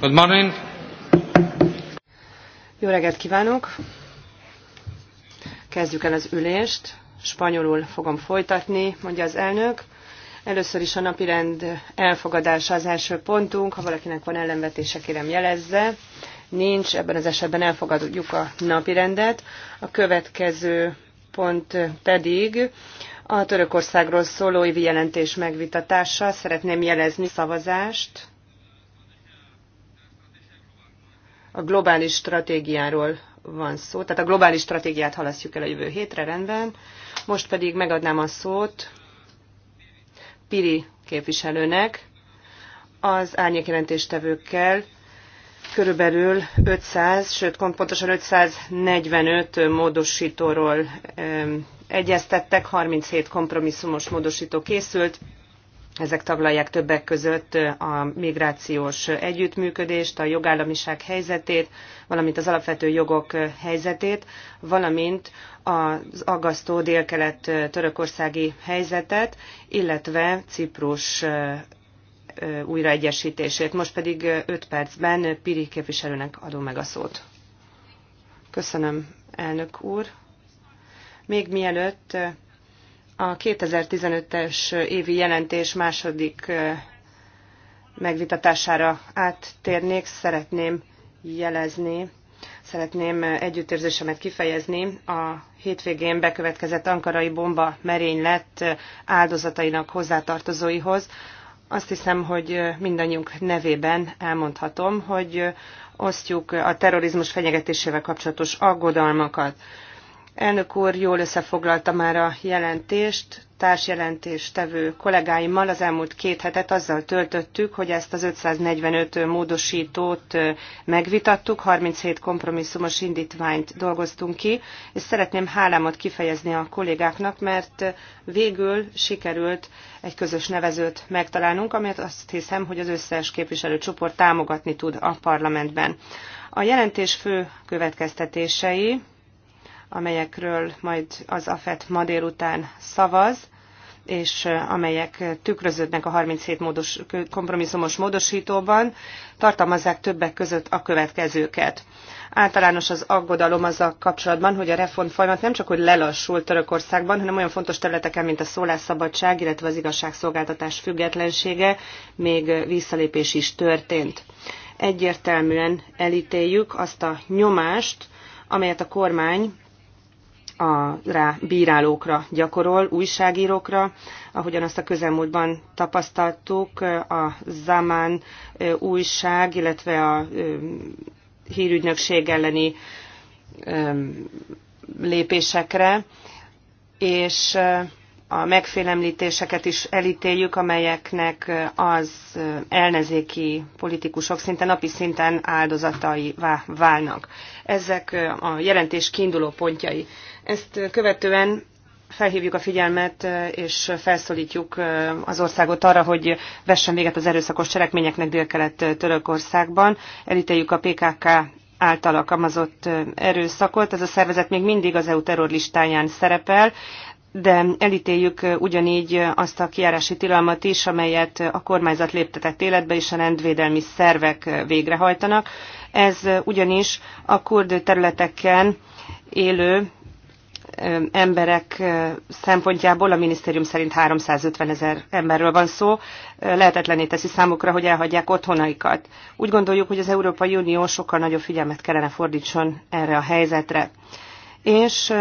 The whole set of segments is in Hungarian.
Good morning. Jó reggelt kívánok! Kezdjük el az ülést. Spanyolul fogom folytatni, mondja az elnök. Először is a napirend elfogadása az első pontunk. Ha valakinek van ellenvetése, kérem jelezze. Nincs, ebben az esetben elfogadjuk a napirendet. A következő pont pedig a Törökországról szóló évi jelentés megvitatása. Szeretném jelezni szavazást. a globális stratégiáról van szó, tehát a globális stratégiát halasztjuk el a jövő hétre, rendben. Most pedig megadnám a szót Piri képviselőnek, az árnyékjelentéstevőkkel körülbelül 500, sőt pontosan 545 módosítóról egyeztettek, 37 kompromisszumos módosító készült, ezek taglalják többek között a migrációs együttműködést, a jogállamiság helyzetét, valamint az alapvető jogok helyzetét, valamint az aggasztó délkelet törökországi helyzetet, illetve Ciprus újraegyesítését. Most pedig 5 percben Piri képviselőnek adom meg a szót. Köszönöm, elnök úr. Még mielőtt a 2015-es évi jelentés második megvitatására áttérnék, szeretném jelezni, szeretném együttérzésemet kifejezni a hétvégén bekövetkezett ankarai bomba merénylet áldozatainak hozzátartozóihoz. Azt hiszem, hogy mindannyiunk nevében elmondhatom, hogy osztjuk a terrorizmus fenyegetésével kapcsolatos aggodalmakat. Elnök úr jól összefoglalta már a jelentést, társjelentéstevő kollégáimmal az elmúlt két hetet azzal töltöttük, hogy ezt az 545 módosítót megvitattuk, 37 kompromisszumos indítványt dolgoztunk ki, és szeretném hálámat kifejezni a kollégáknak, mert végül sikerült egy közös nevezőt megtalálnunk, amelyet azt hiszem, hogy az összes képviselőcsoport támogatni tud a parlamentben. A jelentés fő következtetései amelyekről majd az AFET ma délután szavaz, és amelyek tükröződnek a 37 módos, kompromisszumos módosítóban, tartalmazzák többek között a következőket. Általános az aggodalom az a kapcsolatban, hogy a reform folyamat nem csak hogy lelassult Törökországban, hanem olyan fontos területeken, mint a szólásszabadság, illetve az igazságszolgáltatás függetlensége, még visszalépés is történt. Egyértelműen elítéljük azt a nyomást, amelyet a kormány a rá bírálókra gyakorol, újságírókra, ahogyan azt a közelmúltban tapasztaltuk, a Zaman újság, illetve a hírügynökség elleni lépésekre, és a megfélemlítéseket is elítéljük, amelyeknek az elnezéki politikusok szinte napi szinten áldozataivá válnak. Ezek a jelentés kiinduló pontjai. Ezt követően felhívjuk a figyelmet és felszólítjuk az országot arra, hogy vessen véget az erőszakos cselekményeknek délkelet Törökországban. Elítéljük a PKK által alkalmazott erőszakot. Ez a szervezet még mindig az EU terrorlistáján szerepel, de elítéljük ugyanígy azt a kiárási tilalmat is, amelyet a kormányzat léptetett életbe és a rendvédelmi szervek végrehajtanak. Ez ugyanis a kurd területeken élő emberek szempontjából a minisztérium szerint 350 ezer emberről van szó, lehetetlené teszi számukra, hogy elhagyják otthonaikat. Úgy gondoljuk, hogy az Európai Unió sokkal nagyobb figyelmet kellene fordítson erre a helyzetre. És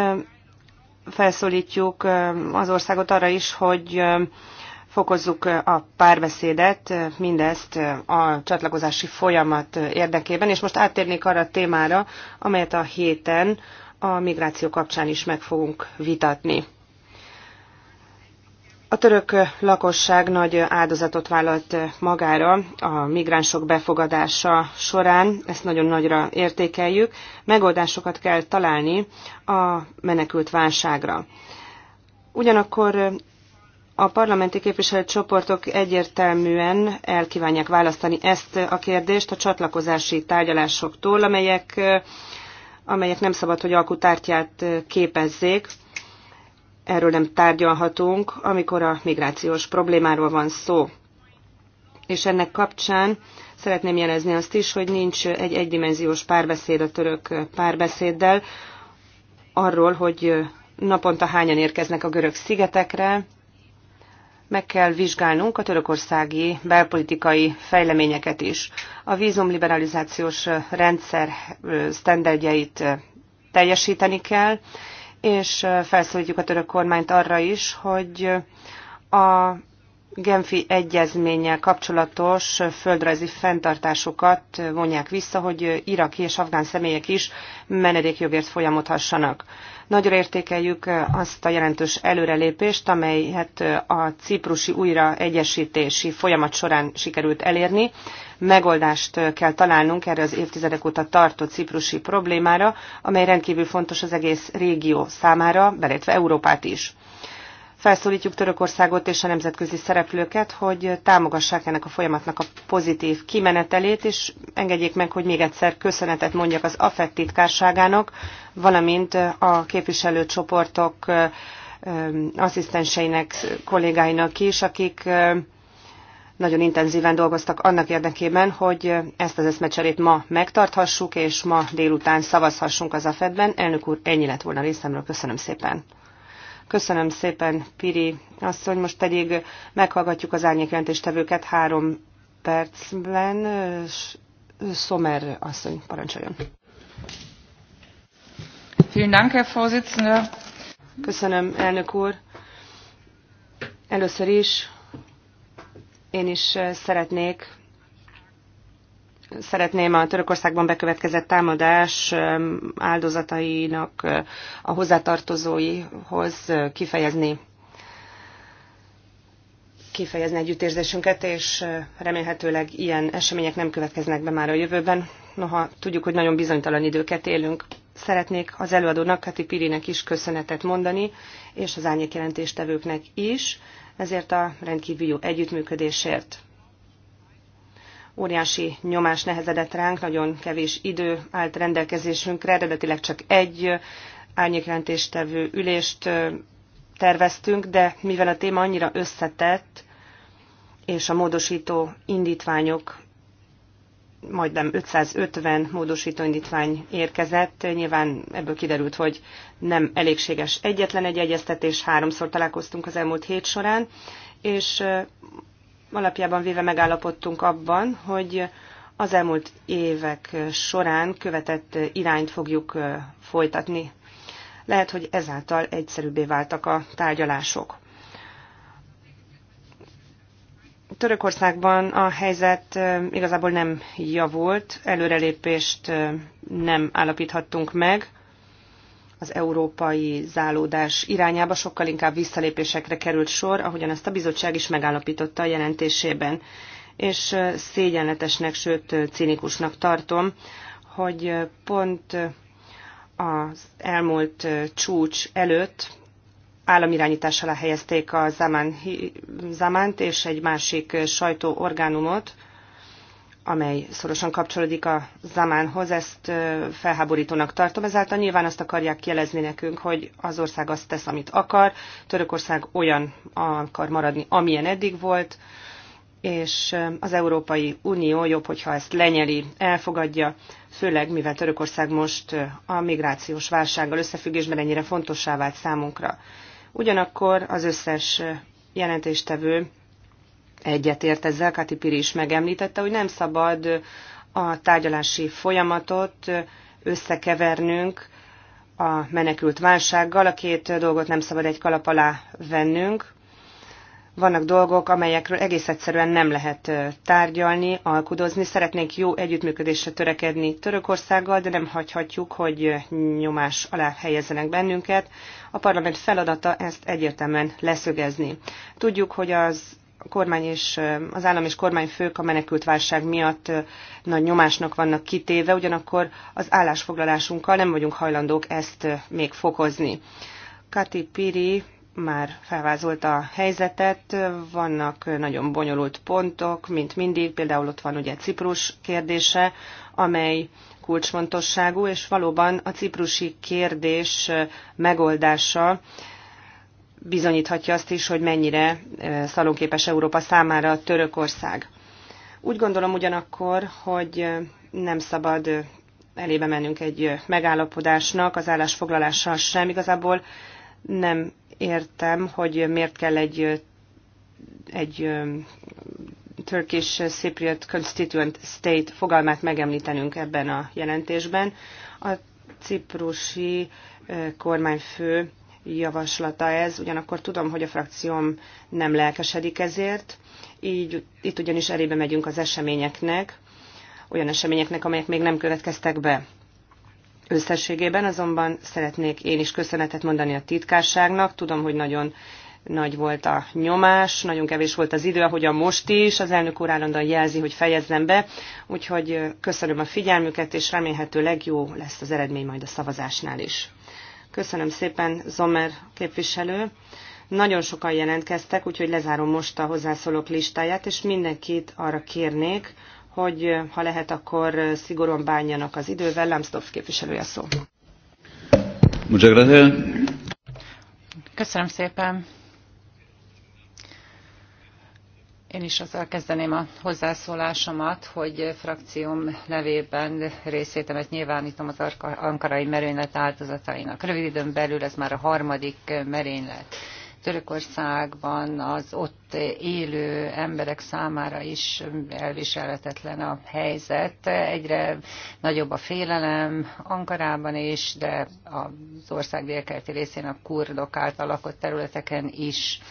felszólítjuk az országot arra is, hogy fokozzuk a párbeszédet, mindezt a csatlakozási folyamat érdekében, és most áttérnék arra a témára, amelyet a héten a migráció kapcsán is meg fogunk vitatni. A török lakosság nagy áldozatot vállalt magára a migránsok befogadása során, ezt nagyon nagyra értékeljük. Megoldásokat kell találni a menekült válságra. Ugyanakkor a parlamenti képviselőcsoportok egyértelműen elkívánják választani ezt a kérdést a csatlakozási tárgyalásoktól, amelyek amelyek nem szabad, hogy alkutártyát képezzék. Erről nem tárgyalhatunk, amikor a migrációs problémáról van szó. És ennek kapcsán szeretném jelezni azt is, hogy nincs egy egydimenziós párbeszéd a török párbeszéddel arról, hogy naponta hányan érkeznek a görög szigetekre, meg kell vizsgálnunk a törökországi belpolitikai fejleményeket is. A vízumliberalizációs rendszer sztenderdjeit teljesíteni kell, és felszólítjuk a török kormányt arra is, hogy a Genfi egyezménnyel kapcsolatos földrajzi fenntartásokat vonják vissza, hogy iraki és afgán személyek is menedékjogért folyamodhassanak. Nagyra értékeljük azt a jelentős előrelépést, amelyet a ciprusi újraegyesítési folyamat során sikerült elérni. Megoldást kell találnunk erre az évtizedek óta tartó ciprusi problémára, amely rendkívül fontos az egész régió számára, belétve Európát is. Felszólítjuk Törökországot és a nemzetközi szereplőket, hogy támogassák ennek a folyamatnak a pozitív kimenetelét, és engedjék meg, hogy még egyszer köszönetet mondjak az AFET titkárságának, valamint a képviselőcsoportok asszisztenseinek, kollégáinak is, akik nagyon intenzíven dolgoztak annak érdekében, hogy ezt az eszmecserét ma megtarthassuk, és ma délután szavazhassunk az AFED-ben. Elnök úr, ennyi lett volna részemről. Köszönöm szépen. Köszönöm szépen, Piri asszony. Most pedig meghallgatjuk az árnyékjelentéstevőket három percben. Szomer asszony, parancsoljon. Köszönöm, elnök úr. Először is én is szeretnék szeretném a Törökországban bekövetkezett támadás um, áldozatainak uh, a hozzátartozóihoz uh, kifejezni kifejezni együttérzésünket, és uh, remélhetőleg ilyen események nem következnek be már a jövőben. Noha tudjuk, hogy nagyon bizonytalan időket élünk. Szeretnék az előadónak, Kati Pirinek is köszönetet mondani, és az árnyék jelentéstevőknek is, ezért a rendkívül jó együttműködésért óriási nyomás nehezedett ránk, nagyon kevés idő állt rendelkezésünkre, eredetileg csak egy árnyékjelentéstevő ülést terveztünk, de mivel a téma annyira összetett, és a módosító indítványok, majdnem 550 módosító indítvány érkezett, nyilván ebből kiderült, hogy nem elégséges egyetlen egy egyeztetés, háromszor találkoztunk az elmúlt hét során, és alapjában véve megállapodtunk abban, hogy az elmúlt évek során követett irányt fogjuk folytatni. Lehet, hogy ezáltal egyszerűbbé váltak a tárgyalások. Törökországban a helyzet igazából nem javult, előrelépést nem állapíthattunk meg az európai zálódás irányába sokkal inkább visszalépésekre került sor, ahogyan ezt a bizottság is megállapította a jelentésében. És szégyenletesnek, sőt cinikusnak tartom, hogy pont az elmúlt csúcs előtt államirányítás alá helyezték a zamant és egy másik sajtóorgánumot, amely szorosan kapcsolódik a Zamánhoz, ezt felháborítónak tartom. Ezáltal nyilván azt akarják jelezni nekünk, hogy az ország azt tesz, amit akar, Törökország olyan akar maradni, amilyen eddig volt, és az Európai Unió jobb, hogyha ezt lenyeli, elfogadja, főleg mivel Törökország most a migrációs válsággal összefüggésben ennyire fontossá vált számunkra. Ugyanakkor az összes jelentéstevő egyetért ezzel, Kati Piri is megemlítette, hogy nem szabad a tárgyalási folyamatot összekevernünk a menekült válsággal. A két dolgot nem szabad egy kalap alá vennünk. Vannak dolgok, amelyekről egész egyszerűen nem lehet tárgyalni, alkudozni. Szeretnénk jó együttműködésre törekedni Törökországgal, de nem hagyhatjuk, hogy nyomás alá helyezzenek bennünket. A parlament feladata ezt egyértelműen leszögezni. Tudjuk, hogy az kormány és az állam és kormány fők a menekült válság miatt nagy nyomásnak vannak kitéve, ugyanakkor az állásfoglalásunkkal nem vagyunk hajlandók ezt még fokozni. Kati Piri már felvázolta a helyzetet, vannak nagyon bonyolult pontok, mint mindig, például ott van ugye Ciprus kérdése, amely kulcsfontosságú, és valóban a ciprusi kérdés megoldása bizonyíthatja azt is, hogy mennyire szalonképes Európa számára Törökország. Úgy gondolom ugyanakkor, hogy nem szabad elébe mennünk egy megállapodásnak, az állásfoglalással sem. Igazából nem értem, hogy miért kell egy, egy Turkish Cypriot Constituent State fogalmát megemlítenünk ebben a jelentésben. A ciprusi kormányfő javaslata ez, ugyanakkor tudom, hogy a frakcióm nem lelkesedik ezért, így itt ugyanis erébe megyünk az eseményeknek, olyan eseményeknek, amelyek még nem következtek be. Összességében azonban szeretnék én is köszönetet mondani a titkárságnak. Tudom, hogy nagyon nagy volt a nyomás, nagyon kevés volt az idő, a most is. Az elnök úr állandóan jelzi, hogy fejezzem be. Úgyhogy köszönöm a figyelmüket, és remélhetőleg jó lesz az eredmény majd a szavazásnál is. Köszönöm szépen, Zomer képviselő. Nagyon sokan jelentkeztek, úgyhogy lezárom most a hozzászólók listáját, és mindenkit arra kérnék, hogy ha lehet, akkor szigorúan bánjanak az idővel. Lambsdorff képviselője szó. Köszönöm szépen. Én is azzal kezdeném a hozzászólásomat, hogy frakcióm nevében részétemet nyilvánítom az ankarai merénylet áldozatainak. Rövid időn belül ez már a harmadik merénylet. Törökországban az ott élő emberek számára is elviselhetetlen a helyzet. Egyre nagyobb a félelem Ankarában is, de az ország délkeleti részén a kurdok által lakott területeken is.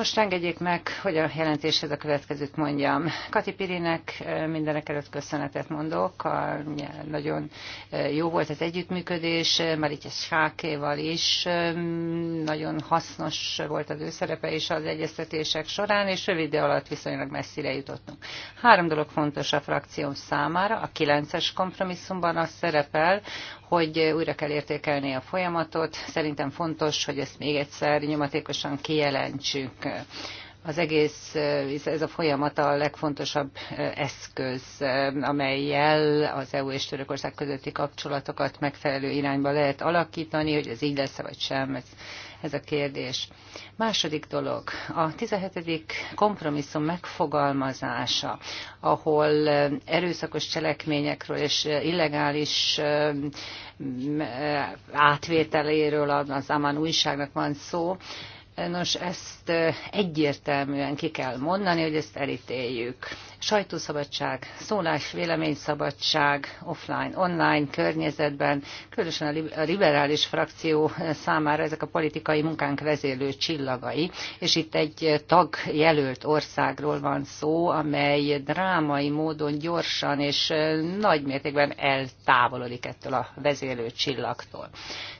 Most engedjék meg, hogy a jelentéshez a következőt mondjam. Kati Pirinek mindenek előtt köszönetet mondok. A, nagyon jó volt az együttműködés, Maritja Sákéval is. Nagyon hasznos volt az ő szerepe is az egyeztetések során, és rövid idő alatt viszonylag messzire jutottunk. Három dolog fontos a frakcióm számára. A kilences kompromisszumban az szerepel, hogy újra kell értékelni a folyamatot. Szerintem fontos, hogy ezt még egyszer nyomatékosan kijelentsük. Az egész, ez a folyamat a legfontosabb eszköz, amelyel az EU és Törökország közötti kapcsolatokat megfelelő irányba lehet alakítani, hogy ez így lesz vagy sem, ez ez a kérdés. Második dolog, a 17. kompromisszum megfogalmazása, ahol erőszakos cselekményekről és illegális átvételéről az Amán újságnak van szó, Nos, ezt egyértelműen ki kell mondani, hogy ezt elítéljük. Sajtószabadság, szólás, véleményszabadság, offline, online környezetben, különösen a liberális frakció számára ezek a politikai munkánk vezérlő csillagai, és itt egy tagjelölt országról van szó, amely drámai módon gyorsan és nagy mértékben eltávolodik ettől a vezérlő csillagtól.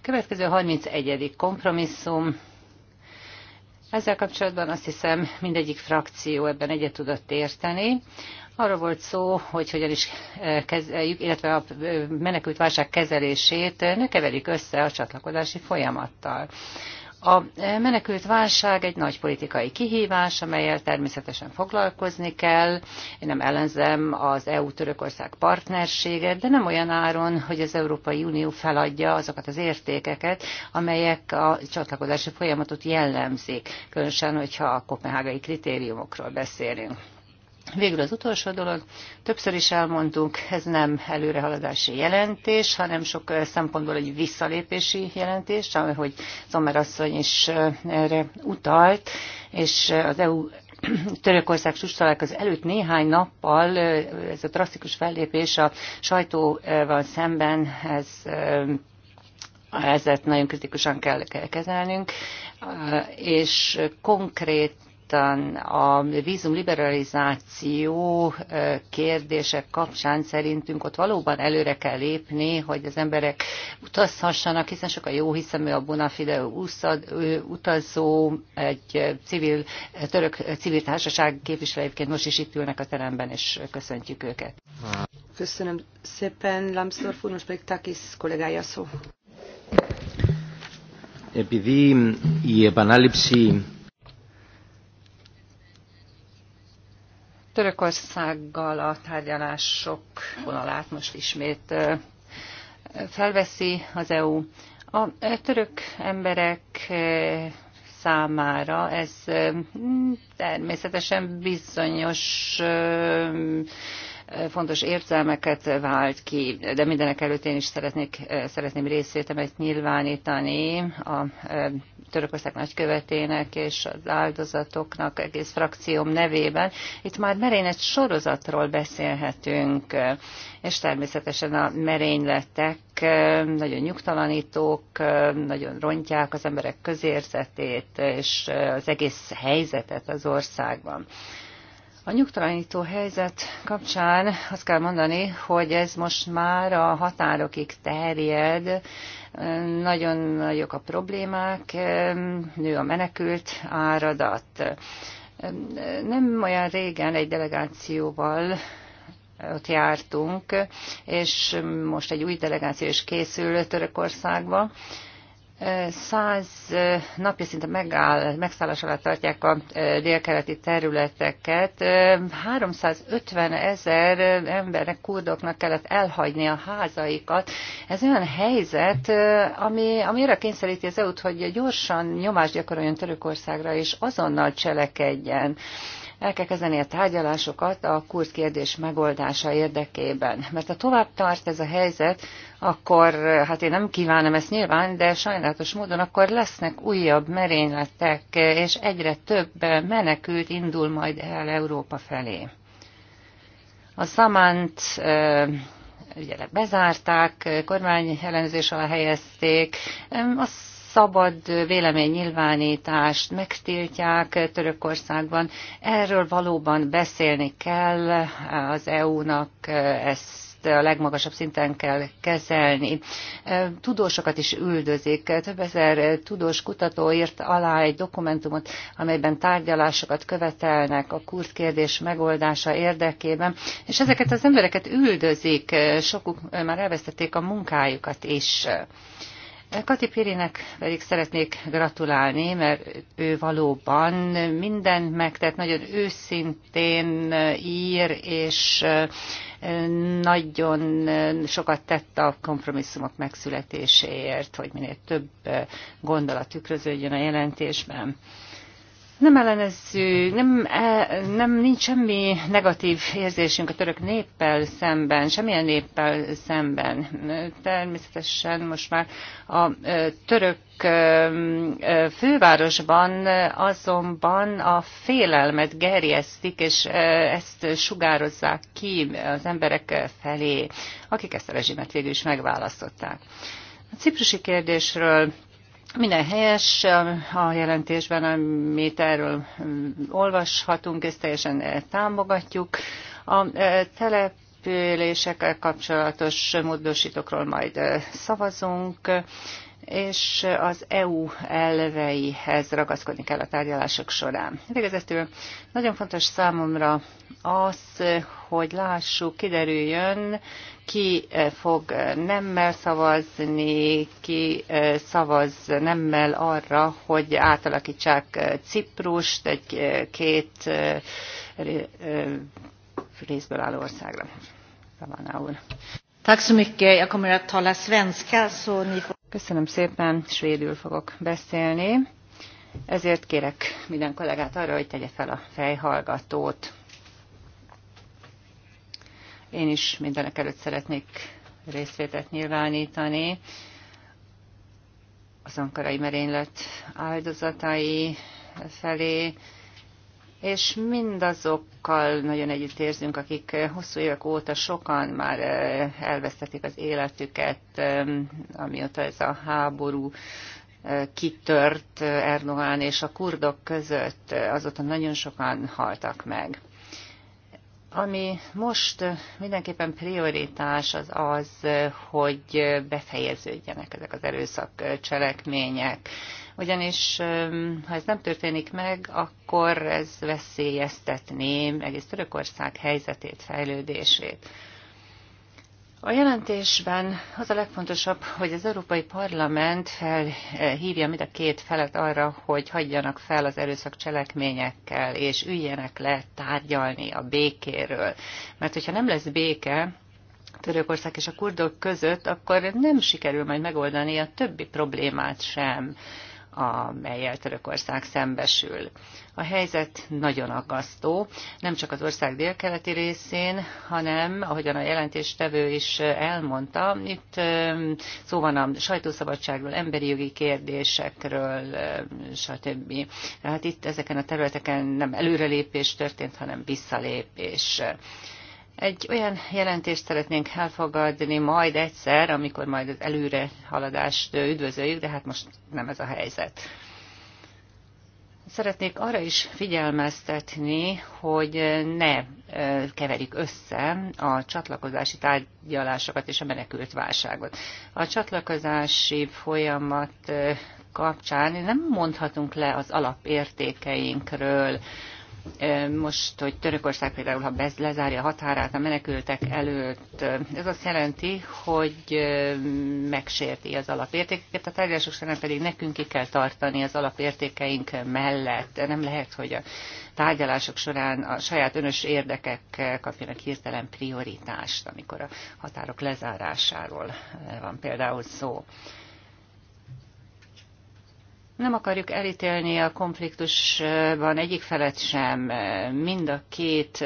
Következő 31. kompromisszum, ezzel kapcsolatban azt hiszem mindegyik frakció ebben egyet tudott érteni. Arról volt szó, hogy hogyan is eh, kezeljük, illetve a eh, menekült válság kezelését ne keverjük össze a csatlakozási folyamattal. A menekült válság egy nagy politikai kihívás, amelyel természetesen foglalkozni kell. Én nem ellenzem az EU-Törökország partnerséget, de nem olyan áron, hogy az Európai Unió feladja azokat az értékeket, amelyek a csatlakozási folyamatot jellemzik, különösen, hogyha a kopenhágai kritériumokról beszélünk. Végül az utolsó dolog, többször is elmondtunk, ez nem előrehaladási jelentés, hanem sok szempontból egy visszalépési jelentés, ahogy Zomer asszony is erre utalt, és az EU Törökország sustalák az előtt néhány nappal ez a drasztikus fellépés a sajtóval szemben, ez ezért nagyon kritikusan kell kezelnünk, és konkrét konkrétan a vízum liberalizáció kérdések kapcsán szerintünk ott valóban előre kell lépni, hogy az emberek utazhassanak, hiszen sok a jó ő a Bonafide utazó, egy civil, török civil társaság képviselőként most is itt ülnek a teremben, és köszöntjük őket. Köszönöm szépen, Lambsdorff úr, most pedig Takis kollégája szó. Επειδή η επανάληψη Törökországgal a tárgyalások vonalát most ismét felveszi az EU. A török emberek számára ez természetesen bizonyos fontos érzelmeket vált ki, de mindenek előtt én is szeretnék, szeretném részvétemet nyilvánítani a Törökország nagykövetének és az áldozatoknak egész frakcióm nevében. Itt már merény egy sorozatról beszélhetünk, és természetesen a merényletek nagyon nyugtalanítók, nagyon rontják az emberek közérzetét és az egész helyzetet az országban. A nyugtalanító helyzet kapcsán azt kell mondani, hogy ez most már a határokig terjed, nagyon nagyok a problémák, nő a menekült áradat. Nem olyan régen egy delegációval ott jártunk, és most egy új delegáció is készül Törökországba, száz napja szinte megáll, megszállás alatt tartják a délkeleti területeket. 350 ezer embernek, kurdoknak kellett elhagyni a házaikat. Ez olyan helyzet, ami, ami arra kényszeríti az EU-t, hogy gyorsan nyomást gyakoroljon Törökországra, és azonnal cselekedjen el kell kezdeni a tárgyalásokat a kurd kérdés megoldása érdekében. Mert ha tovább tart ez a helyzet, akkor, hát én nem kívánom ezt nyilván, de sajnálatos módon akkor lesznek újabb merényletek, és egyre több menekült indul majd el Európa felé. A Szamánt ugye bezárták, kormány ellenőrzés alá helyezték. Azt szabad véleménynyilvánítást megtiltják Törökországban. Erről valóban beszélni kell az EU-nak, ezt a legmagasabb szinten kell kezelni. Tudósokat is üldözik. Több ezer tudós kutató írt alá egy dokumentumot, amelyben tárgyalásokat követelnek a kurd kérdés megoldása érdekében, és ezeket az embereket üldözik, sokuk már elvesztették a munkájukat is. Kati Pirinek pedig szeretnék gratulálni, mert ő valóban mindent megtett, nagyon őszintén ír, és nagyon sokat tett a kompromisszumok megszületéséért, hogy minél több gondolat tükröződjön a jelentésben. Nem ellenezzük, nem, e, nem, nincs semmi negatív érzésünk a török néppel szemben, semmilyen néppel szemben. Természetesen most már a e, török e, fővárosban azonban a félelmet gerjesztik, és ezt sugározzák ki az emberek felé, akik ezt a rezsimet végül is megválasztották. A ciprusi kérdésről minden helyes um, a jelentésben, amit erről um, olvashatunk, ezt teljesen eh, támogatjuk. A eh, településekkel eh, kapcsolatos módosítókról majd szavazunk és az EU elveihez ragaszkodni kell a tárgyalások során. Végezetül nagyon fontos számomra az, hogy lássuk, kiderüljön, ki eh, fog eh, nemmel szavazni, ki eh, szavaz nemmel arra, hogy átalakítsák Ciprust egy két részből álló országra. Ravana úr. Tack så mycket. Jag kommer att tala svenska, så ni får... Köszönöm szépen, svédül fogok beszélni, ezért kérek minden kollégát arra, hogy tegye fel a fejhallgatót. Én is mindenek előtt szeretnék részvétet nyilvánítani az ankarai merénylet áldozatai felé, és mindazokkal nagyon együttérzünk, akik hosszú évek óta sokan már eh, elvesztették az életüket, eh, amióta ez a háború eh, kitört Erdogan és a kurdok között, azóta nagyon sokan haltak meg. Ami most mindenképpen prioritás az az, hogy befejeződjenek ezek az erőszak cselekmények ugyanis ha ez nem történik meg, akkor ez veszélyeztetné egész Törökország helyzetét, fejlődését. A jelentésben az a legfontosabb, hogy az Európai Parlament felhívja eh, mind a két felet arra, hogy hagyjanak fel az erőszak cselekményekkel, és üljenek le tárgyalni a békéről. Mert hogyha nem lesz béke, Törökország és a kurdok között, akkor nem sikerül majd megoldani a többi problémát sem amelyel Törökország szembesül. A helyzet nagyon aggasztó, nem csak az ország délkeleti részén, hanem, ahogyan a jelentéstevő is elmondta, itt szó van a sajtószabadságról, emberi jogi kérdésekről, stb. Tehát itt ezeken a területeken nem előrelépés történt, hanem visszalépés. Egy olyan jelentést szeretnénk elfogadni majd egyszer, amikor majd az előre haladást üdvözöljük, de hát most nem ez a helyzet. Szeretnék arra is figyelmeztetni, hogy ne e, keverik össze a csatlakozási tárgyalásokat és a menekült válságot. A csatlakozási folyamat e, kapcsán nem mondhatunk le az alapértékeinkről, most, hogy Törökország például, ha lezárja a határát a menekültek előtt, ez azt jelenti, hogy megsérti az alapértékeket, a tárgyalások során pedig nekünk ki kell tartani az alapértékeink mellett. Nem lehet, hogy a tárgyalások során a saját önös érdekek kapjanak hirtelen prioritást, amikor a határok lezárásáról van például szó. Nem akarjuk elítélni a konfliktusban egyik felet sem. Mind a két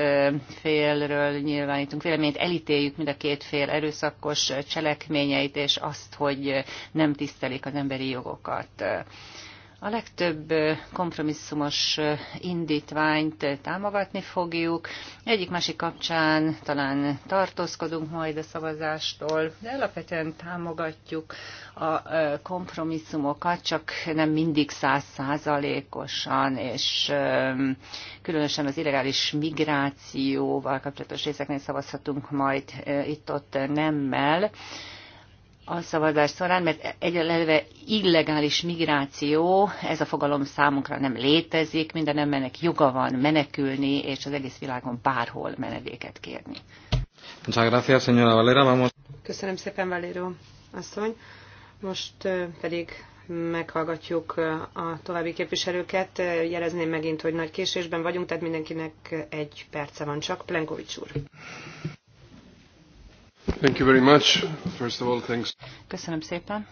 félről nyilvánítunk véleményt, elítéljük mind a két fél erőszakos cselekményeit, és azt, hogy nem tisztelik az emberi jogokat. A legtöbb kompromisszumos indítványt támogatni fogjuk. Egyik másik kapcsán talán tartózkodunk majd a szavazástól, de alapvetően támogatjuk a kompromisszumokat, csak nem mindig százszázalékosan, és különösen az illegális migrációval kapcsolatos részeknél szavazhatunk majd itt-ott nemmel a szavazás során, mert egyelőre illegális migráció, ez a fogalom számunkra nem létezik, minden embernek joga van menekülni, és az egész világon bárhol menedéket kérni. Köszönöm szépen, Valero asszony. Most pedig meghallgatjuk a további képviselőket. Jelezném megint, hogy nagy késésben vagyunk, tehát mindenkinek egy perce van csak. Plenkovics úr. Köszönöm szépen.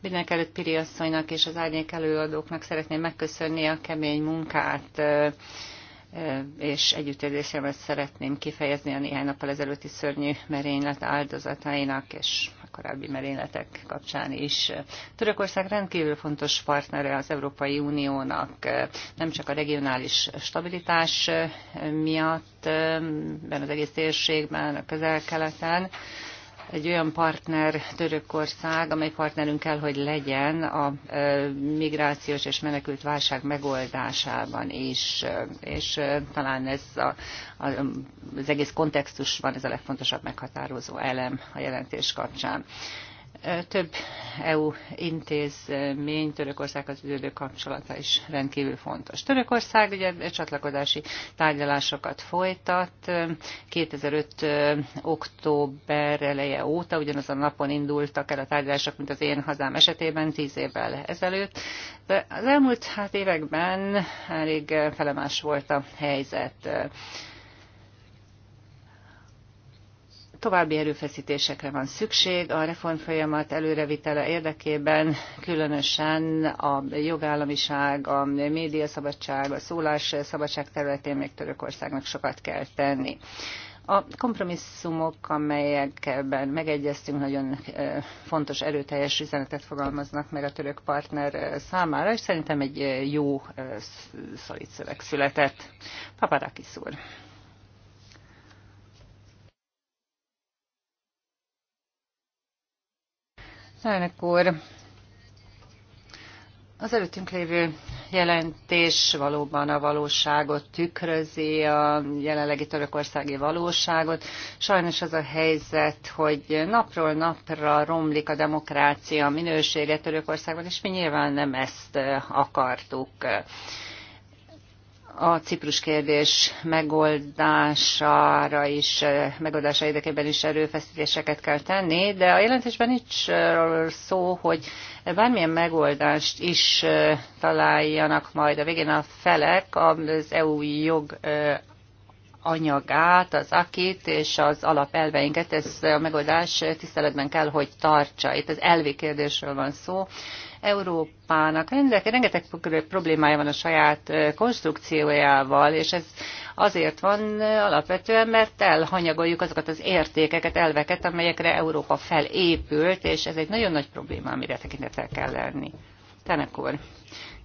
Mindenek előtt Piri asszonynak és az árnyék előadóknak szeretném megköszönni a kemény munkát, és együttérzésemet szeretném kifejezni a néhány nappal ezelőtti szörnyű merénylet áldozatainak, és korábbi merényletek kapcsán is. Törökország rendkívül fontos partnere az Európai Uniónak, nem csak a regionális stabilitás miatt, ben az egész térségben, a közel-keleten, egy olyan partner Törökország, amely partnerünk kell, hogy legyen a migrációs és menekült válság megoldásában is, és talán ez a, a, az egész kontextusban ez a legfontosabb meghatározó elem a jelentés kapcsán. Több EU intézmény Törökországhoz fűződő kapcsolata is rendkívül fontos. Törökország ugye csatlakozási tárgyalásokat folytat. 2005. október eleje óta ugyanaz a napon indultak el a tárgyalások, mint az én hazám esetében, tíz évvel ezelőtt. De az elmúlt hát években elég felemás volt a helyzet További erőfeszítésekre van szükség a reformfolyamat előrevitele érdekében, különösen a jogállamiság, a médiaszabadság, a szólásszabadság területén még Törökországnak sokat kell tenni. A kompromisszumok, amelyekben megegyeztünk, nagyon eh, fontos, erőteljes üzenetet fogalmaznak meg a török partner eh, számára, és szerintem egy eh, jó, szolid szöveg született. Paparakis úr. Elnök úr, az előttünk lévő jelentés valóban a valóságot tükrözi, a jelenlegi törökországi valóságot. Sajnos az a helyzet, hogy napról napra romlik a demokrácia minősége Törökországban, és mi nyilván nem ezt eh, akartuk a Ciprus kérdés megoldására is, megoldása érdekében is erőfeszítéseket kell tenni, de a jelentésben nincs szó, hogy bármilyen megoldást is találjanak majd a végén a felek az EU jog anyagát, az akit és az alapelveinket, ez a megoldás tiszteletben kell, hogy tartsa. Itt az elvi kérdésről van szó, Európának rengeteg problémája van a saját konstrukciójával, és ez azért van alapvetően, mert elhanyagoljuk azokat az értékeket, elveket, amelyekre Európa felépült, és ez egy nagyon nagy probléma, amire tekintettel kell lenni. Tanak úr,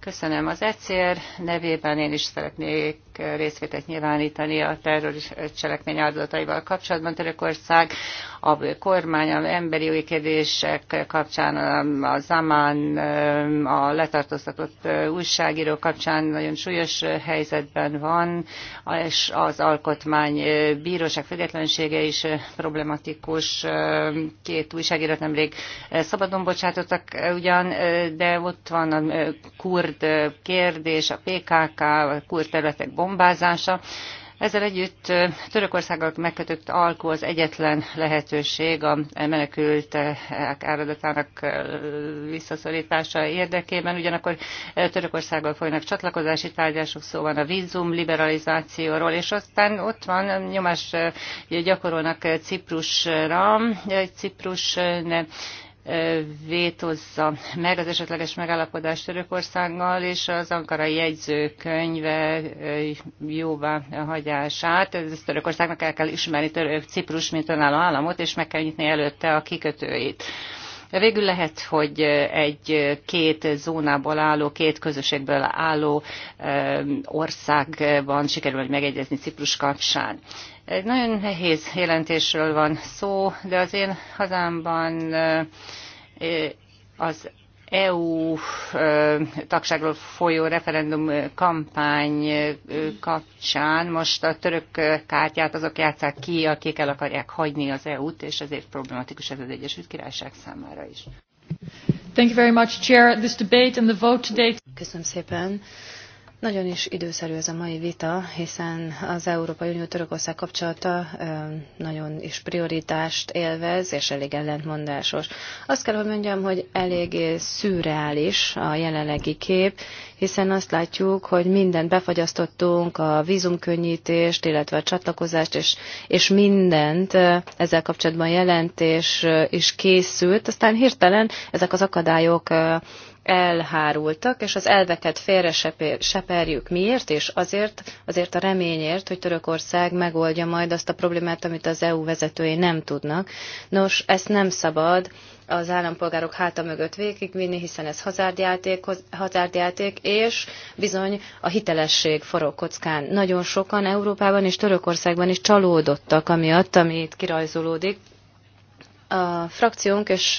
köszönöm az ECR nevében, én is szeretnék részvétet nyilvánítani a terroris cselekmény áldozataival kapcsolatban. Törökország a kormány, az emberi jogi kérdések kapcsán, a Zaman, a letartóztatott újságíró kapcsán nagyon súlyos helyzetben van, és az alkotmány bíróság függetlensége is problematikus. Két újságírót nemrég szabadon bocsátottak ugyan, de ott van a kurd kérdés, a PKK, a kurd területek bomb bombázása. Ezzel együtt Törökországgal megkötött alkó az egyetlen lehetőség a menekültek eh, áradatának visszaszorítása érdekében. Ugyanakkor eh, Törökországgal folynak csatlakozási tárgyások, szó van a vízum liberalizációról, és aztán ott van nyomás eh, gyakorolnak Ciprusra. Ciprus ne vétozza meg az esetleges megállapodást Törökországgal és az ankarai jegyzőkönyve jóvá hagyását. Ez Törökországnak el kell ismerni török Ciprus, mint önálló államot, és meg kell nyitni előtte a kikötőit. Végül lehet, hogy egy két zónából álló, két közösségből álló országban sikerül megegyezni Ciprus kapcsán. Egy nagyon nehéz jelentésről van szó, de az én hazámban az EU tagságról folyó referendum kampány kapcsán most a török kártyát azok játszák ki, akik el akarják hagyni az EU-t, és ezért problematikus ez az Egyesült Királyság számára is. Thank you very much, Chair. This debate and the vote today. Köszönöm szépen. Nagyon is időszerű ez a mai vita, hiszen az Európai Unió Törökország kapcsolata nagyon is prioritást élvez, és elég ellentmondásos. Azt kell, hogy mondjam, hogy elég szürreális a jelenlegi kép, hiszen azt látjuk, hogy mindent befagyasztottunk, a vízumkönnyítést, illetve a csatlakozást, és, és mindent ezzel kapcsolatban jelentés is készült. Aztán hirtelen ezek az akadályok elhárultak, és az elveket félre seperjük. Miért? És azért, azért a reményért, hogy Törökország megoldja majd azt a problémát, amit az EU vezetői nem tudnak. Nos, ezt nem szabad az állampolgárok háta mögött végigvinni, hiszen ez hazárdjáték, hazárdjáték, és bizony a hitelesség forog kockán. Nagyon sokan Európában és Törökországban is csalódottak amiatt, amit kirajzolódik a frakciónk, és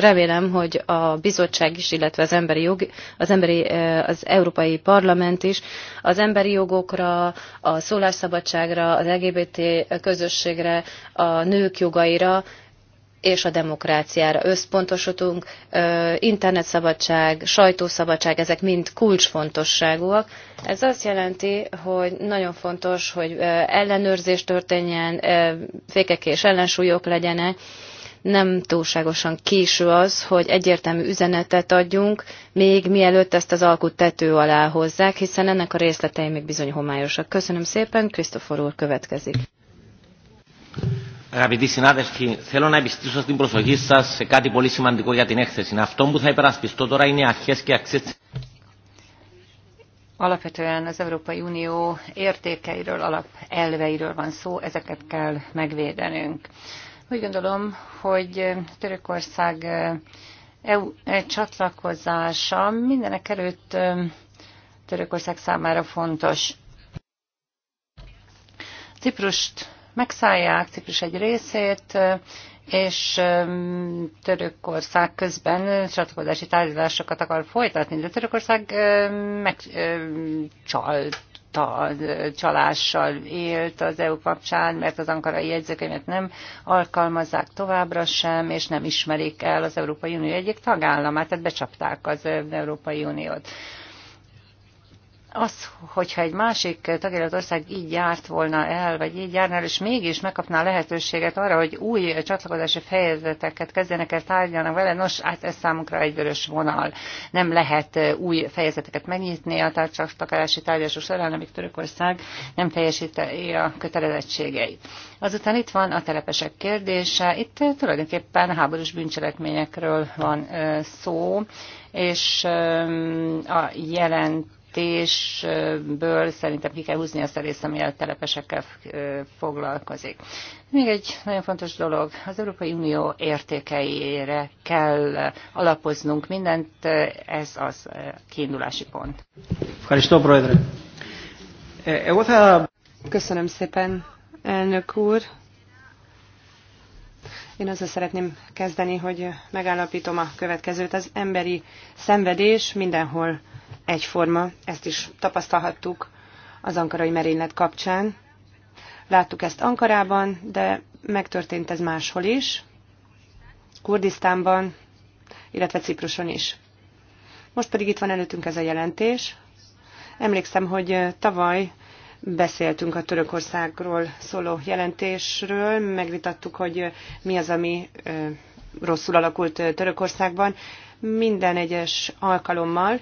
remélem, hogy a bizottság is, illetve az emberi jog, az, emberi, az Európai Parlament is az emberi jogokra, a szólásszabadságra, az LGBT közösségre, a nők jogaira és a demokráciára összpontosítunk. Internetszabadság, sajtószabadság, ezek mind kulcsfontosságúak. Ez azt jelenti, hogy nagyon fontos, hogy ellenőrzés történjen, fékek és ellensúlyok legyenek, nem túlságosan késő az, hogy egyértelmű üzenetet adjunk, még mielőtt ezt az alkut tető alá hozzák, hiszen ennek a részletei még bizony homályosak. Köszönöm szépen, Krisztofor úr következik. Αγαπητοί συνάδελφοι, θέλω να επιστήσω στην προσοχή σα σε κάτι πολύ σημαντικό για την έκθεση. Αυτό που θα υπερασπιστώ τώρα είναι αρχέ και αξίε. Alapvetően az Európai Unió értékeiről, alapelveiről van szó, ezeket kell megvédenünk. Úgy gondolom, hogy Törökország EU csatlakozása mindenek előtt Törökország számára fontos. Ciprust megszállják, Ciprus egy részét, és Törökország közben csatlakozási tárgyalásokat akar folytatni, de Törökország megcsalt csalással élt az EU kapcsán, mert az ankarai jegyzőkönyvet nem alkalmazzák továbbra sem, és nem ismerik el az Európai Unió egyik tagállamát, tehát becsapták az Európai Uniót az, hogyha egy másik ország így járt volna el, vagy így járna el, és mégis megkapná a lehetőséget arra, hogy új csatlakozási fejezeteket kezdjenek el tárgyalni vele, nos, hát ez számunkra egy vörös vonal. Nem lehet új fejezeteket megnyitni a csatlakozási tárgyalások során, amíg Törökország nem teljesíti a kötelezettségeit. Azután itt van a telepesek kérdése. Itt tulajdonképpen háborús bűncselekményekről van szó, és a jelent jelentésből szerintem ki kell húzni azt a részt, ami a telepesekkel foglalkozik. Még egy nagyon fontos dolog, az Európai Unió értékeire kell alapoznunk mindent, ez az kiindulási pont. Köszönöm szépen, elnök úr. Én azzal szeretném kezdeni, hogy megállapítom a következőt. Az emberi szenvedés mindenhol egyforma, ezt is tapasztalhattuk az ankarai merénylet kapcsán. Láttuk ezt Ankarában, de megtörtént ez máshol is, Kurdisztánban, illetve Cipruson is. Most pedig itt van előttünk ez a jelentés. Emlékszem, hogy tavaly beszéltünk a Törökországról szóló jelentésről, megvitattuk, hogy mi az, ami rosszul alakult Törökországban. Minden egyes alkalommal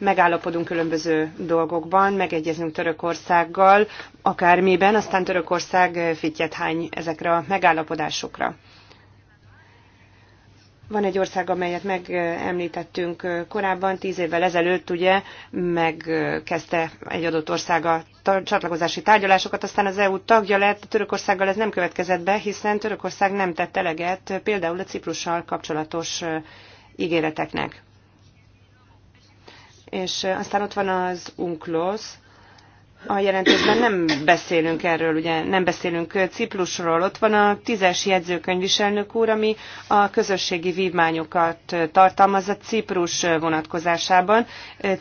megállapodunk különböző dolgokban, megegyezünk Törökországgal, akármiben, aztán Törökország fityet hány ezekre a megállapodásokra. Van egy ország, amelyet megemlítettünk korábban, tíz évvel ezelőtt ugye megkezdte egy adott ország a csatlakozási tárgyalásokat, aztán az EU tagja lett, Törökországgal ez nem következett be, hiszen Törökország nem tett eleget például a Ciprussal kapcsolatos ígéreteknek. És aztán ott van az UNCLOS, a jelentésben nem beszélünk erről, ugye nem beszélünk Ciprusról. Ott van a tízes jegyzőkönyviselnök úr, ami a közösségi vívmányokat tartalmaz a Ciprus vonatkozásában.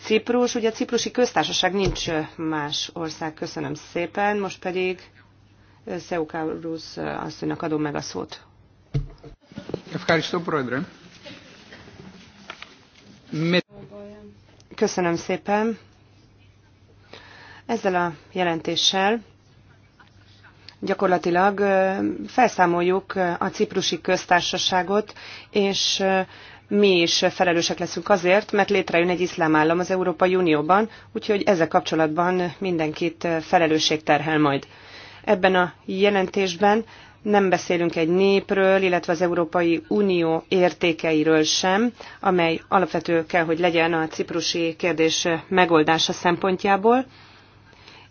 Ciprus, ugye a Ciprusi köztársaság nincs más ország. Köszönöm szépen. Most pedig Szeukárusz asszonynak adom meg a szót. Köszönöm, Köszönöm szépen. Ezzel a jelentéssel gyakorlatilag felszámoljuk a ciprusi köztársaságot, és mi is felelősek leszünk azért, mert létrejön egy iszlám állam az Európai Unióban, úgyhogy ezzel kapcsolatban mindenkit felelősség terhel majd. Ebben a jelentésben nem beszélünk egy népről, illetve az Európai Unió értékeiről sem, amely alapvető kell, hogy legyen a ciprusi kérdés megoldása szempontjából.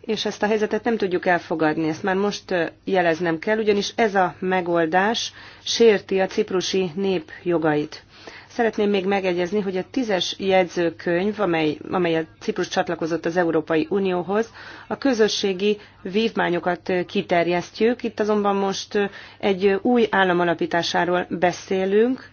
És ezt a helyzetet nem tudjuk elfogadni, ezt már most jeleznem kell, ugyanis ez a megoldás sérti a ciprusi nép jogait. Szeretném még megegyezni, hogy a tízes jegyzőkönyv, amely, a Ciprus csatlakozott az Európai Unióhoz, a közösségi vívmányokat kiterjesztjük. Itt azonban most egy új állam alapításáról beszélünk,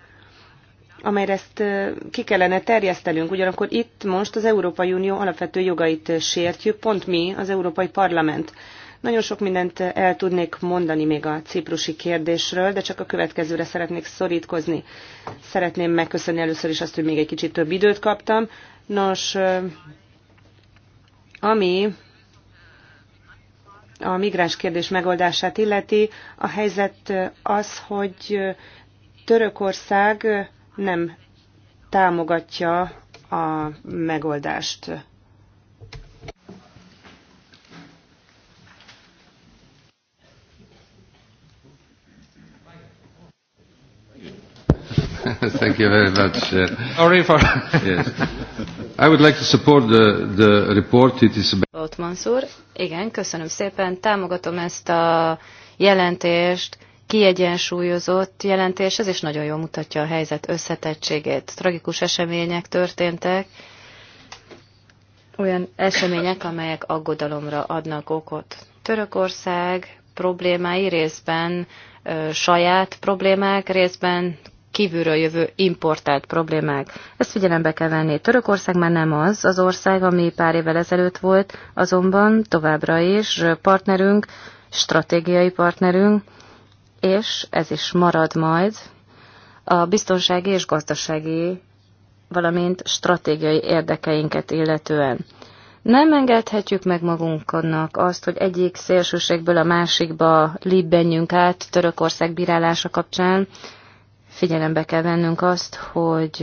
amelyre ezt ki kellene terjesztenünk. Ugyanakkor itt most az Európai Unió alapvető jogait sértjük, pont mi, az Európai Parlament. Nagyon sok mindent el tudnék mondani még a ciprusi kérdésről, de csak a következőre szeretnék szorítkozni. Szeretném megköszönni először is azt, hogy még egy kicsit több időt kaptam. Nos, ami a migráns kérdés megoldását illeti, a helyzet az, hogy Törökország nem támogatja a megoldást Thank you very much. Uh, Sorry for... yes. I would like to support the, the report. It is... Ott Mansur. Igen, köszönöm szépen. Támogatom ezt a jelentést. Kiegyensúlyozott jelentés, ez is nagyon jól mutatja a helyzet összetettségét. Tragikus események történtek, olyan események, amelyek aggodalomra adnak okot. Törökország problémái részben ö, saját problémák, részben kívülről jövő importált problémák. Ezt figyelembe kell venni. Törökország már nem az az ország, ami pár évvel ezelőtt volt, azonban továbbra is partnerünk, stratégiai partnerünk, és ez is marad majd a biztonsági és gazdasági, valamint stratégiai érdekeinket illetően. Nem engedhetjük meg magunknak azt, hogy egyik szélsőségből a másikba libbenjünk át Törökország bírálása kapcsán, figyelembe kell vennünk azt, hogy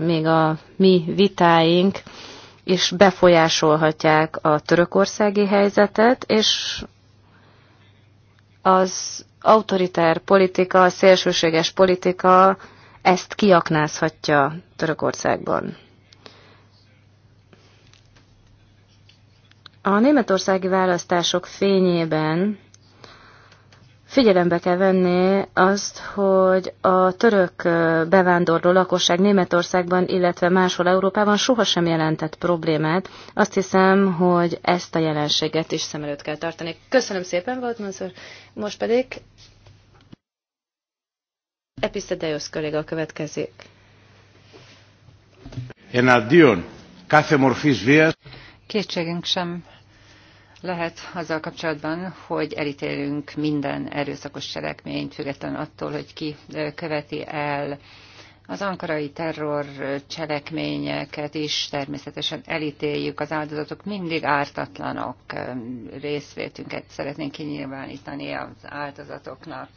még a mi vitáink is befolyásolhatják a törökországi helyzetet, és az autoritár politika, a szélsőséges politika ezt kiaknázhatja Törökországban. A németországi választások fényében Figyelembe kell venni azt, hogy a török bevándorló lakosság Németországban, illetve máshol Európában sohasem jelentett problémát. Azt hiszem, hogy ezt a jelenséget is szem előtt kell tartani. Köszönöm szépen, volt Mazur. Most pedig Episzedeios kolléga következik. Kétségünk sem lehet azzal kapcsolatban, hogy elítélünk minden erőszakos cselekményt, függetlenül attól, hogy ki követi el az ankarai terror cselekményeket is természetesen elítéljük, az áldozatok mindig ártatlanok, részvétünket szeretnénk kinyilvánítani az áldozatoknak.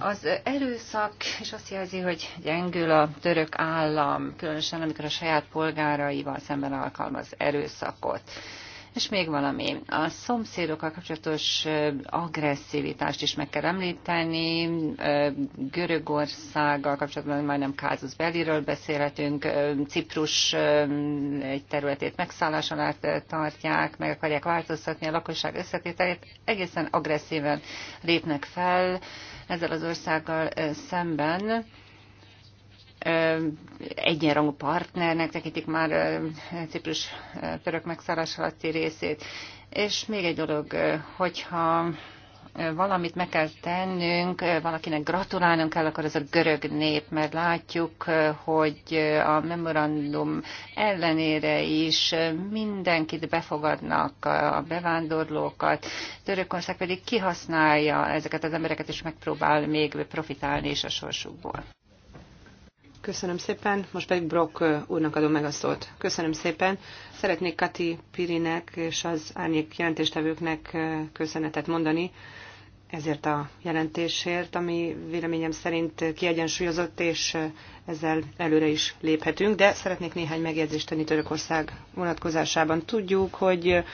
Az erőszak és azt jelzi, hogy gyengül a török állam, különösen amikor a saját polgáraival szemben alkalmaz erőszakot. És még valami, a szomszédokkal kapcsolatos agresszivitást is meg kell említeni. Görögországgal kapcsolatban majdnem Kázus Beliről beszélhetünk, Ciprus egy területét megszállás alá tartják, meg akarják változtatni a lakosság összetételét, egészen agresszíven lépnek fel ezzel az országgal szemben egyenrangú partnernek tekintik már Ciprus török megszállás alatti részét. És még egy dolog, hogyha valamit meg kell tennünk, valakinek gratulálnunk kell, akkor ez a görög nép, mert látjuk, hogy a memorandum ellenére is mindenkit befogadnak, a bevándorlókat, Törökország pedig kihasználja ezeket az embereket, és megpróbál még profitálni is a sorsukból. Köszönöm szépen. Most pedig Brock úrnak adom meg a szót. Köszönöm szépen. Szeretnék Kati Pirinek és az árnyék jelentéstevőknek köszönetet mondani ezért a jelentésért, ami véleményem szerint kiegyensúlyozott, és ezzel előre is léphetünk, de szeretnék néhány megjegyzést tenni Törökország vonatkozásában. Tudjuk, hogy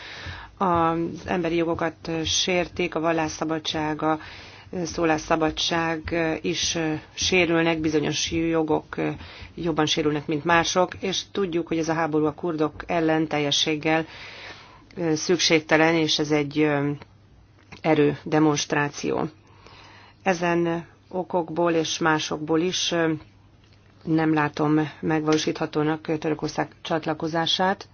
az emberi jogokat sérték, a vallásszabadsága, szólásszabadság is sérülnek, bizonyos jogok jobban sérülnek, mint mások, és tudjuk, hogy ez a háború a kurdok ellen teljességgel szükségtelen, és ez egy erő demonstráció. Ezen okokból és másokból is nem látom megvalósíthatónak Törökország csatlakozását.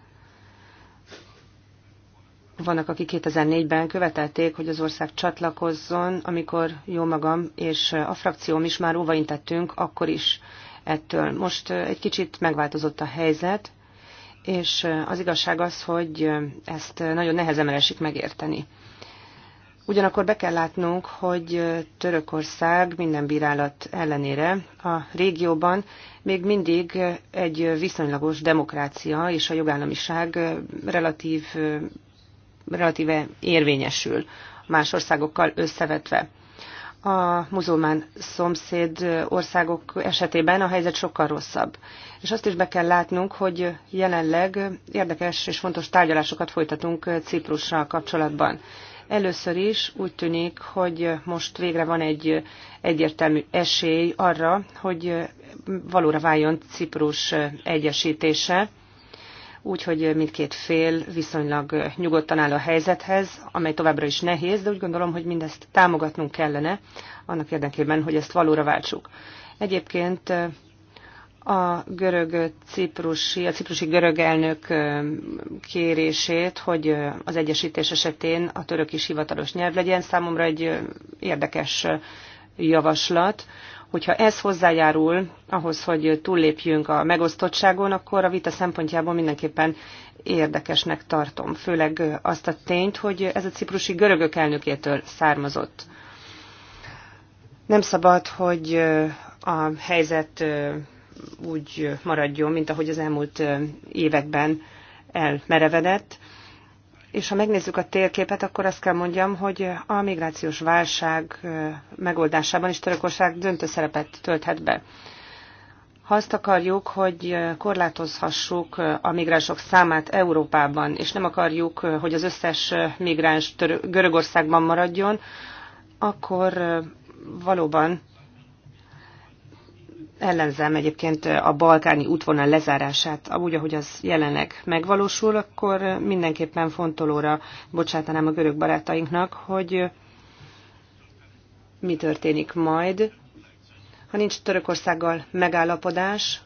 Vannak, akik 2004-ben követelték, hogy az ország csatlakozzon, amikor jó magam és a frakcióm is már óvaintettünk, akkor is ettől. Most egy kicsit megváltozott a helyzet, és az igazság az, hogy ezt nagyon nehezen esik megérteni. Ugyanakkor be kell látnunk, hogy Törökország minden bírálat ellenére a régióban még mindig egy viszonylagos demokrácia és a jogállamiság relatív relatíve érvényesül más országokkal összevetve. A muzulmán szomszéd országok esetében a helyzet sokkal rosszabb. És azt is be kell látnunk, hogy jelenleg érdekes és fontos tárgyalásokat folytatunk Ciprussal kapcsolatban. Először is úgy tűnik, hogy most végre van egy egyértelmű esély arra, hogy valóra váljon Ciprus egyesítése úgyhogy mindkét fél viszonylag nyugodtan áll a helyzethez, amely továbbra is nehéz, de úgy gondolom, hogy mindezt támogatnunk kellene annak érdekében, hogy ezt valóra váltsuk. Egyébként eh, a görög ciprusi, a ciprusi görög elnök eh, kérését, hogy eh, az egyesítés esetén a török is hivatalos nyelv legyen, számomra egy érdekes javaslat. Hogyha ez hozzájárul ahhoz, hogy túllépjünk a megosztottságon, akkor a vita szempontjából mindenképpen érdekesnek tartom, főleg azt a tényt, hogy ez a ciprusi görögök elnökétől származott. Nem szabad, hogy a helyzet úgy maradjon, mint ahogy az elmúlt években elmerevedett. És ha megnézzük a térképet, akkor azt kell mondjam, hogy a migrációs válság megoldásában is Törökország döntő szerepet tölthet be. Ha azt akarjuk, hogy korlátozhassuk a migránsok számát Európában, és nem akarjuk, hogy az összes migráns Görögországban maradjon, akkor valóban ellenzem egyébként a balkáni útvonal lezárását, amúgy, ahogy az jelenleg megvalósul, akkor mindenképpen fontolóra bocsátanám a görög barátainknak, hogy mi történik majd. Ha nincs Törökországgal megállapodás,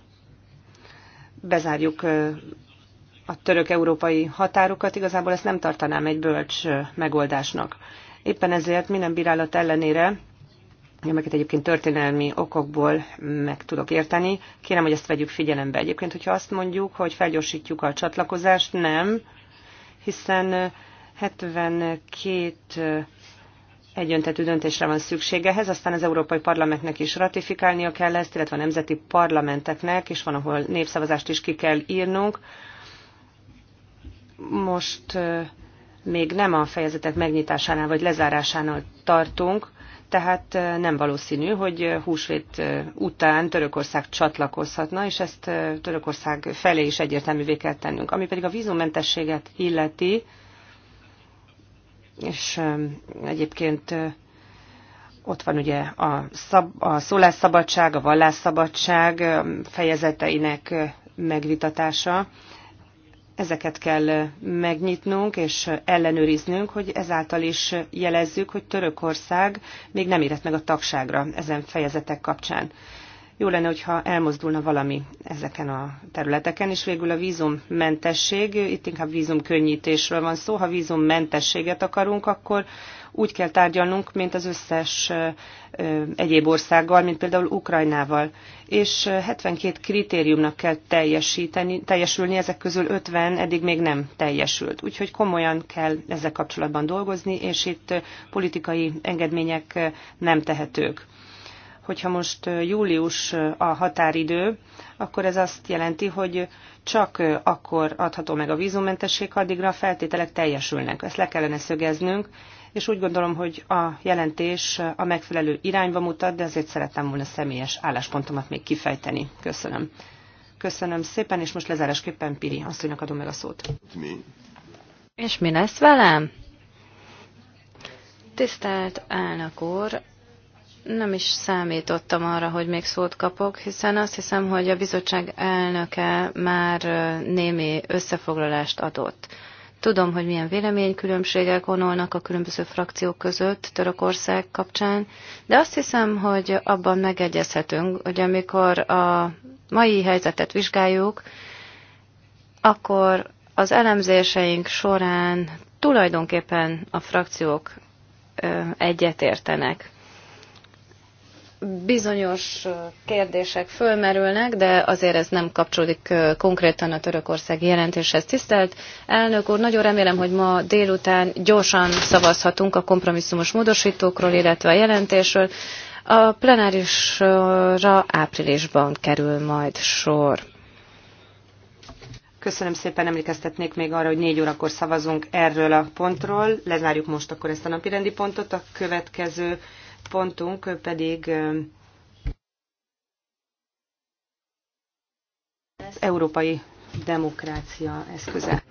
bezárjuk a török-európai határokat, igazából ezt nem tartanám egy bölcs megoldásnak. Éppen ezért minden bírálat ellenére amiket egyébként történelmi okokból meg tudok érteni. Kérem, hogy ezt vegyük figyelembe. Egyébként, hogyha azt mondjuk, hogy felgyorsítjuk a csatlakozást, nem, hiszen 72 egyöntetű döntésre van szüksége ehhez, aztán az Európai Parlamentnek is ratifikálnia kell ezt, illetve a nemzeti parlamenteknek, és van, ahol népszavazást is ki kell írnunk. Most még nem a fejezetek megnyitásánál vagy lezárásánál tartunk, tehát nem valószínű, hogy húsvét után Törökország csatlakozhatna, és ezt Törökország felé is egyértelművé kell tennünk. Ami pedig a vízummentességet illeti, és egyébként ott van ugye a, szab, a szólásszabadság, a vallásszabadság fejezeteinek megvitatása ezeket kell megnyitnunk és ellenőriznünk, hogy ezáltal is jelezzük, hogy Törökország még nem érett meg a tagságra ezen fejezetek kapcsán. Jó lenne, hogyha elmozdulna valami ezeken a területeken, és végül a vízummentesség, itt inkább vízumkönnyítésről van szó, ha vízummentességet akarunk, akkor úgy kell tárgyalnunk, mint az összes egyéb országgal, mint például Ukrajnával. És 72 kritériumnak kell teljesíteni, teljesülni, ezek közül 50 eddig még nem teljesült. Úgyhogy komolyan kell ezzel kapcsolatban dolgozni, és itt politikai engedmények nem tehetők hogyha most július a határidő, akkor ez azt jelenti, hogy csak akkor adható meg a vízumentesség, addigra a feltételek teljesülnek. Ezt le kellene szögeznünk, és úgy gondolom, hogy a jelentés a megfelelő irányba mutat, de azért szerettem volna személyes álláspontomat még kifejteni. Köszönöm. Köszönöm szépen, és most lezárásképpen Piri asszonynak adom meg a szót. Mi? És mi lesz velem? Tisztelt elnök úr, nem is számítottam arra, hogy még szót kapok, hiszen azt hiszem, hogy a bizottság elnöke már némi összefoglalást adott. Tudom, hogy milyen véleménykülönbségek vonolnak a különböző frakciók között Törökország kapcsán, de azt hiszem, hogy abban megegyezhetünk, hogy amikor a mai helyzetet vizsgáljuk, akkor az elemzéseink során tulajdonképpen a frakciók egyetértenek bizonyos kérdések fölmerülnek, de azért ez nem kapcsolódik konkrétan a törökország jelentéshez. Tisztelt elnök úr, nagyon remélem, hogy ma délután gyorsan szavazhatunk a kompromisszumos módosítókról, illetve a jelentésről. A plenárisra áprilisban kerül majd sor. Köszönöm szépen, emlékeztetnék még arra, hogy négy órakor szavazunk erről a pontról. Lezárjuk most akkor ezt a napirendi pontot. A következő pontunk pedig az európai demokrácia eszköze.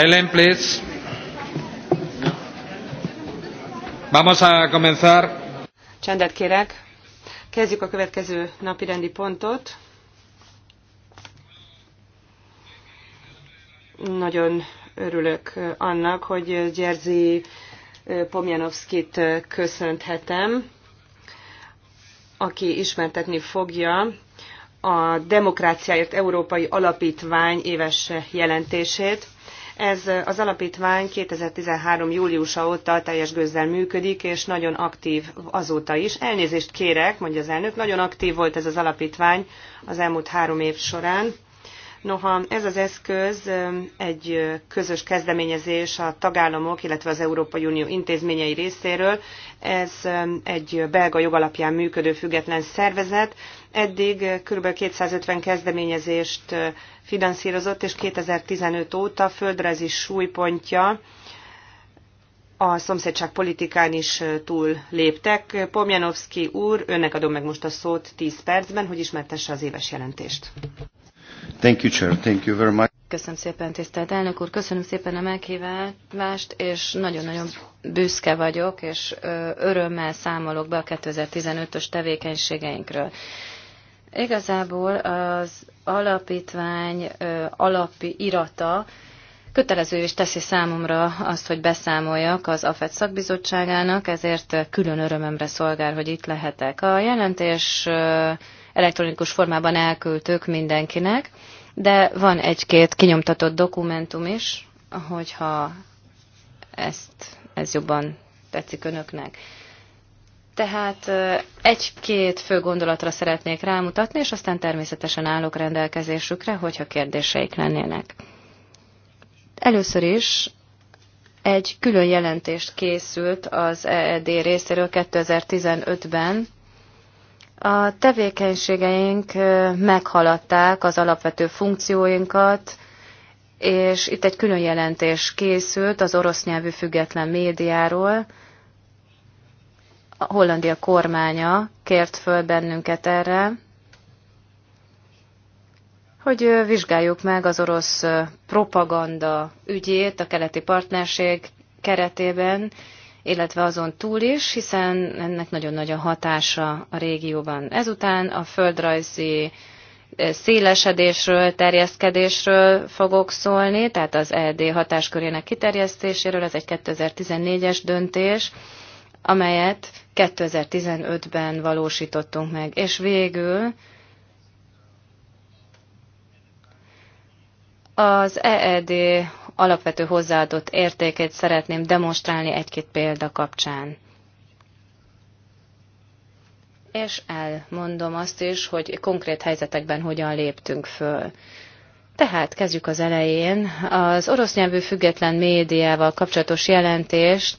Silent, please. Vamos a comenzar. Csendet kérek. Kezdjük a következő napi rendi pontot. Nagyon örülök annak, hogy Gyerzi Pomjanovszkit köszönthetem, aki ismertetni fogja a Demokráciáért Európai Alapítvány éves jelentését ez az alapítvány 2013. júliusa óta teljes gőzzel működik, és nagyon aktív azóta is. Elnézést kérek, mondja az elnök, nagyon aktív volt ez az alapítvány az elmúlt három év során. Noha ez az eszköz um, egy közös kezdeményezés a tagállamok, illetve az Európai Unió intézményei részéről, ez um, egy belga jogalapján működő független szervezet, Eddig kb. 250 kezdeményezést finanszírozott, és 2015 óta földrezi súlypontja a szomszédság politikán is túl léptek. Pomjanovszki úr, önnek adom meg most a szót 10 percben, hogy ismertesse az éves jelentést. Thank you, Chair. Thank you very much. Köszönöm szépen, tisztelt elnök úr, köszönöm szépen a meghívást, és nagyon-nagyon büszke vagyok, és örömmel számolok be a 2015-ös tevékenységeinkről. Igazából az alapítvány alapi irata kötelező is teszi számomra azt, hogy beszámoljak az AFET szakbizottságának, ezért külön örömömre szolgál, hogy itt lehetek. A jelentés elektronikus formában elküldtük mindenkinek, de van egy-két kinyomtatott dokumentum is, hogyha ezt, ez jobban tetszik önöknek. Tehát egy-két fő gondolatra szeretnék rámutatni, és aztán természetesen állok rendelkezésükre, hogyha kérdéseik lennének. Először is egy külön jelentést készült az EED részéről 2015-ben. A tevékenységeink meghaladták az alapvető funkcióinkat, és itt egy külön jelentés készült az orosz nyelvű független médiáról, a Hollandia kormánya kért föl bennünket erre, hogy vizsgáljuk meg az orosz propaganda ügyét a keleti partnerség keretében, illetve azon túl is, hiszen ennek nagyon nagy a hatása a régióban. Ezután a földrajzi szélesedésről, terjeszkedésről fogok szólni, tehát az ED hatáskörének kiterjesztéséről, ez egy 2014-es döntés, amelyet 2015-ben valósítottunk meg. És végül az EED alapvető hozzáadott értékét szeretném demonstrálni egy-két példa kapcsán. És elmondom azt is, hogy konkrét helyzetekben hogyan léptünk föl. Tehát kezdjük az elején. Az orosz nyelvű független médiával kapcsolatos jelentést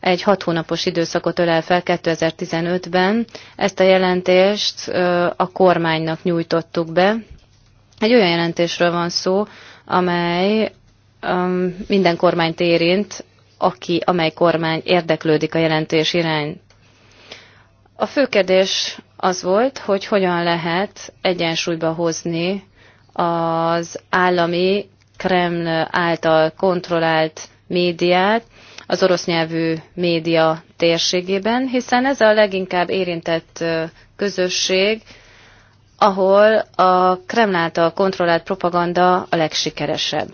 egy hat hónapos időszakot ölel fel 2015-ben. Ezt a jelentést a kormánynak nyújtottuk be. Egy olyan jelentésről van szó, amely minden kormányt érint, aki, amely kormány érdeklődik a jelentés irány. A fő kérdés az volt, hogy hogyan lehet egyensúlyba hozni az állami Kreml által kontrollált médiát, az orosz nyelvű média térségében, hiszen ez a leginkább érintett közösség, ahol a Kreml által kontrollált propaganda a legsikeresebb.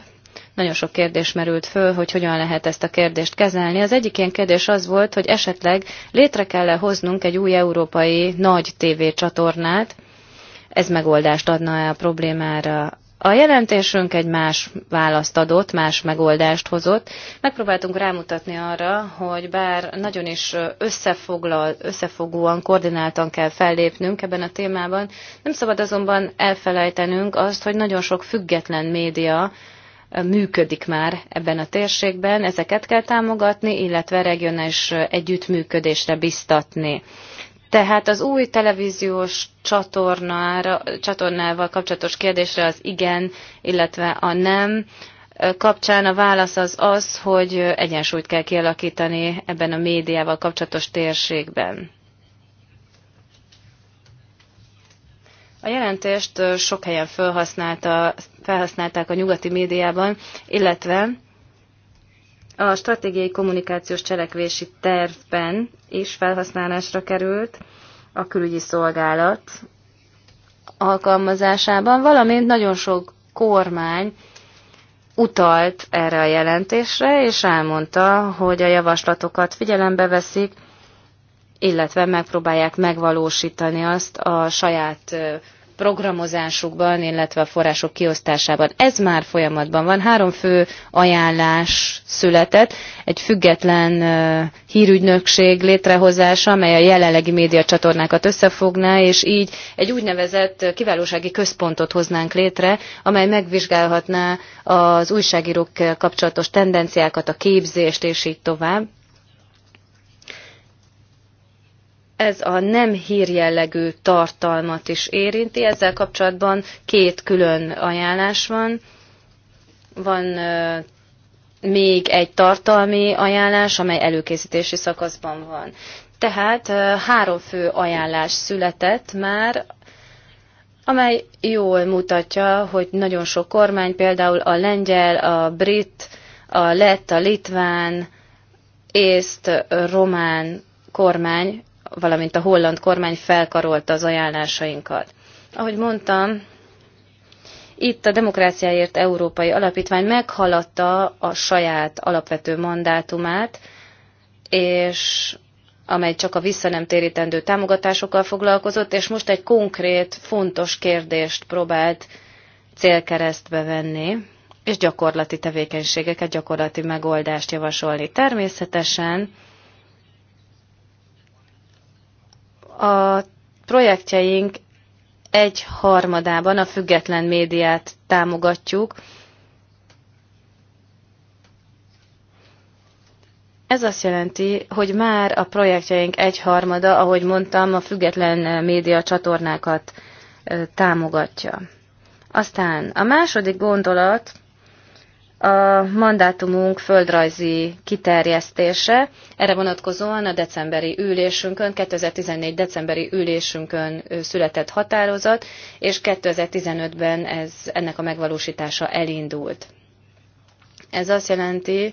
Nagyon sok kérdés merült föl, hogy hogyan lehet ezt a kérdést kezelni. Az egyik ilyen kérdés az volt, hogy esetleg létre kell -e hoznunk egy új európai nagy tévécsatornát, ez megoldást adna -e a problémára a jelentésünk egy más választ adott, más megoldást hozott. Megpróbáltunk rámutatni arra, hogy bár nagyon is összefoglal, összefogóan, koordináltan kell fellépnünk ebben a témában, nem szabad azonban elfelejtenünk azt, hogy nagyon sok független média e, működik már ebben a térségben, ezeket kell támogatni, illetve regionális együttműködésre biztatni. Tehát az új televíziós csatornára, csatornával kapcsolatos kérdésre az igen, illetve a nem kapcsán a válasz az az, hogy egyensúlyt kell kialakítani ebben a médiával kapcsolatos térségben. A jelentést sok helyen felhasználták a nyugati médiában, illetve a stratégiai kommunikációs cselekvési tervben is felhasználásra került a külügyi szolgálat alkalmazásában, valamint nagyon sok kormány utalt erre a jelentésre, és elmondta, hogy a javaslatokat figyelembe veszik, illetve megpróbálják megvalósítani azt a saját programozásukban, illetve a források kiosztásában. Ez már folyamatban van. Három fő ajánlás született. Egy független hírügynökség létrehozása, amely a jelenlegi csatornákat összefogná, és így egy úgynevezett kiválósági központot hoznánk létre, amely megvizsgálhatná az újságírók kapcsolatos tendenciákat, a képzést és így tovább ez a nem hírjellegű tartalmat is érinti. Ezzel kapcsolatban két külön ajánlás van. Van még egy tartalmi ajánlás, amely előkészítési szakaszban van. Tehát három fő ajánlás született már, amely jól mutatja, hogy nagyon sok kormány, például a lengyel, a brit, a lett, a litván, észt, román kormány valamint a holland kormány felkarolta az ajánlásainkat. Ahogy mondtam, itt a Demokráciáért Európai Alapítvány meghaladta a saját alapvető mandátumát, és amely csak a visszanemtérítendő támogatásokkal foglalkozott, és most egy konkrét, fontos kérdést próbált célkeresztbe venni, és gyakorlati tevékenységeket, gyakorlati megoldást javasolni. Természetesen A projektjeink egy harmadában a független médiát támogatjuk. Ez azt jelenti, hogy már a projektjeink egy harmada, ahogy mondtam, a független média csatornákat támogatja. Aztán a második gondolat, a mandátumunk földrajzi kiterjesztése. Erre vonatkozóan a decemberi ülésünkön, 2014. decemberi ülésünkön született határozat, és 2015-ben ez, ennek a megvalósítása elindult. Ez azt jelenti,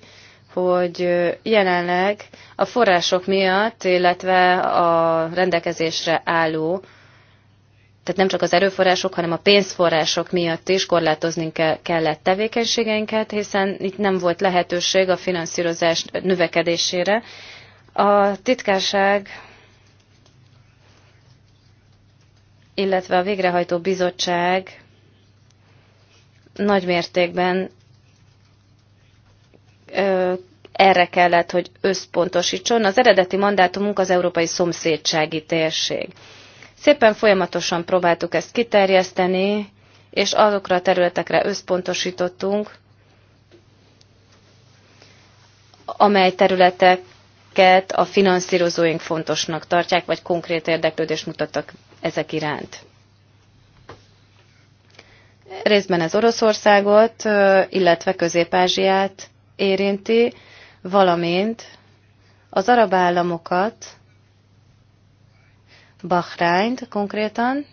hogy jelenleg a források miatt, illetve a rendelkezésre álló tehát nem csak az erőforrások, hanem a pénzforrások miatt is korlátozni kellett tevékenységeinket, hiszen itt nem volt lehetőség a finanszírozás növekedésére. A titkárság, illetve a végrehajtó bizottság nagy mértékben erre kellett, hogy összpontosítson. Az eredeti mandátumunk az európai szomszédsági térség. Szépen folyamatosan próbáltuk ezt kiterjeszteni, és azokra a területekre összpontosítottunk, amely területeket a finanszírozóink fontosnak tartják, vagy konkrét érdeklődést mutattak ezek iránt. Részben ez Oroszországot, illetve Közép-Ázsiát érinti, valamint az arab államokat, Bahrányt konkrétan.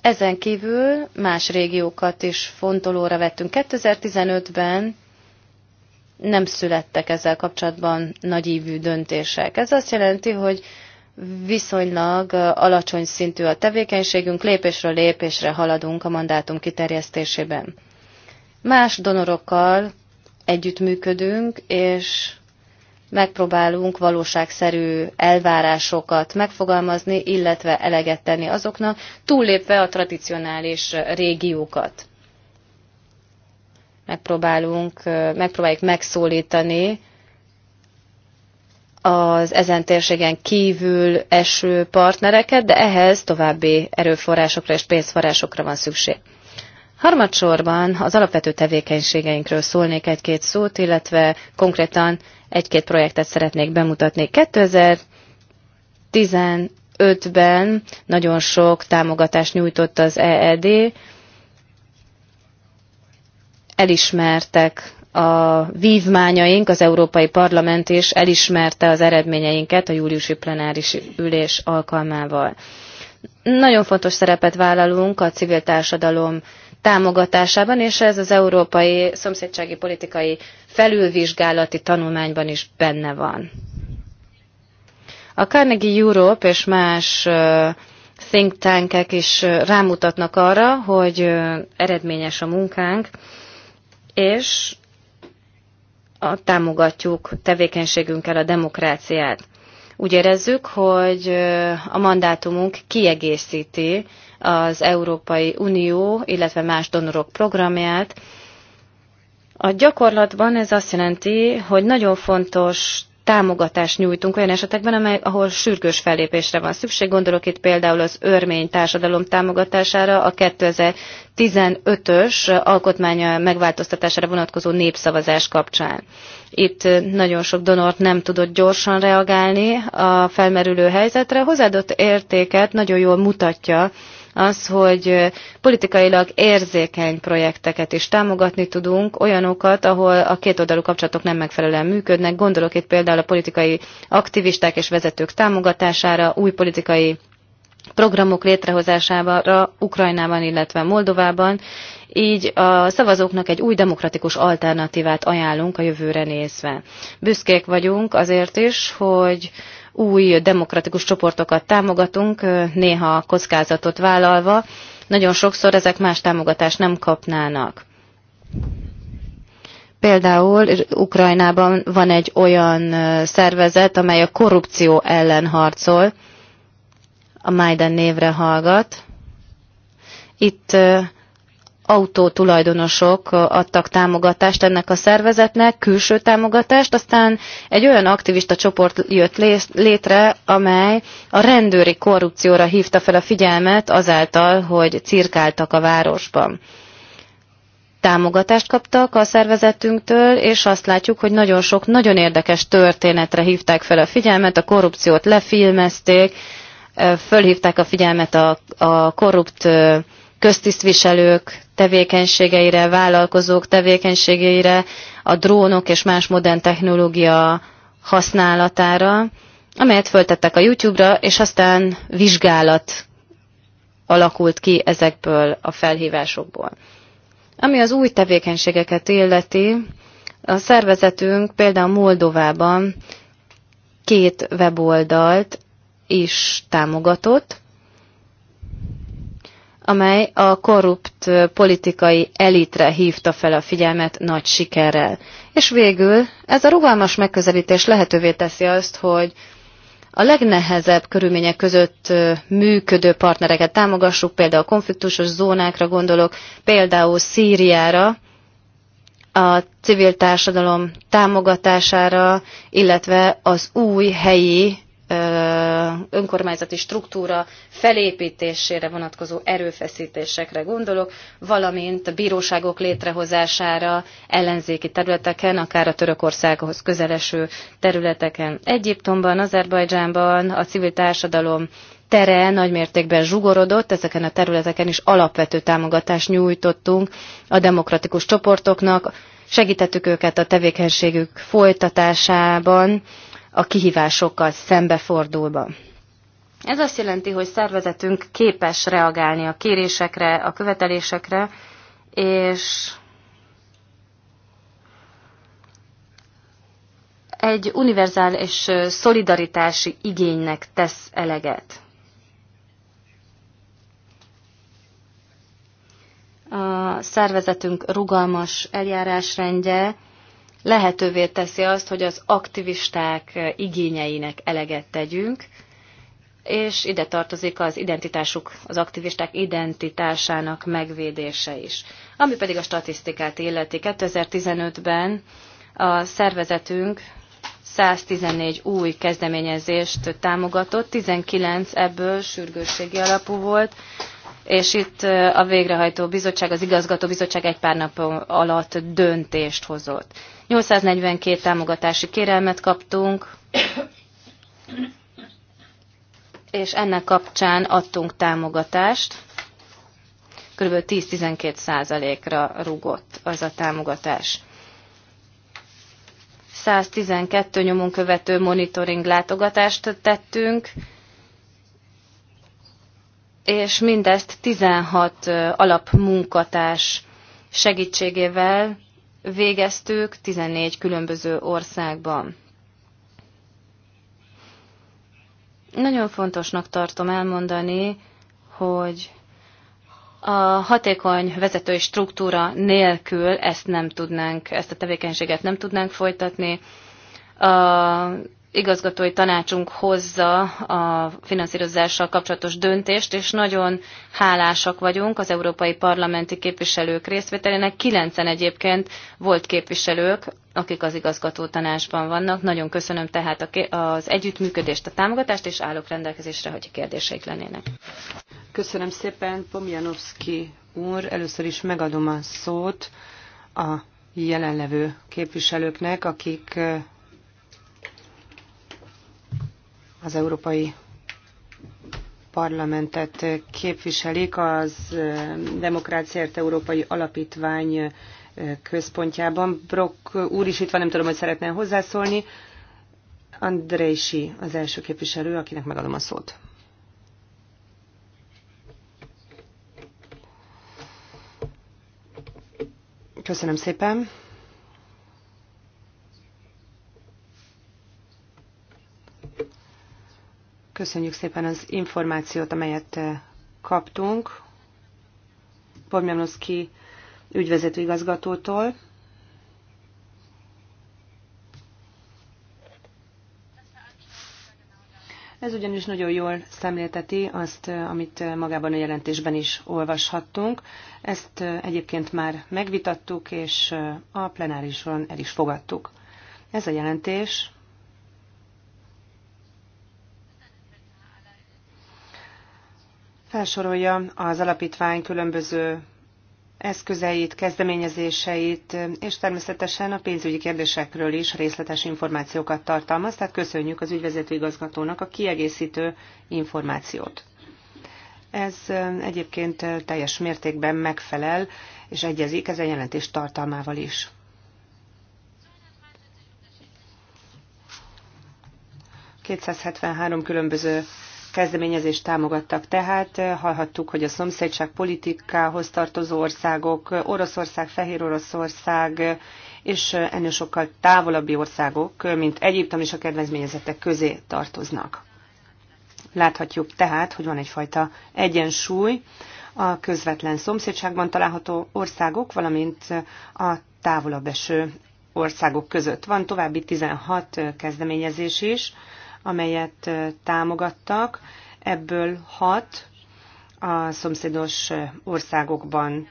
Ezen kívül más régiókat is fontolóra vettünk. 2015-ben nem születtek ezzel kapcsolatban nagyívű döntések. Ez azt jelenti, hogy viszonylag alacsony szintű a tevékenységünk, lépésről lépésre haladunk a mandátum kiterjesztésében. Más donorokkal együttműködünk, és megpróbálunk valóságszerű elvárásokat megfogalmazni, illetve eleget tenni azoknak, túllépve a tradicionális régiókat. Megpróbálunk, megpróbáljuk megszólítani az ezen térségen kívül eső partnereket, de ehhez további erőforrásokra és pénzforrásokra van szükség. Harmadsorban az alapvető tevékenységeinkről szólnék egy-két szót, illetve konkrétan egy-két projektet szeretnék bemutatni. 2015-ben nagyon sok támogatást nyújtott az EED, elismertek a vívmányaink, az Európai Parlament is elismerte az eredményeinket a júliusi plenáris ülés alkalmával. Nagyon fontos szerepet vállalunk a civil társadalom támogatásában, és ez az európai szomszédsági politikai felülvizsgálati tanulmányban is benne van. A Carnegie Europe és más think tankek is rámutatnak arra, hogy eredményes a munkánk, és a, támogatjuk tevékenységünkkel a demokráciát. Úgy érezzük, hogy a mandátumunk kiegészíti az Európai Unió, illetve más donorok programját. A gyakorlatban ez azt jelenti, hogy nagyon fontos támogatást nyújtunk olyan esetekben, amely, ahol sürgős fellépésre van szükség. Gondolok itt például az örmény társadalom támogatására, a 2015-ös alkotmány megváltoztatására vonatkozó népszavazás kapcsán. Itt nagyon sok donort nem tudott gyorsan reagálni a felmerülő helyzetre. Hozzáadott értéket nagyon jól mutatja az, hogy politikailag érzékeny projekteket is támogatni tudunk, olyanokat, ahol a kétoldalú kapcsolatok nem megfelelően működnek. Gondolok itt például a politikai aktivisták és vezetők támogatására, új politikai programok létrehozására Ukrajnában, illetve Moldovában, így a szavazóknak egy új demokratikus alternatívát ajánlunk a jövőre nézve. Büszkék vagyunk azért is, hogy új demokratikus csoportokat támogatunk, néha kockázatot vállalva, nagyon sokszor ezek más támogatást nem kapnának. Például Ukrajnában van egy olyan szervezet, amely a korrupció ellen harcol, a Maiden névre hallgat. Itt autótulajdonosok adtak támogatást ennek a szervezetnek, külső támogatást, aztán egy olyan aktivista csoport jött létre, amely a rendőri korrupcióra hívta fel a figyelmet azáltal, hogy cirkáltak a városban. Támogatást kaptak a szervezetünktől, és azt látjuk, hogy nagyon sok nagyon érdekes történetre hívták fel a figyelmet, a korrupciót lefilmezték, fölhívták a figyelmet a, a korrupt köztisztviselők tevékenységeire, vállalkozók tevékenységeire, a drónok és más modern technológia használatára, amelyet föltettek a YouTube-ra, és aztán vizsgálat alakult ki ezekből a felhívásokból. Ami az új tevékenységeket illeti, a szervezetünk például Moldovában két weboldalt is támogatott, amely a korrupt politikai elitre hívta fel a figyelmet nagy sikerrel. És végül ez a rugalmas megközelítés lehetővé teszi azt, hogy a legnehezebb körülmények között működő partnereket támogassuk, például a konfliktusos zónákra gondolok, például Szíriára, a civil társadalom támogatására, illetve az új helyi önkormányzati struktúra felépítésére vonatkozó erőfeszítésekre gondolok, valamint a bíróságok létrehozására ellenzéki területeken, akár a Törökországhoz közeleső területeken. Egyiptomban, Azerbajdzsánban a civil társadalom tere nagymértékben zsugorodott, ezeken a területeken is alapvető támogatást nyújtottunk a demokratikus csoportoknak, segítettük őket a tevékenységük folytatásában, a kihívásokkal szembefordulva. Ez azt jelenti, hogy szervezetünk képes reagálni a kérésekre, a követelésekre, és egy univerzális szolidaritási igénynek tesz eleget. A szervezetünk rugalmas eljárásrendje lehetővé teszi azt, hogy az aktivisták igényeinek eleget tegyünk, és ide tartozik az identitásuk, az aktivisták identitásának megvédése is. Ami pedig a statisztikát illeti. 2015-ben a szervezetünk 114 új kezdeményezést támogatott, 19 ebből sürgősségi alapú volt, és itt a végrehajtó bizottság, az igazgató bizottság egy pár nap alatt döntést hozott. 842 támogatási kérelmet kaptunk, és ennek kapcsán adtunk támogatást. Kb. 10-12 százalékra rugott az a támogatás. 112 nyomon követő monitoring látogatást tettünk, és mindezt 16 alapmunkatárs segítségével végeztük 14 különböző országban. Nagyon fontosnak tartom elmondani, hogy a hatékony vezetői struktúra nélkül ezt nem tudnánk, ezt a tevékenységet nem tudnánk folytatni. A igazgatói tanácsunk hozza a finanszírozással kapcsolatos döntést, és nagyon hálásak vagyunk az európai parlamenti képviselők részvételének. Kilencen egyébként volt képviselők, akik az igazgató tanácsban vannak. Nagyon köszönöm tehát az együttműködést, a támogatást, és állok rendelkezésre, hogy kérdéseik lennének. Köszönöm szépen, Pomjanovszki úr. Először is megadom a szót a jelenlevő képviselőknek, akik az Európai Parlamentet képviselik az Demokráciáért Európai Alapítvány központjában. Brock úr is itt van, nem tudom, hogy szeretne hozzászólni. Andrési az első képviselő, akinek megadom a szót. Köszönöm szépen. Köszönjük szépen az információt, amelyet eh, kaptunk Pomjanowski ügyvezető igazgatótól. Ez ugyanis nagyon jól szemlélteti azt, eh, amit eh, magában a jelentésben is olvashattunk. Ezt egyébként már megvitattuk, és a plenárison el is fogadtuk. Ez a jelentés felsorolja az alapítvány különböző eszközeit, kezdeményezéseit, és természetesen a pénzügyi kérdésekről is részletes információkat tartalmaz, tehát köszönjük az ügyvezető igazgatónak a kiegészítő információt. Ez egyébként teljes mértékben megfelel és egyezik ezen jelentés tartalmával is. ...273 különböző kezdeményezést támogattak. Tehát eh, hallhattuk, hogy a szomszédság politikához tartozó országok, eh, Oroszország, Fehér Oroszország eh, és ennél sokkal távolabbi országok, mint Egyiptom és a kedvezményezettek közé tartoznak. Láthatjuk tehát, hogy van egyfajta egyensúly a közvetlen szomszédságban található országok, valamint a távolabb eső országok között. Van további 16 kezdeményezés is, amelyet támogattak, ebből hat a szomszédos országokban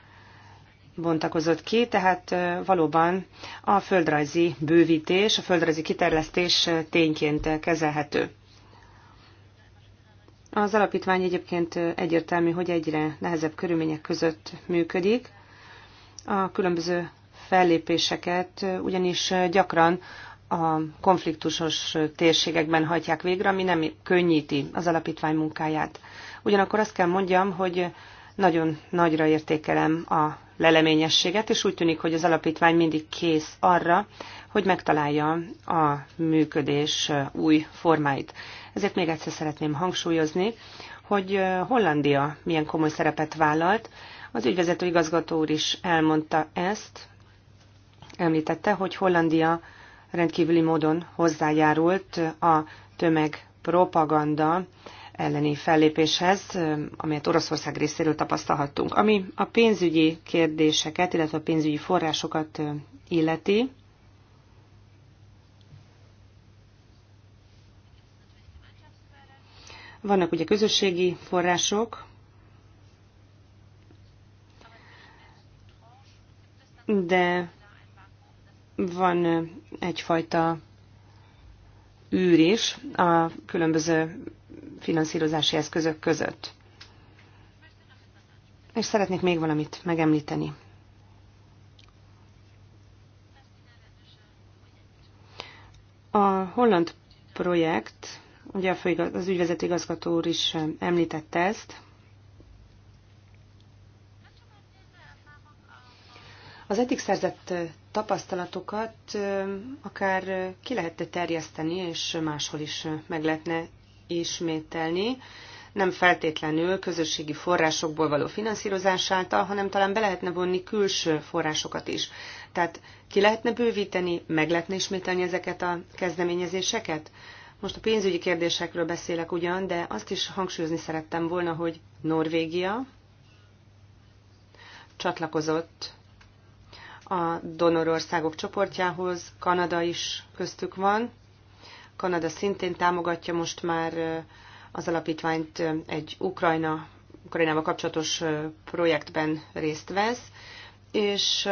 bontakozott ki, tehát valóban a földrajzi bővítés, a földrajzi kiterlesztés tényként kezelhető. Az alapítvány egyébként egyértelmű, hogy egyre nehezebb körülmények között működik. A különböző fellépéseket ugyanis gyakran a konfliktusos térségekben hajtják végre, ami nem könnyíti az alapítvány munkáját. Ugyanakkor azt kell mondjam, hogy nagyon nagyra értékelem a leleményességet, és úgy tűnik, hogy az alapítvány mindig kész arra, hogy megtalálja a működés új formáit. Ezért még egyszer szeretném hangsúlyozni, hogy Hollandia milyen komoly szerepet vállalt. Az ügyvezető igazgató úr is elmondta ezt, említette, hogy Hollandia rendkívüli módon hozzájárult a tömegpropaganda elleni fellépéshez, amelyet Oroszország részéről tapasztalhattunk. Ami a pénzügyi kérdéseket, illetve a pénzügyi forrásokat illeti, Vannak ugye közösségi források, de van egyfajta űr is a különböző finanszírozási eszközök között. És szeretnék még valamit megemlíteni. A holland projekt, ugye az ügyvezető igazgató úr is említette ezt, az eddig szerzett tapasztalatokat akár ki lehetne terjeszteni, és máshol is meg lehetne ismételni nem feltétlenül közösségi forrásokból való finanszírozás által, hanem talán be lehetne vonni külső forrásokat is. Tehát ki lehetne bővíteni, meg lehetne ismételni ezeket a kezdeményezéseket? Most a pénzügyi kérdésekről beszélek ugyan, de azt is hangsúlyozni szerettem volna, hogy Norvégia csatlakozott a donorországok csoportjához, Kanada is köztük van. Kanada szintén támogatja most már az alapítványt egy Ukrajna, Ukrajnával kapcsolatos projektben részt vesz, és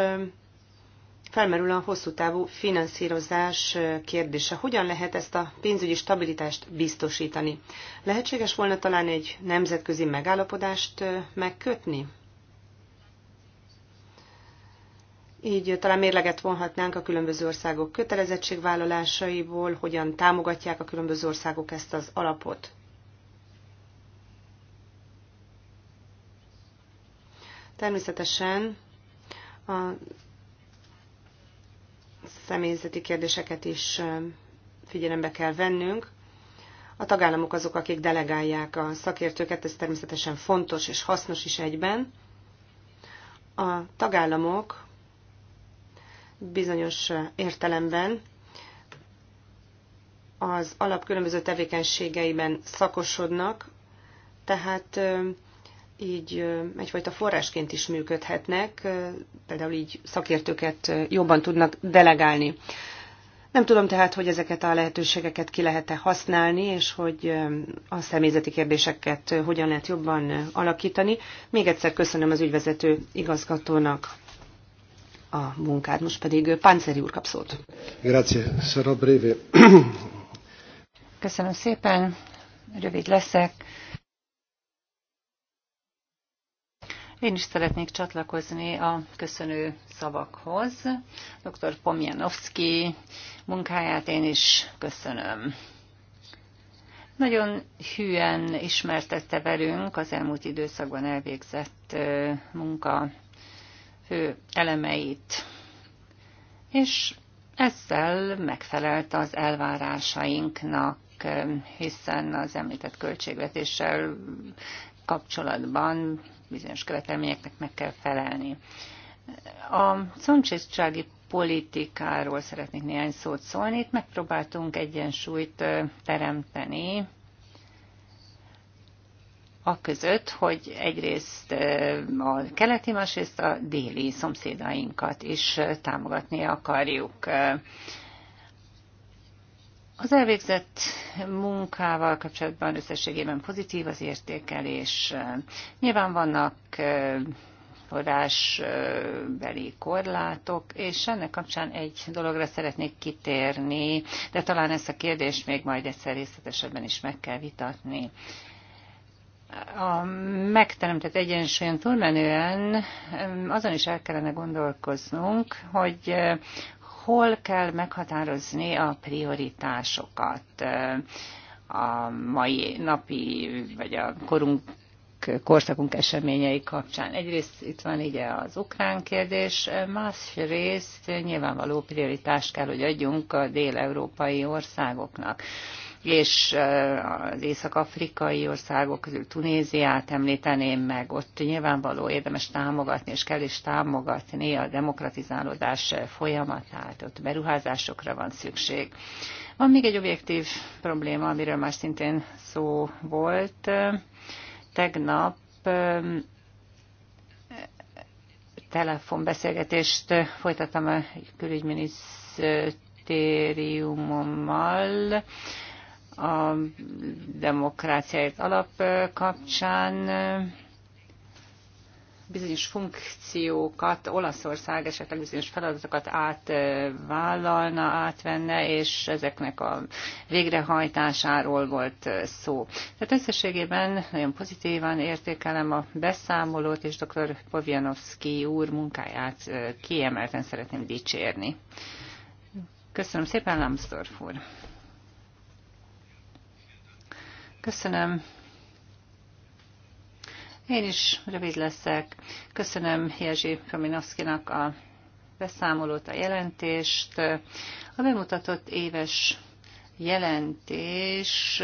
felmerül a hosszú távú finanszírozás kérdése. Hogyan lehet ezt a pénzügyi stabilitást biztosítani? Lehetséges volna talán egy nemzetközi megállapodást megkötni? Így talán mérleget vonhatnánk a különböző országok kötelezettségvállalásaiból, hogyan támogatják a különböző országok ezt az alapot. Természetesen a személyzeti kérdéseket is figyelembe kell vennünk. A tagállamok azok, akik delegálják a szakértőket, ez természetesen fontos és hasznos is egyben. A tagállamok bizonyos értelemben az alap különböző tevékenységeiben szakosodnak, tehát így egyfajta forrásként is működhetnek, például így szakértőket jobban tudnak delegálni. Nem tudom tehát, hogy ezeket a lehetőségeket ki lehet-e használni, és hogy a személyzeti kérdéseket hogyan lehet jobban alakítani. Még egyszer köszönöm az ügyvezető igazgatónak a munkát. Most pedig Pánceri úr kap szót. Grazie, sarò breve. Köszönöm szépen, rövid leszek. Én is szeretnék csatlakozni a köszönő szavakhoz. Dr. Pomjanovszki munkáját én is köszönöm. Nagyon hűen ismertette velünk az elmúlt időszakban elvégzett munka fő elemeit. És ezzel megfelelt az elvárásainknak, hiszen az említett költségvetéssel kapcsolatban bizonyos követelményeknek meg kell felelni. A szomszédsági politikáról szeretnék néhány szót szólni. Itt megpróbáltunk egyensúlyt teremteni a között, hogy egyrészt a keleti, másrészt a déli szomszédainkat is támogatni akarjuk. Az elvégzett munkával kapcsolatban összességében pozitív az értékelés. Nyilván vannak forrásbeli korlátok, és ennek kapcsán egy dologra szeretnék kitérni, de talán ezt a kérdést még majd egyszer részletesebben is meg kell vitatni a megteremtett egyensúlyon túlmenően azon is el kellene gondolkoznunk, hogy hol kell meghatározni a prioritásokat a mai napi, vagy a korunk korszakunk eseményei kapcsán. Egyrészt itt van ugye az ukrán kérdés, másrészt nyilvánvaló prioritást kell, hogy adjunk a dél-európai országoknak és eh, az észak-afrikai országok közül Tunéziát említeném meg, ott nyilvánvaló érdemes támogatni, és kell is támogatni a demokratizálódás folyamatát, ott beruházásokra van szükség. Van még egy objektív probléma, amiről már szintén szó volt. Tegnap eh, telefonbeszélgetést folytattam a külügyminisztériumommal, a demokráciáért alap kapcsán bizonyos funkciókat Olaszország esetleg bizonyos feladatokat átvállalna, átvenne, és ezeknek a végrehajtásáról volt szó. Tehát összességében nagyon pozitívan értékelem a beszámolót, és dr. Povjanovszki úr munkáját kiemelten szeretném dicsérni. Köszönöm szépen, Lambsdorff úr! Köszönöm. Én is rövid leszek. Köszönöm Jerzy Kaminovszkinak a beszámolót, a jelentést. A bemutatott éves jelentés,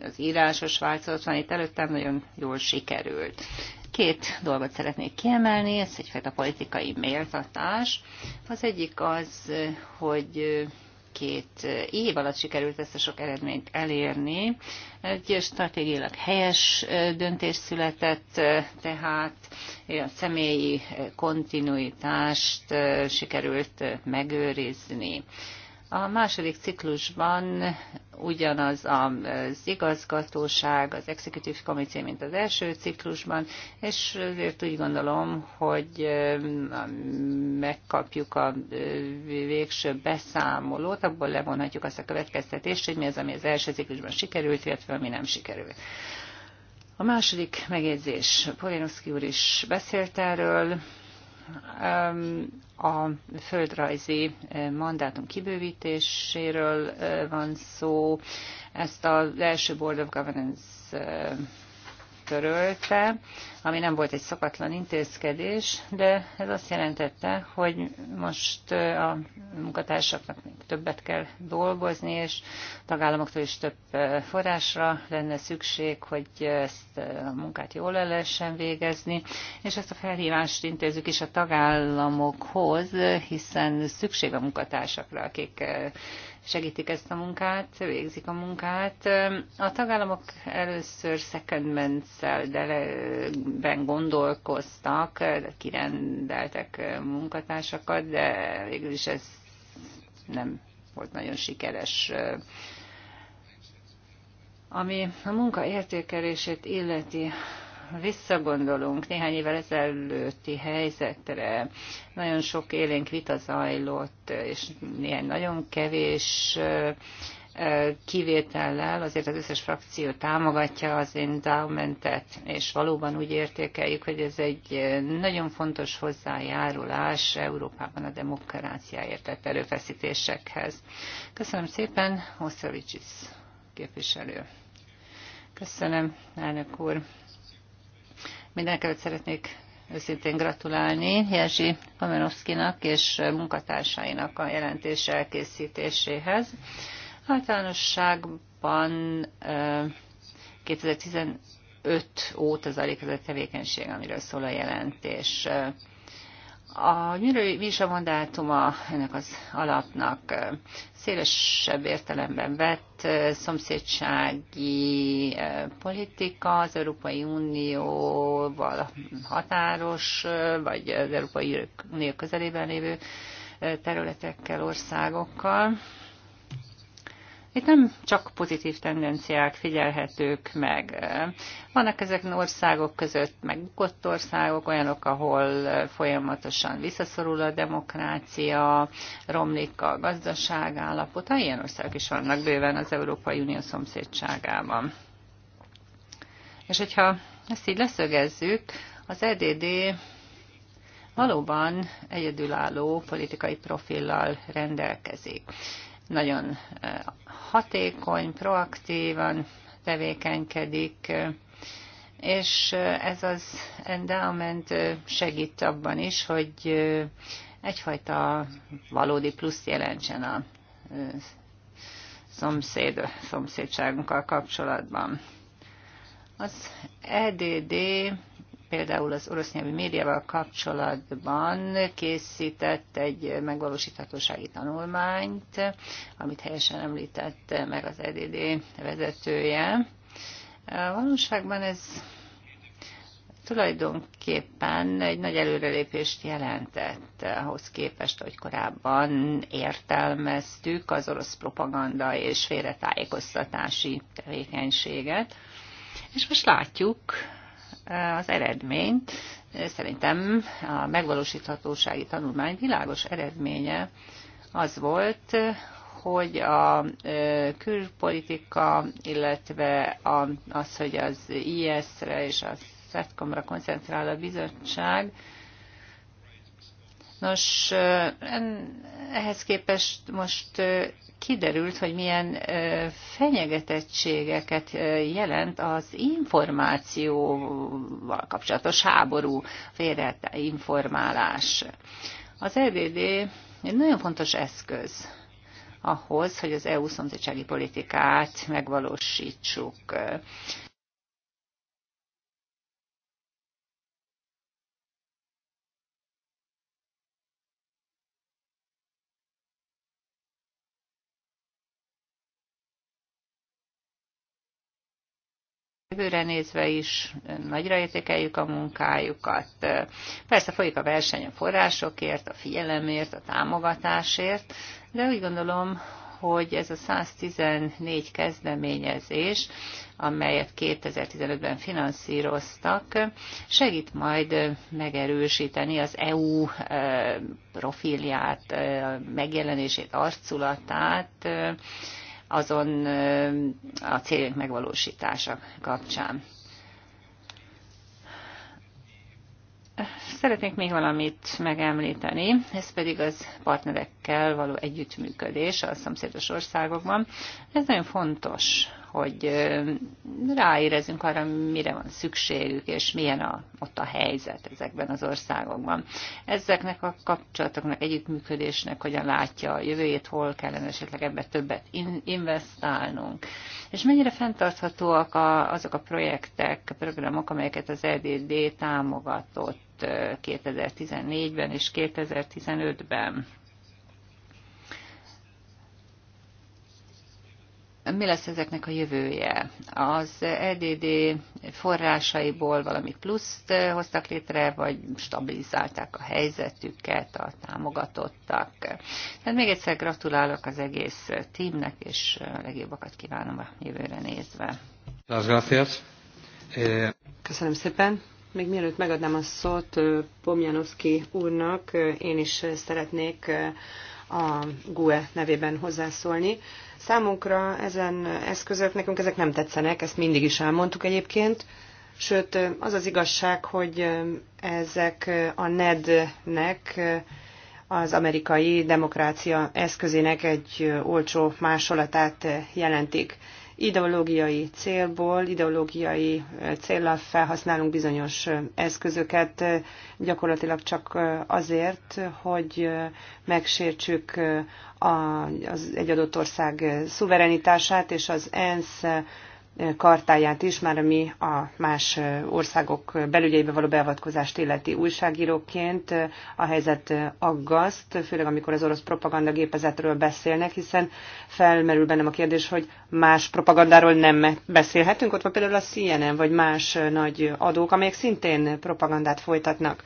az írásos változat van itt előttem, nagyon jól sikerült. Két dolgot szeretnék kiemelni, ez egyfajta politikai méltatás. Az egyik az, hogy két év alatt sikerült ezt a sok eredményt elérni. Egy stratégiailag helyes döntés született, tehát a személyi kontinuitást sikerült megőrizni. A második ciklusban ugyanaz az igazgatóság, az executive committee, mint az első ciklusban, és ezért úgy gondolom, hogy megkapjuk a végső beszámolót, abból levonhatjuk azt a következtetést, hogy mi az, ami az első ciklusban sikerült, illetve ami nem sikerült. A második megjegyzés, Polinuszki úr is beszélt erről, a földrajzi eh, mandátum kibővítéséről eh, van szó. Ezt az első Board of Governance eh, törölte, ami nem volt egy szokatlan intézkedés, de ez azt jelentette, hogy most a munkatársaknak még többet kell dolgozni, és tagállamoktól is több forrásra lenne szükség, hogy ezt a munkát jól el lehessen végezni, és ezt a felhívást intézzük is a tagállamokhoz, hiszen szükség a munkatársakra, akik segítik ezt a munkát, végzik a munkát. A tagállamok először secondments de ben gondolkoztak, kirendeltek munkatársakat, de végül is ez nem volt nagyon sikeres ami a munka értékelését illeti, visszagondolunk néhány évvel ezelőtti helyzetre, nagyon sok élénk vita zajlott, és néhány nagyon kevés kivétellel azért az összes frakció támogatja az endowmentet, és valóban úgy értékeljük, hogy ez egy nagyon fontos hozzájárulás Európában a demokráciáért tett erőfeszítésekhez. Köszönöm szépen, Oszavicsis képviselő. Köszönöm, elnök úr. Mindenekelőtt szeretnék őszintén gratulálni Jerzy Pomerovszkinak és munkatársainak a jelentés elkészítéséhez. Általánosságban 2015 óta zajlik ez a tevékenység, amiről szól a jelentés. A nyűlői vizsga ennek az alapnak szélesebb értelemben vett szomszédsági politika az Európai Unióval határos, vagy az Európai Unió közelében lévő területekkel, országokkal. Itt nem csak pozitív tendenciák figyelhetők meg. Vannak ezek országok között megbukott országok, olyanok, ahol folyamatosan visszaszorul a demokrácia, romlik a gazdaság állapota. Ilyen országok is vannak bőven az Európai Unió szomszédságában. És hogyha ezt így leszögezzük, az EDD valóban egyedülálló politikai profillal rendelkezik nagyon eh, hatékony, proaktívan tevékenykedik, eh, és eh, ez az endowment segít abban is, hogy egyfajta valódi plusz jelentsen a szomszéd, szomszédságunkkal kapcsolatban. Az EDD például az orosz nyelvű médiával kapcsolatban készített egy megvalósíthatósági tanulmányt, amit helyesen említett meg az EDD vezetője. A valóságban ez tulajdonképpen egy nagy előrelépést jelentett ahhoz képest, hogy korábban értelmeztük az orosz propaganda és félretájékoztatási tevékenységet. És most látjuk, az eredményt. Szerintem a megvalósíthatósági tanulmány világos eredménye az volt, hogy a külpolitika, illetve az, hogy az IS-re és a SZETCOM-ra koncentrál a bizottság, Nos, ehhez képest most kiderült, hogy milyen fenyegetettségeket jelent az információval kapcsolatos háború, félreinformálás. Az EDD egy nagyon fontos eszköz ahhoz, hogy az EU szomszédsági politikát megvalósítsuk. jövőre nézve is nagyra értékeljük a munkájukat. Persze folyik a verseny a forrásokért, a figyelemért, a támogatásért, de úgy gondolom, hogy ez a 114 kezdeményezés, amelyet 2015-ben finanszíroztak, segít majd megerősíteni az EU e, profilját, e, megjelenését, arculatát, azon a célunk megvalósítása kapcsán. Szeretnék még valamit megemlíteni, ez pedig az partnerekkel való együttműködés a szomszédos országokban. Ez nagyon fontos hogy ráérezünk arra, mire van szükségük, és milyen a, ott a helyzet ezekben az országokban. Ezeknek a kapcsolatoknak, együttműködésnek hogyan látja a jövőjét, hol kellene esetleg ebbe többet investálnunk. És mennyire fenntarthatóak a, azok a projektek, a programok, amelyeket az EDD támogatott 2014-ben és 2015-ben. mi lesz ezeknek a jövője? Az EDD forrásaiból valami pluszt eh, hoztak létre, vagy stabilizálták a helyzetüket, a támogatottak? Tehát még egyszer gratulálok az egész tímnek és legjobbakat kívánom a jövőre nézve. Eh, Köszönöm szépen. Még mielőtt megadnám a szót eh, Pomjanovski úrnak, én is szeretnék a GUE nevében hozzászólni. Számunkra ezen eszközök, nekünk ezek nem tetszenek, ezt mindig is elmondtuk egyébként, sőt az az igazság, hogy ezek a NED-nek, az amerikai demokrácia eszközének egy olcsó másolatát jelentik ideológiai célból, ideológiai eh, célra felhasználunk bizonyos eh, eszközöket, eh, gyakorlatilag csak azért, hogy megsértsük az egy adott ország szuverenitását, és az ENSZ kartáját is, már ami a más országok belügyeibe való beavatkozást illeti újságíróként. A helyzet aggaszt, főleg amikor az orosz propagandagépezetről beszélnek, hiszen felmerül bennem a kérdés, hogy más propagandáról nem beszélhetünk. Ott van például a CNN, vagy más nagy adók, amelyek szintén propagandát folytatnak.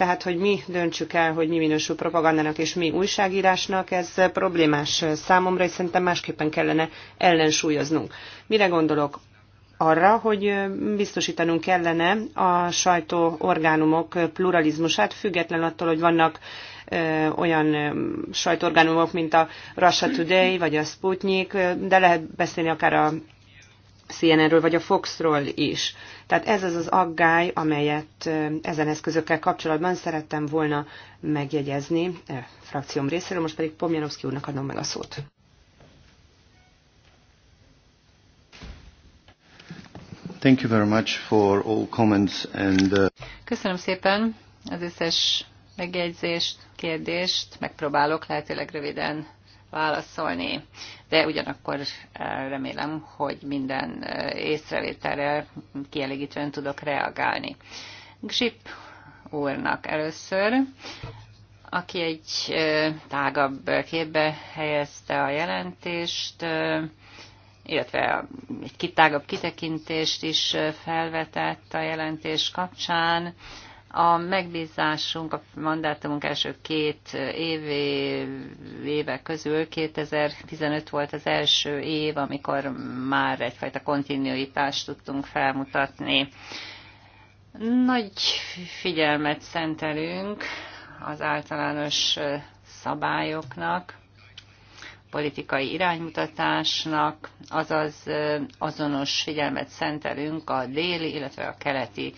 Tehát, hogy mi döntsük el, hogy mi minősül propagandának és mi újságírásnak, ez problémás számomra, és szerintem másképpen kellene ellensúlyoznunk. Mire gondolok? arra, hogy biztosítanunk kellene a sajtó orgánumok pluralizmusát, független attól, hogy vannak olyan sajtóorgánumok, mint a Russia Today vagy a Sputnik, de lehet beszélni akár a CNN-ről vagy a Foxról is. Tehát ez az az aggály, amelyet ezen eszközökkel kapcsolatban szerettem volna megjegyezni e, frakcióm részéről, most pedig Pomjanovszki úrnak adom meg a szót. Thank you very much for all comments and, uh... Köszönöm szépen az összes megjegyzést, kérdést. Megpróbálok lehetőleg röviden válaszolni, de ugyanakkor eh, remélem, hogy minden eh, észrevételre kielégítően tudok reagálni. Gsip úrnak először, aki egy eh, tágabb képbe helyezte a jelentést, illetve egy kitágabb kitekintést is felvetett a jelentés kapcsán a megbízásunk, a mandátumunk első két éve éve közül 2015 volt az első év, amikor már egyfajta kontinuitást tudtunk felmutatni. Nagy figyelmet szentelünk az általános szabályoknak, politikai iránymutatásnak, azaz azonos figyelmet szentelünk a déli, illetve a keleti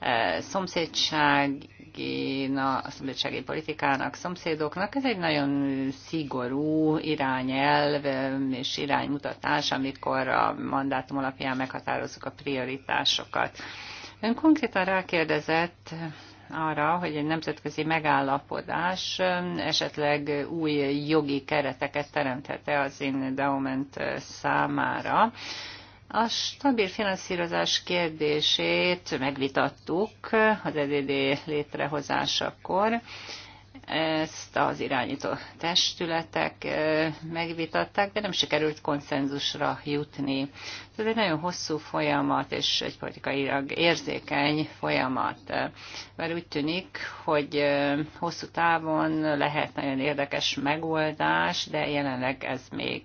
E, szomszédsági, na, szomszédsági politikának, szomszédoknak. Ez egy nagyon szigorú irányelv és iránymutatás, amikor a mandátum alapján meghatározzuk a prioritásokat. Ön konkrétan rákérdezett, arra, hogy egy nemzetközi megállapodás esetleg új jogi kereteket teremthet-e az endowment számára. A stabil finanszírozás kérdését megvitattuk az EDD létrehozásakor. Ezt az irányító testületek megvitatták, de nem sikerült konszenzusra jutni. Ez egy nagyon hosszú folyamat, és egy politikailag érzékeny folyamat. Mert úgy tűnik, hogy hosszú távon lehet nagyon érdekes megoldás, de jelenleg ez még,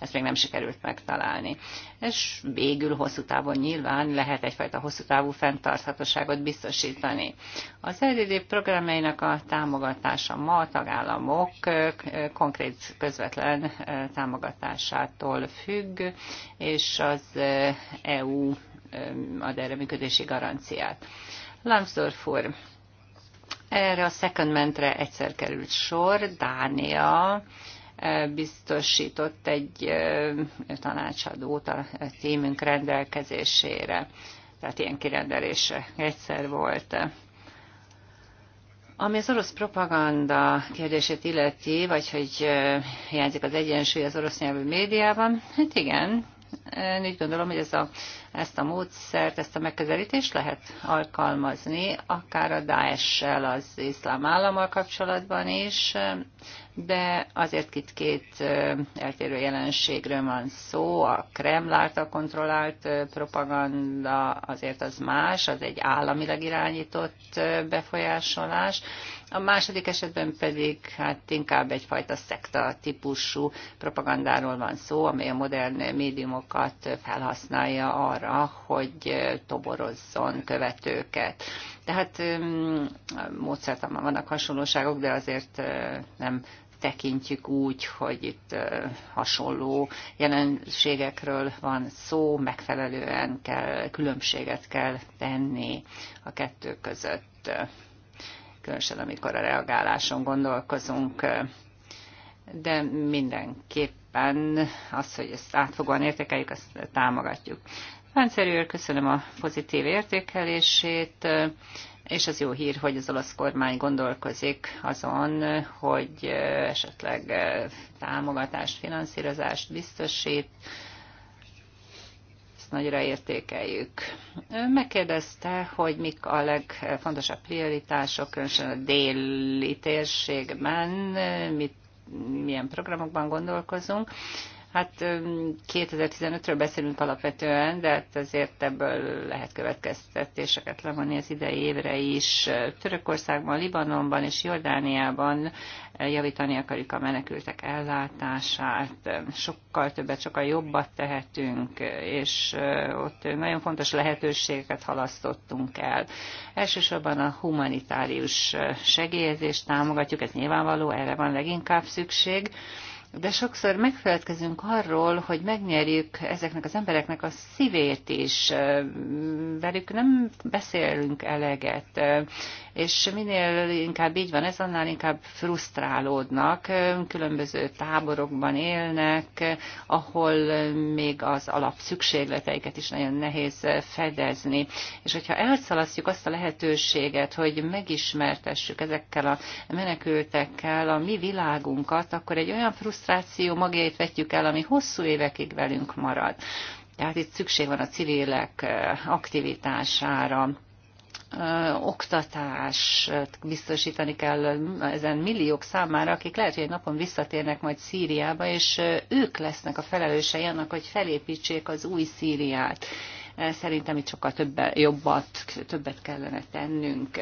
ezt még nem sikerült megtalálni és végül hosszú távon nyilván lehet egyfajta hosszú távú fenntarthatóságot biztosítani. Az RDD programjainak a támogatása ma a tagállamok konkrét közvetlen támogatásától függ, és az EU ad erre működési garanciát. Lambsdorff úr, erre a secondmentre egyszer került sor, Dánia biztosított egy tanácsadót a címünk rendelkezésére. Tehát ilyen kirendelése egyszer volt. Ami az orosz propaganda kérdését illeti, vagy hogy hiányzik az egyensúly az orosz nyelvű médiában, hát igen, én úgy gondolom, hogy ez a, ezt a módszert, ezt a megközelítést lehet alkalmazni, akár a Daesh-sel, az iszlám állammal kapcsolatban is, de azért itt két eltérő jelenségről van szó. A Kreml által kontrollált propaganda azért az más, az egy államilag irányított befolyásolás. A második esetben pedig hát inkább egyfajta szekta típusú propagandáról van szó, amely a modern médiumokat felhasználja arra, hogy toborozzon követőket. Tehát módszertan vannak hasonlóságok, de azért nem tekintjük úgy, hogy itt hasonló jelenségekről van szó, megfelelően kell, különbséget kell tenni a kettő között, különösen amikor a reagáláson gondolkozunk. De mindenképpen az, hogy ezt átfogóan értékeljük, azt támogatjuk. Páncer köszönöm a pozitív értékelését és az jó hír, hogy az olasz kormány gondolkozik azon, hogy esetleg támogatást, finanszírozást biztosít, ezt nagyra értékeljük. Ön megkérdezte, hogy mik a legfontosabb prioritások, különösen a déli térségben, mit, milyen programokban gondolkozunk. Hát 2015-ről beszélünk alapvetően, de hát azért ebből lehet következtetéseket levonni az idei évre is. Törökországban, Libanonban és Jordániában javítani akarjuk a menekültek ellátását. Sokkal többet, sokkal jobbat tehetünk, és ott nagyon fontos lehetőségeket halasztottunk el. Elsősorban a humanitárius segélyezést támogatjuk, ez nyilvánvaló, erre van leginkább szükség de sokszor megfeledkezünk arról, hogy megnyerjük ezeknek az embereknek a szívét is. Velük nem beszélünk eleget, és minél inkább így van ez, annál inkább frusztrálódnak, különböző táborokban élnek, ahol még az alapszükségleteiket is nagyon nehéz fedezni. És hogyha elszalasztjuk azt a lehetőséget, hogy megismertessük ezekkel a menekültekkel a mi világunkat, akkor egy olyan frusztráció, frusztráció magjait vetjük el, ami hosszú évekig velünk marad. Tehát itt szükség van a civilek aktivitására, oktatást biztosítani kell ezen milliók számára, akik lehet, hogy egy napon visszatérnek majd Szíriába, és ők lesznek a felelősei annak, hogy felépítsék az új Szíriát. Szerintem itt sokkal többet, jobbat, többet kellene tennünk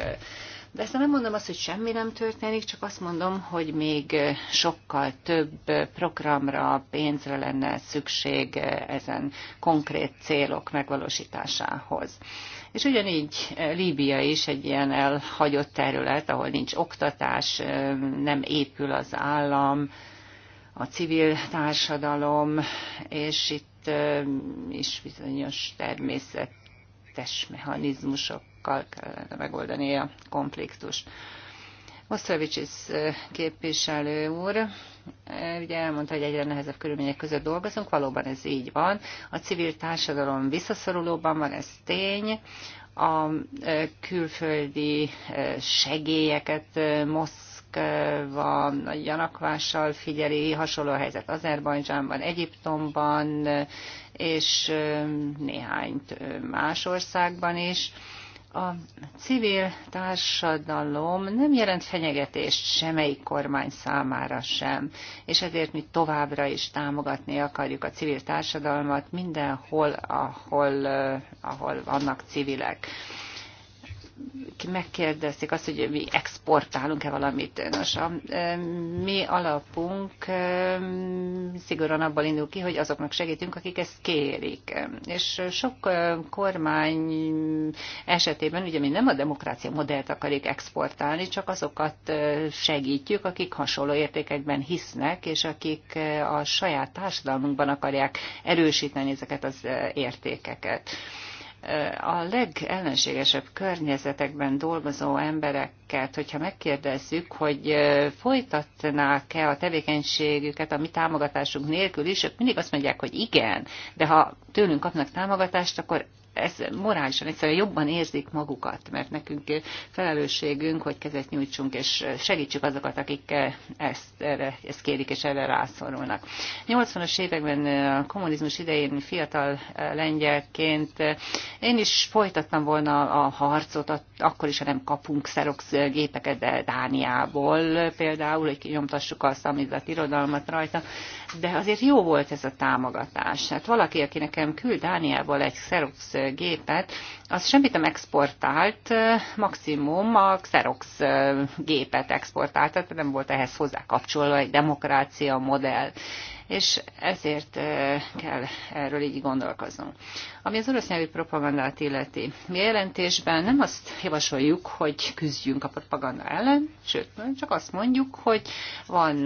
de ezt nem mondom azt, hogy semmi nem történik, csak azt mondom, hogy még eh, sokkal több eh, programra, pénzre lenne szükség eh, ezen konkrét célok megvalósításához. És ugyanígy Líbia is egy ilyen elhagyott terület, ahol nincs oktatás, nem épül az állam, a civil társadalom, és itt is bizonyos természetes mechanizmusok tagokkal kellene megoldani a konfliktust. Osztravicsis eh, képviselő úr, eh, ugye elmondta, hogy egyre nehezebb körülmények között dolgozunk, valóban ez így van. A civil társadalom visszaszorulóban van, ez tény. A eh, külföldi segélyeket Moszkva nagy gyanakvással figyeli, hasonló helyzet Azerbajdzsánban, Egyiptomban, és néhány más országban is a civil társadalom nem jelent fenyegetést semmelyik kormány számára sem, és ezért mi továbbra is támogatni akarjuk a civil társadalmat mindenhol, ahol, eh, ahol vannak civilek megkérdezték azt, hogy mi exportálunk-e valamit. Nos, a e, mi alapunk e, szigorúan abban indul ki, hogy azoknak segítünk, akik ezt kérik. És sok e, kormány esetében, ugye mi nem a demokrácia modellt akarjuk exportálni, csak azokat segítjük, akik hasonló értékekben hisznek, és akik a saját társadalmunkban akarják erősíteni ezeket az értékeket a legellenségesebb környezetekben dolgozó embereket, hogyha megkérdezzük, hogy folytatnák-e a tevékenységüket a mi támogatásunk nélkül is, ők mindig azt mondják, hogy igen, de ha tőlünk kapnak támogatást, akkor ez morálisan egyszerűen jobban érzik magukat, mert nekünk felelősségünk, hogy kezet nyújtsunk, és segítsük azokat, akik ezt, erre, ezt kérik, és erre rászorulnak. 80-as években a kommunizmus idején fiatal lengyelként én is folytattam volna a harcot, akkor is, ha nem kapunk szerox gépeket, de Dániából például, hogy nyomtassuk a szamizat irodalmat rajta, de azért jó volt ez a támogatás. Hát valaki, aki nekem küld Dániából egy szerox gépet, az semmit nem exportált, maximum a Xerox gépet exportált, tehát nem volt ehhez hozzá kapcsolva egy demokrácia modell és ezért kell erről így gondolkoznunk. Ami az orosz nyelvű propagandát illeti, mi a jelentésben nem azt javasoljuk, hogy küzdjünk a propaganda ellen, sőt, csak azt mondjuk, hogy van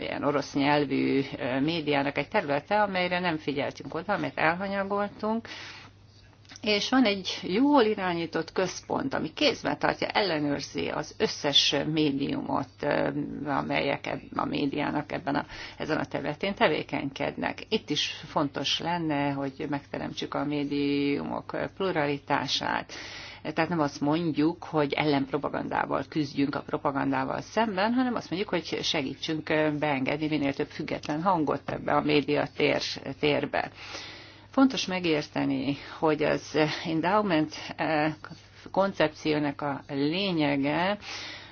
ilyen orosz nyelvű médiának egy területe, amelyre nem figyeltünk oda, amit elhanyagoltunk, és van egy jól irányított központ, ami kézben tartja, ellenőrzi az összes médiumot, amelyek a médiának ebben a, ezen a területén tevékenykednek. Itt is fontos lenne, hogy megteremtsük a médiumok pluralitását. Tehát nem azt mondjuk, hogy ellenpropagandával küzdjünk a propagandával szemben, hanem azt mondjuk, hogy segítsünk beengedni minél több független hangot ebbe a média tér, térbe Fontos megérteni, hogy az endowment eh, koncepciónak a lényege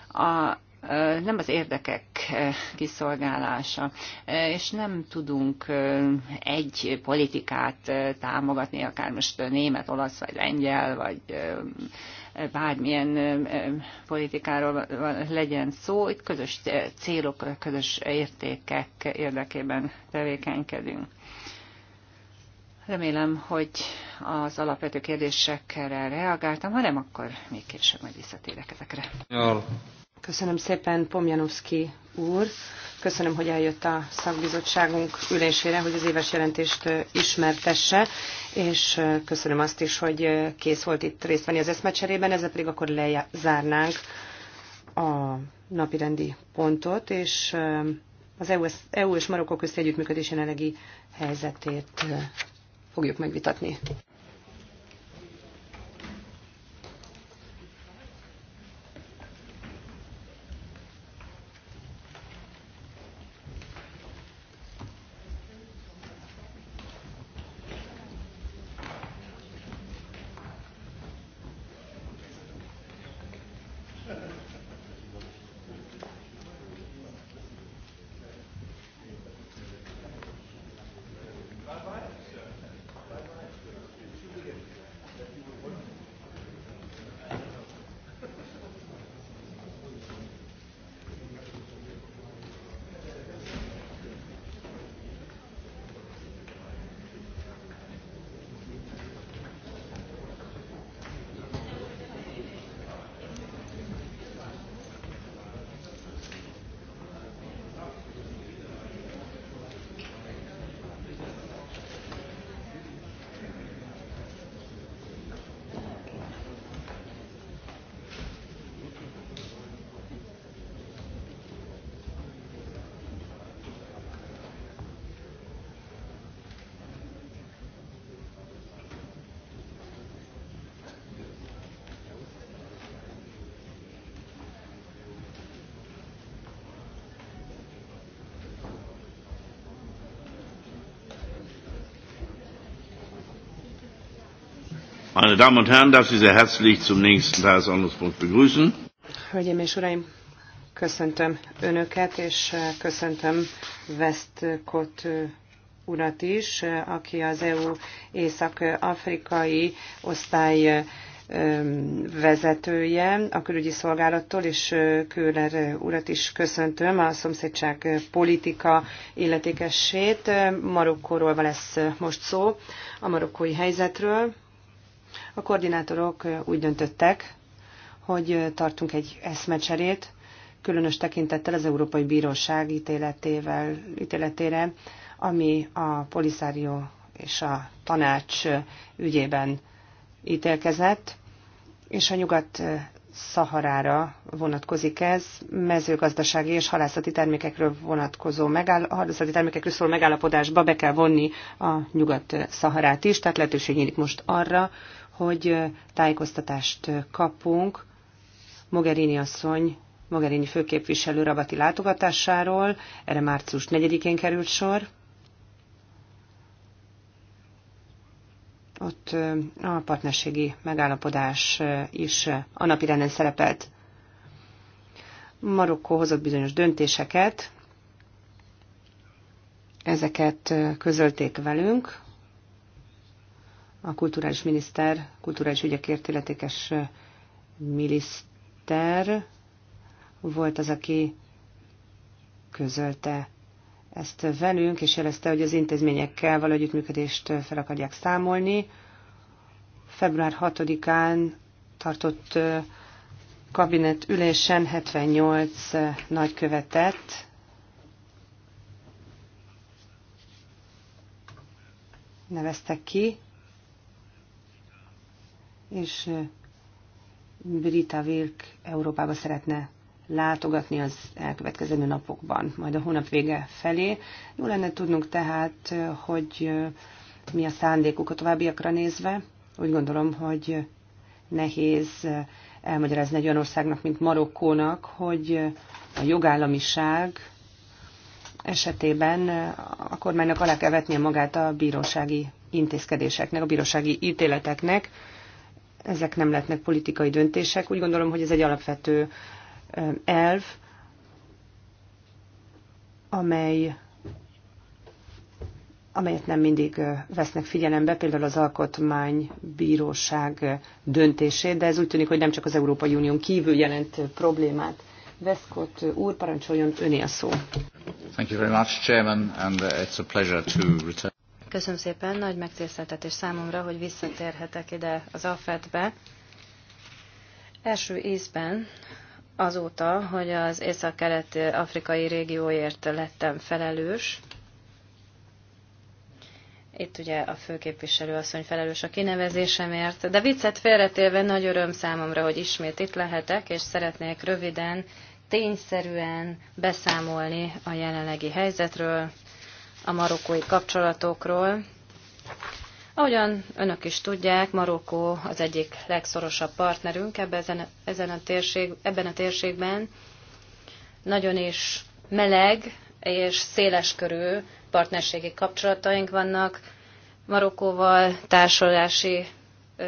a eh, nem az érdekek eh, kiszolgálása, és nem tudunk egy politikát támogatni, akár most német, olasz, vagy lengyel, vagy bármilyen politikáról legyen szó, itt közös célok, közös értékek érdekében tevékenykedünk. Remélem, hogy az alapvető kérdésekre reagáltam, ha nem, akkor még később majd visszatérek ezekre. Jól. Köszönöm szépen Pomjanovszki úr. Köszönöm, hogy eljött a szakbizottságunk ülésére, hogy az éves jelentést ismertesse, és köszönöm azt is, hogy kész volt itt részt venni az eszmecserében, ezzel pedig akkor lezárnánk a napirendi pontot, és az EU, e és Marokkó közti együttműködés jelenlegi helyzetét fogjuk megvitatni. Meine Damen und Herren, darf ich sehr herzlich zum nächsten Tagesordnungspunkt begrüßen. Hölgyeim és Uraim, köszöntöm Önöket, és köszöntöm Westcott urat is, aki az EU észak-afrikai osztály vezetője a külügyi szolgálattól, és Kőler urat is köszöntöm, a szomszédság politika illetékessét. Marokkóról lesz most szó, a marokkói helyzetről. A koordinátorok úgy döntöttek, hogy tartunk egy eszmecserét, különös tekintettel az Európai Bíróság ítéletével, ítéletére, ami a Poliszárió és a tanács ügyében ítélkezett, és a nyugat Szaharára vonatkozik ez, mezőgazdasági és halászati termékekről vonatkozó megáll- halászati termékekről szóló megállapodásba be kell vonni a nyugat-szaharát is, tehát lehetőség nyílik most arra, hogy tájékoztatást kapunk Mogherini asszony, Mogherini főképviselő rabati látogatásáról, erre március 4-én került sor. Ott a partnerségi megállapodás is a napi renden szerepelt. Marokkó hozott bizonyos döntéseket, ezeket közölték velünk, a kulturális miniszter, kulturális ügyekért illetékes miniszter volt az, aki közölte ezt velünk, és jelezte, hogy az intézményekkel való együttműködést fel akarják számolni. Február 6-án tartott kabinet ülésen 78 nagykövetet neveztek ki, és Brita Wilk Európába szeretne látogatni az elkövetkező napokban, majd a hónap vége felé. Jó lenne tudnunk tehát, hogy mi a szándékuk a továbbiakra nézve. Úgy gondolom, hogy nehéz elmagyarázni egy olyan országnak, mint Marokkónak, hogy a jogállamiság esetében a kormánynak alá kell vetnie magát a bírósági intézkedéseknek, a bírósági ítéleteknek, ezek nem lehetnek politikai döntések. Úgy gondolom, hogy ez egy alapvető elv, amely amelyet nem mindig vesznek figyelembe, például az Alkotmánybíróság döntését, de ez úgy tűnik, hogy nem csak az Európai Unión kívül jelent problémát. Veszkott úr, parancsoljon öné a szó. Thank you very much, Chairman, and uh, it's a pleasure to return. Köszönöm szépen, nagy megtiszteltetés számomra, hogy visszatérhetek ide az AFET-be. Első ízben azóta, hogy az észak-kelet-afrikai régióért lettem felelős, itt ugye a főképviselő asszony felelős a kinevezésemért, de viccet félretéve nagy öröm számomra, hogy ismét itt lehetek, és szeretnék röviden, tényszerűen beszámolni a jelenlegi helyzetről, a marokkói kapcsolatokról. Ahogyan önök is tudják, Marokkó az egyik legszorosabb partnerünk ebben, ezen a térség, ebben a térségben. Nagyon is meleg és széleskörű partnerségi kapcsolataink vannak. Marokkóval társulási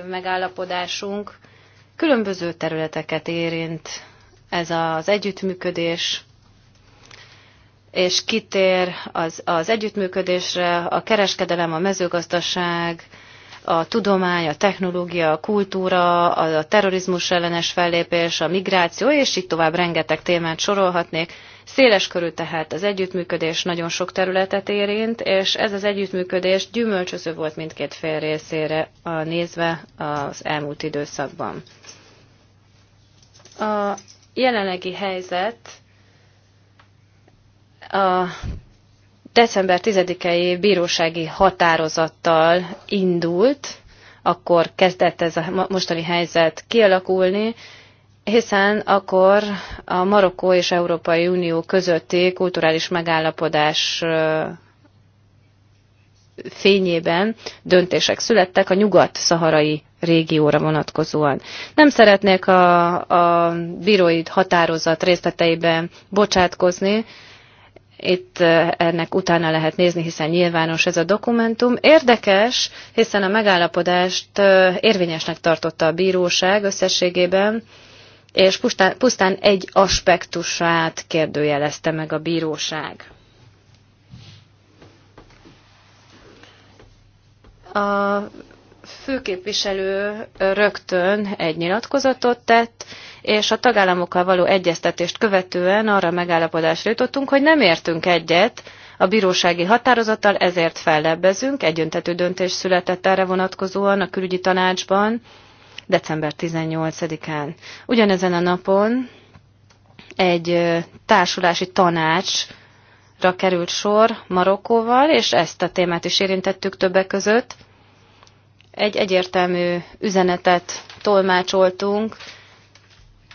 megállapodásunk különböző területeket érint ez az együttműködés, és kitér az, az együttműködésre, a kereskedelem, a mezőgazdaság, a tudomány, a technológia, a kultúra, a terrorizmus ellenes fellépés, a migráció, és így tovább rengeteg témát sorolhatnék. Széles körül tehát az együttműködés nagyon sok területet érint, és ez az együttműködés gyümölcsöző volt mindkét fél részére a nézve az elmúlt időszakban. A jelenlegi helyzet a december 10-i bírósági határozattal indult, akkor kezdett ez a mostani helyzet kialakulni, hiszen akkor a Marokkó és Európai Unió közötti kulturális megállapodás fényében döntések születtek a nyugat-szaharai régióra vonatkozóan. Nem szeretnék a, a bírói határozat részleteiben bocsátkozni, itt ennek utána lehet nézni, hiszen nyilvános ez a dokumentum. Érdekes, hiszen a megállapodást érvényesnek tartotta a bíróság összességében, és pusztán, pusztán egy aspektusát kérdőjelezte meg a bíróság. A főképviselő rögtön egy nyilatkozatot tett, és a tagállamokkal való egyeztetést követően arra megállapodásra jutottunk, hogy nem értünk egyet a bírósági határozattal, ezért fellebbezünk, egyöntető döntés született erre vonatkozóan a külügyi tanácsban december 18-án. Ugyanezen a napon egy társulási tanácsra került sor Marokkóval, és ezt a témát is érintettük többek között egy egyértelmű üzenetet tolmácsoltunk,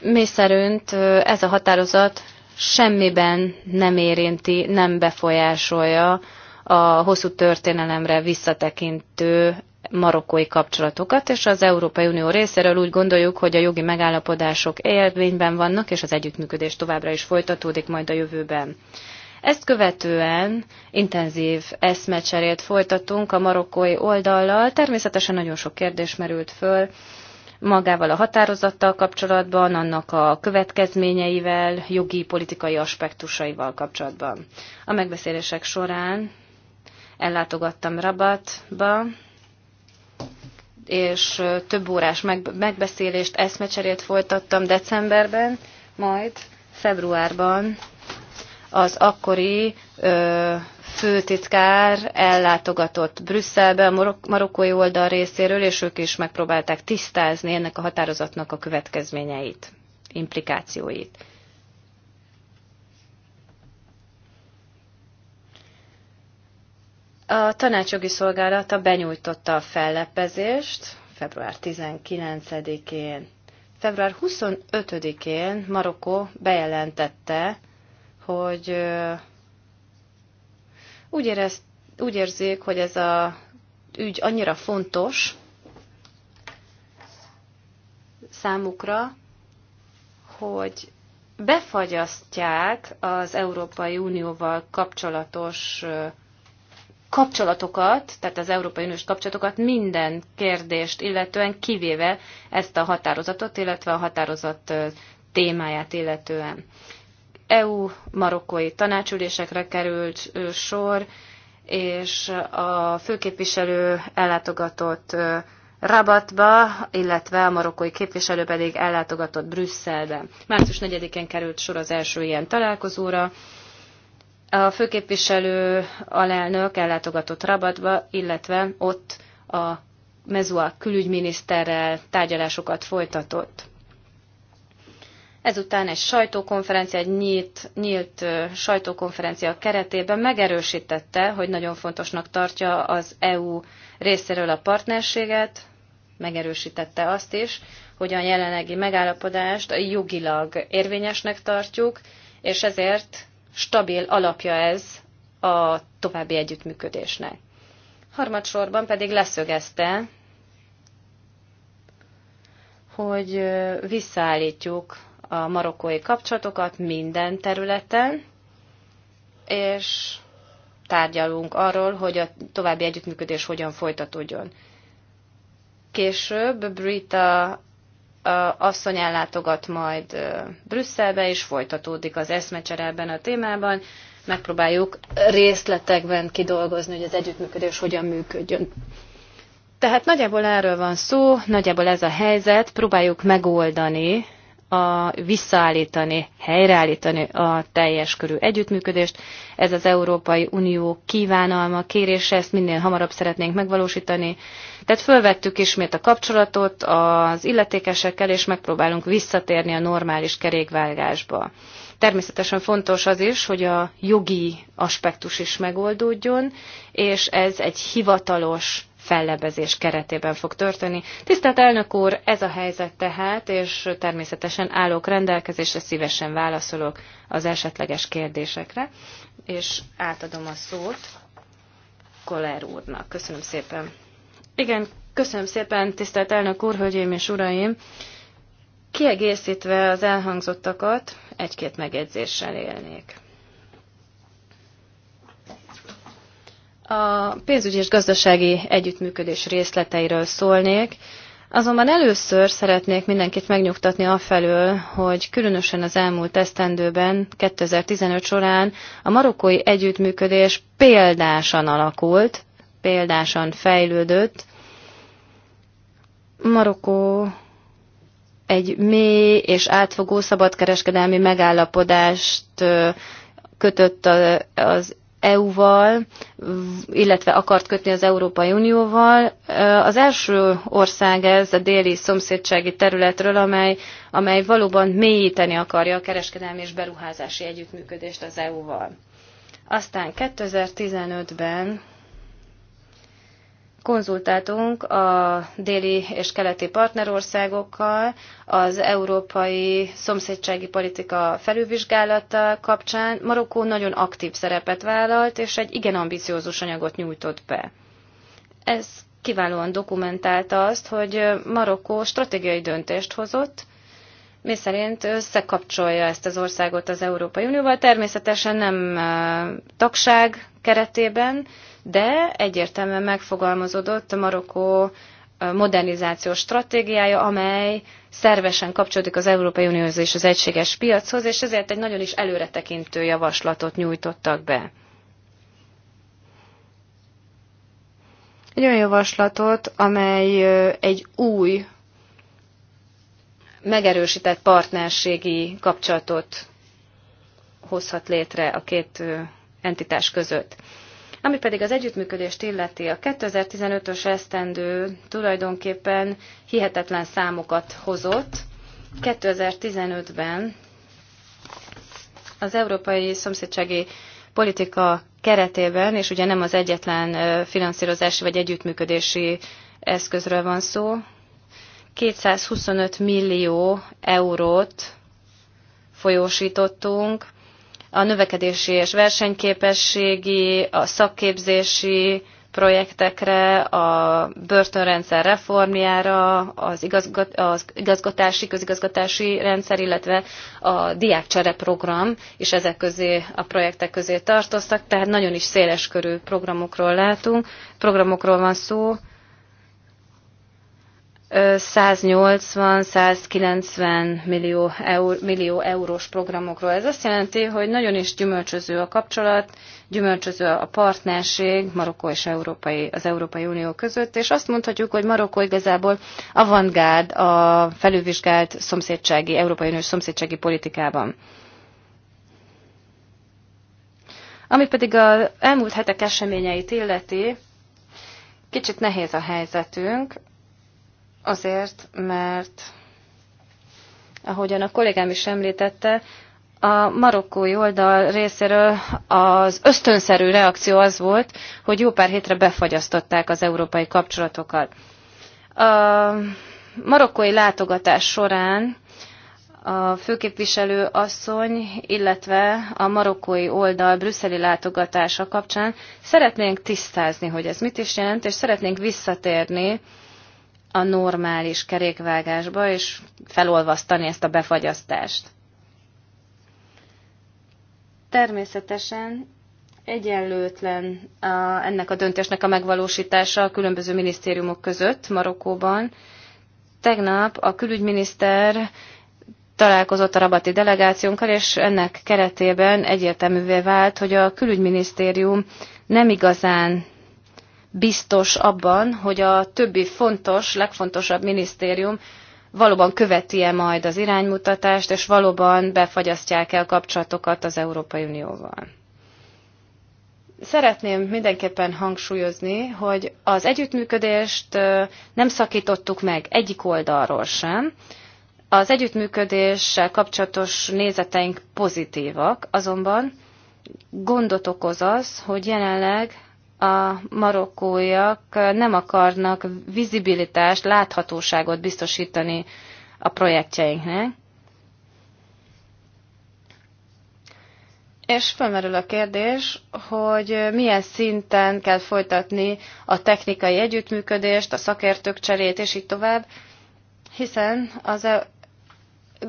mi szerint ez a határozat semmiben nem érinti, nem befolyásolja a hosszú történelemre visszatekintő marokkói kapcsolatokat, és az Európai Unió részéről úgy gondoljuk, hogy a jogi megállapodások érvényben vannak, és az együttműködés továbbra is folytatódik majd a jövőben. Ezt követően intenzív eszmecserét folytatunk a marokkói oldallal. Természetesen nagyon sok kérdés merült föl magával a határozattal kapcsolatban, annak a következményeivel, jogi, politikai aspektusaival kapcsolatban. A megbeszélések során ellátogattam Rabatba, és több órás megbeszélést, eszmecserét folytattam decemberben, majd februárban az akkori ö, főtitkár ellátogatott Brüsszelbe a marokkói oldal részéről, és ők is megpróbálták tisztázni ennek a határozatnak a következményeit, implikációit. A tanácsjogi szolgálata benyújtotta a fellepezést február 19-én. Február 25-én Marokkó bejelentette, hogy úgy, érez, úgy érzik, hogy ez a ügy annyira fontos számukra, hogy befagyasztják az Európai Unióval kapcsolatos kapcsolatokat, tehát az Európai Uniós kapcsolatokat minden kérdést illetően, kivéve ezt a határozatot, illetve a határozat témáját illetően. EU-marokkói tanácsülésekre került sor, és a főképviselő ellátogatott Rabatba, illetve a marokkói képviselő pedig ellátogatott Brüsszelbe. Március 4-én került sor az első ilyen találkozóra. A főképviselő alelnök ellátogatott Rabatba, illetve ott a Mezua külügyminiszterrel tárgyalásokat folytatott. Ezután egy sajtókonferencia, egy nyílt, nyílt sajtókonferencia keretében megerősítette, hogy nagyon fontosnak tartja az EU részéről a partnerséget, megerősítette azt is, hogy a jelenlegi megállapodást jogilag érvényesnek tartjuk, és ezért stabil alapja ez a további együttműködésnek. Harmadsorban pedig leszögezte, hogy visszaállítjuk a marokkói kapcsolatokat minden területen, és tárgyalunk arról, hogy a további együttműködés hogyan folytatódjon. Később Brita asszony ellátogat majd Brüsszelbe, és folytatódik az eszmecsere ebben a témában. Megpróbáljuk részletekben kidolgozni, hogy az együttműködés hogyan működjön. Tehát nagyjából erről van szó, nagyjából ez a helyzet, próbáljuk megoldani a visszaállítani, helyreállítani a teljes körű együttműködést. Ez az Európai Unió kívánalma, kérése, ezt minél hamarabb szeretnénk megvalósítani. Tehát fölvettük ismét a kapcsolatot az illetékesekkel, és megpróbálunk visszatérni a normális kerékvágásba. Természetesen fontos az is, hogy a jogi aspektus is megoldódjon, és ez egy hivatalos fellebezés keretében fog történni. Tisztelt elnök úr, ez a helyzet tehát, és természetesen állok rendelkezésre, szívesen válaszolok az esetleges kérdésekre, és átadom a szót Koller úrnak. Köszönöm szépen. Igen, köszönöm szépen, tisztelt elnök úr, hölgyeim és uraim. Kiegészítve az elhangzottakat, egy-két megjegyzéssel élnék. A pénzügyi és gazdasági együttműködés részleteiről szólnék, azonban először szeretnék mindenkit megnyugtatni afelől, hogy különösen az elmúlt esztendőben, 2015 során a marokkói együttműködés példásan alakult, példásan fejlődött. Marokkó egy mély és átfogó szabadkereskedelmi megállapodást kötött az EU-val, illetve akart kötni az Európai Unióval. Az első ország ez a déli szomszédsági területről, amely, amely valóban mélyíteni akarja a kereskedelmi és beruházási együttműködést az EU-val. Aztán 2015-ben konzultáltunk a déli és keleti partnerországokkal, az európai szomszédsági politika felülvizsgálata kapcsán Marokkó nagyon aktív szerepet vállalt, és egy igen ambiciózus anyagot nyújtott be. Ez kiválóan dokumentálta azt, hogy Marokkó stratégiai döntést hozott, mi szerint összekapcsolja ezt az országot az Európai Unióval, természetesen nem eh, tagság keretében, de egyértelműen megfogalmazódott a Marokkó modernizációs stratégiája, amely szervesen kapcsolódik az Európai Unióhoz és az egységes piachoz, és ezért egy nagyon is előretekintő javaslatot nyújtottak be. Egy olyan javaslatot, amely egy új, megerősített partnerségi kapcsolatot hozhat létre a két entitás között. Ami pedig az együttműködést illeti, a 2015-ös esztendő tulajdonképpen hihetetlen számokat hozott. 2015-ben az Európai Szomszédsági Politika keretében, és ugye nem az egyetlen finanszírozási vagy együttműködési eszközről van szó, 225 millió eurót folyósítottunk a növekedési és versenyképességi, a szakképzési projektekre, a börtönrendszer reformjára, az, igazgat, az igazgatási, közigazgatási rendszer, illetve a diákcsere program is ezek közé a projektek közé tartoztak, tehát nagyon is széleskörű programokról látunk, programokról van szó, 180-190 millió, eur, millió eurós programokról. Ez azt jelenti, hogy nagyon is gyümölcsöző a kapcsolat, gyümölcsöző a partnerség Marokkó és Európai, az Európai Unió között, és azt mondhatjuk, hogy Marokkó igazából avantgárd a felülvizsgált szomszédsági, Európai Uniós szomszédsági politikában. Ami pedig az elmúlt hetek eseményeit illeti, kicsit nehéz a helyzetünk, Azért, mert ahogyan a kollégám is említette, a marokkói oldal részéről az ösztönszerű reakció az volt, hogy jó pár hétre befagyasztották az európai kapcsolatokat. A marokkói látogatás során a főképviselő asszony, illetve a marokkói oldal brüsszeli látogatása kapcsán szeretnénk tisztázni, hogy ez mit is jelent, és szeretnénk visszatérni a normális kerékvágásba, és felolvasztani ezt a befagyasztást. Természetesen egyenlőtlen a, ennek a döntésnek a megvalósítása a különböző minisztériumok között Marokkóban. Tegnap a külügyminiszter találkozott a rabati delegációnkkal, és ennek keretében egyértelművé vált, hogy a külügyminisztérium nem igazán biztos abban, hogy a többi fontos, legfontosabb minisztérium valóban követi-e majd az iránymutatást, és valóban befagyasztják-e a kapcsolatokat az Európai Unióval. Szeretném mindenképpen hangsúlyozni, hogy az együttműködést nem szakítottuk meg egyik oldalról sem. Az együttműködéssel kapcsolatos nézeteink pozitívak, azonban gondot okoz az, hogy jelenleg a marokkóiak nem akarnak vizibilitást, láthatóságot biztosítani a projektjeinknek. És felmerül a kérdés, hogy milyen szinten kell folytatni a technikai együttműködést, a szakértők cserét, és így tovább, hiszen az e-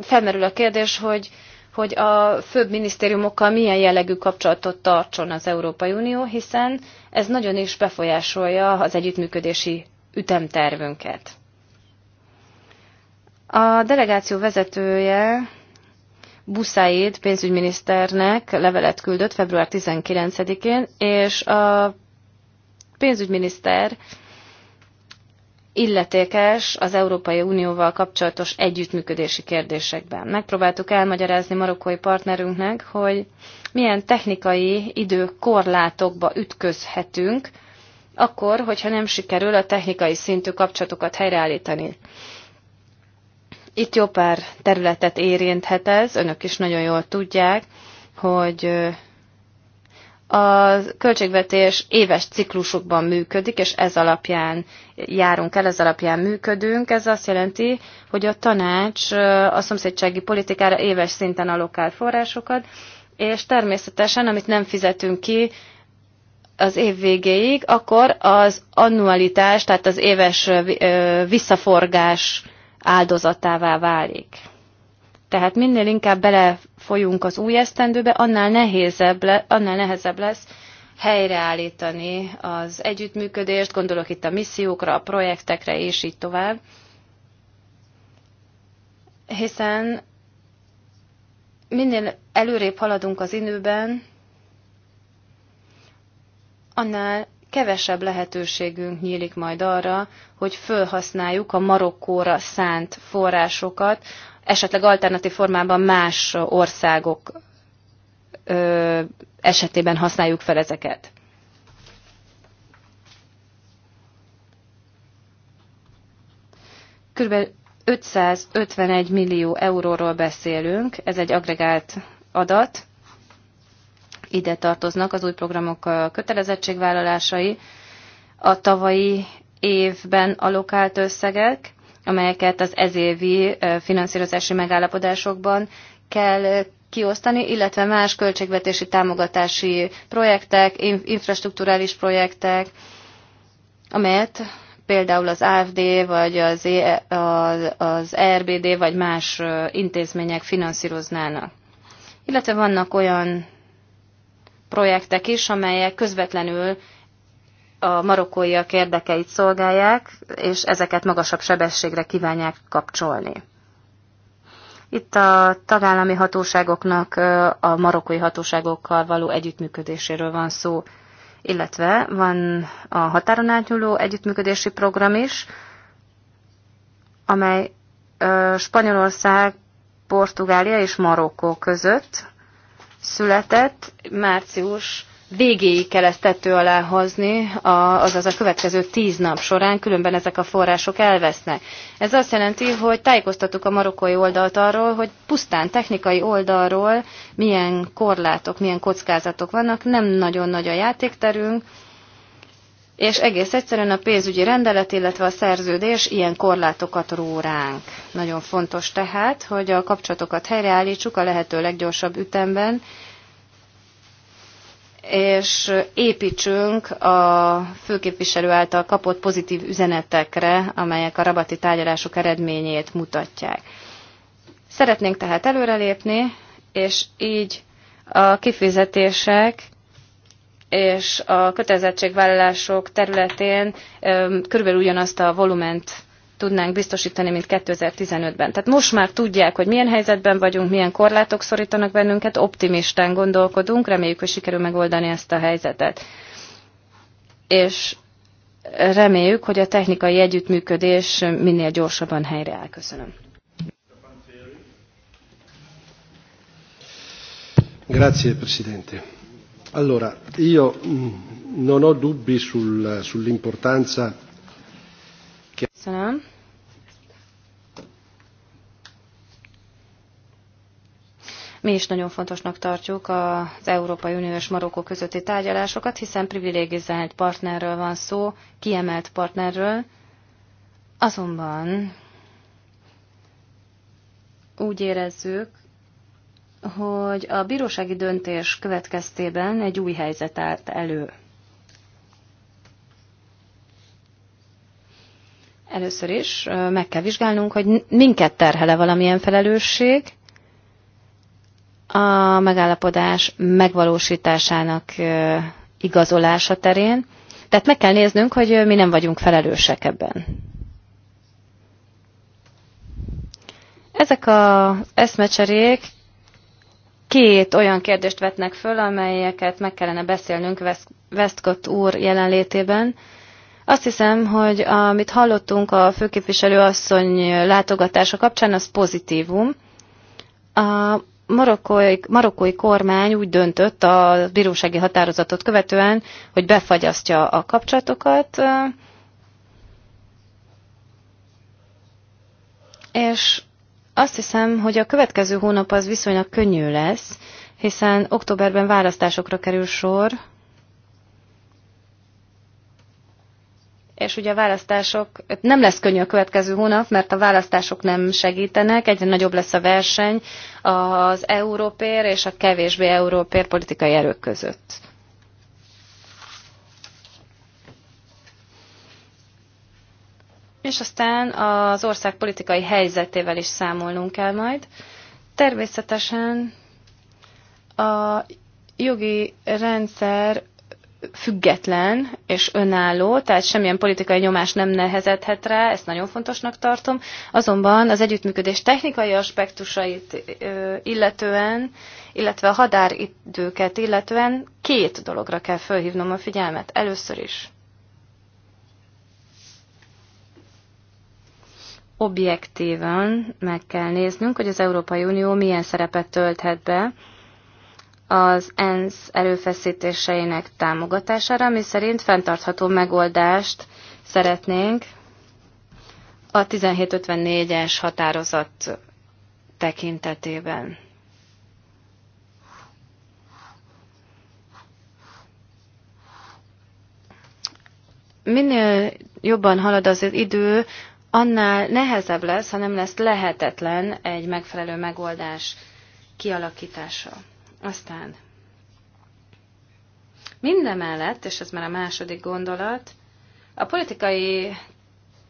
felmerül a kérdés, hogy hogy a főbb minisztériumokkal milyen jellegű kapcsolatot tartson az Európai Unió, hiszen ez nagyon is befolyásolja az együttműködési ütemtervünket. A delegáció vezetője Buszáid pénzügyminiszternek levelet küldött február 19-én, és a pénzügyminiszter illetékes az Európai Unióval kapcsolatos együttműködési kérdésekben. Megpróbáltuk elmagyarázni marokkói partnerünknek, hogy milyen technikai időkorlátokba ütközhetünk, akkor, hogyha nem sikerül a technikai szintű kapcsolatokat helyreállítani. Itt jó pár területet érinthet ez, önök is nagyon jól tudják, hogy a költségvetés éves ciklusokban működik, és ez alapján járunk el, ez alapján működünk. Ez azt jelenti, hogy a tanács a szomszédsági politikára éves szinten alokál forrásokat, és természetesen, amit nem fizetünk ki az év végéig, akkor az annualitás, tehát az éves visszaforgás áldozatává válik. Tehát minél inkább belefolyunk az új esztendőbe, annál, nehézebb le, annál nehezebb lesz helyreállítani az együttműködést, gondolok itt a missziókra, a projektekre, és így tovább. Hiszen minél előrébb haladunk az időben, annál kevesebb lehetőségünk nyílik majd arra, hogy fölhasználjuk a Marokkóra szánt forrásokat esetleg alternatív formában más országok esetében használjuk fel ezeket. Körülbelül 551 millió euróról beszélünk, ez egy agregált adat. Ide tartoznak az új programok kötelezettségvállalásai, a tavalyi évben alokált összegek, amelyeket az ezévi finanszírozási megállapodásokban kell kiosztani, illetve más költségvetési támogatási projektek, infrastruktúrális projektek, amelyet például az AFD, vagy az, e, az, az ERBD, vagy más intézmények finanszíroznának. Illetve vannak olyan projektek is, amelyek közvetlenül a marokkóiak érdekeit szolgálják, és ezeket magasabb sebességre kívánják kapcsolni. Itt a tagállami hatóságoknak a marokkói hatóságokkal való együttműködéséről van szó, illetve van a határon átnyúló együttműködési program is, amely Spanyolország, Portugália és Marokkó között született március végéig kell ezt tető alá hozni, azaz a következő tíz nap során, különben ezek a források elvesznek. Ez azt jelenti, hogy tájékoztattuk a marokkói oldalt arról, hogy pusztán technikai oldalról milyen korlátok, milyen kockázatok vannak, nem nagyon nagy a játékterünk, és egész egyszerűen a pénzügyi rendelet, illetve a szerződés ilyen korlátokat ró ránk. Nagyon fontos tehát, hogy a kapcsolatokat helyreállítsuk a lehető leggyorsabb ütemben, és építsünk a főképviselő által kapott pozitív üzenetekre, amelyek a rabati tárgyalások eredményét mutatják. Szeretnénk tehát előrelépni, és így a kifizetések és a kötelezettségvállalások területén körülbelül ugyanazt a volument tudnánk biztosítani, mint 2015-ben. Tehát most már tudják, hogy milyen helyzetben vagyunk, milyen korlátok szorítanak bennünket, optimistán gondolkodunk, reméljük, hogy sikerül megoldani ezt a helyzetet. És reméljük, hogy a technikai együttműködés minél gyorsabban helyreáll. Köszönöm. Grazie Presidente. Allora, io mm, non ho dubbi sul, sull'importanza Köszönöm. Mi is nagyon fontosnak tartjuk az Európai Unió és Marokkó közötti tárgyalásokat, hiszen privilegizált partnerről van szó, kiemelt partnerről. Azonban úgy érezzük, hogy a bírósági döntés következtében egy új helyzet állt elő. Először is meg kell vizsgálnunk, hogy minket terhele valamilyen felelősség, a megállapodás megvalósításának igazolása terén. Tehát meg kell néznünk, hogy mi nem vagyunk felelősek ebben. Ezek az eszmecserék két olyan kérdést vetnek föl, amelyeket meg kellene beszélnünk Westcott úr jelenlétében. Azt hiszem, hogy amit hallottunk a főképviselő asszony látogatása kapcsán, az pozitívum. A marokkói, marokkói kormány úgy döntött a bírósági határozatot követően, hogy befagyasztja a kapcsolatokat, és azt hiszem, hogy a következő hónap az viszonylag könnyű lesz, hiszen októberben választásokra kerül sor, és ugye a választások, nem lesz könnyű a következő hónap, mert a választások nem segítenek, egyre nagyobb lesz a verseny az európér és a kevésbé európér politikai erők között. És aztán az ország politikai helyzetével is számolnunk kell majd. Természetesen a jogi rendszer független és önálló, tehát semmilyen politikai nyomás nem nehezedhet rá, ezt nagyon fontosnak tartom. Azonban az együttműködés technikai aspektusait illetően, illetve a határidőket illetően két dologra kell fölhívnom a figyelmet. Először is objektíven meg kell néznünk, hogy az Európai Unió milyen szerepet tölthet be az ENSZ erőfeszítéseinek támogatására, ami szerint fenntartható megoldást szeretnénk a 1754-es határozat tekintetében. Minél jobban halad az idő, annál nehezebb lesz, ha nem lesz lehetetlen egy megfelelő megoldás kialakítása. Aztán mindemellett, és ez már a második gondolat, a politikai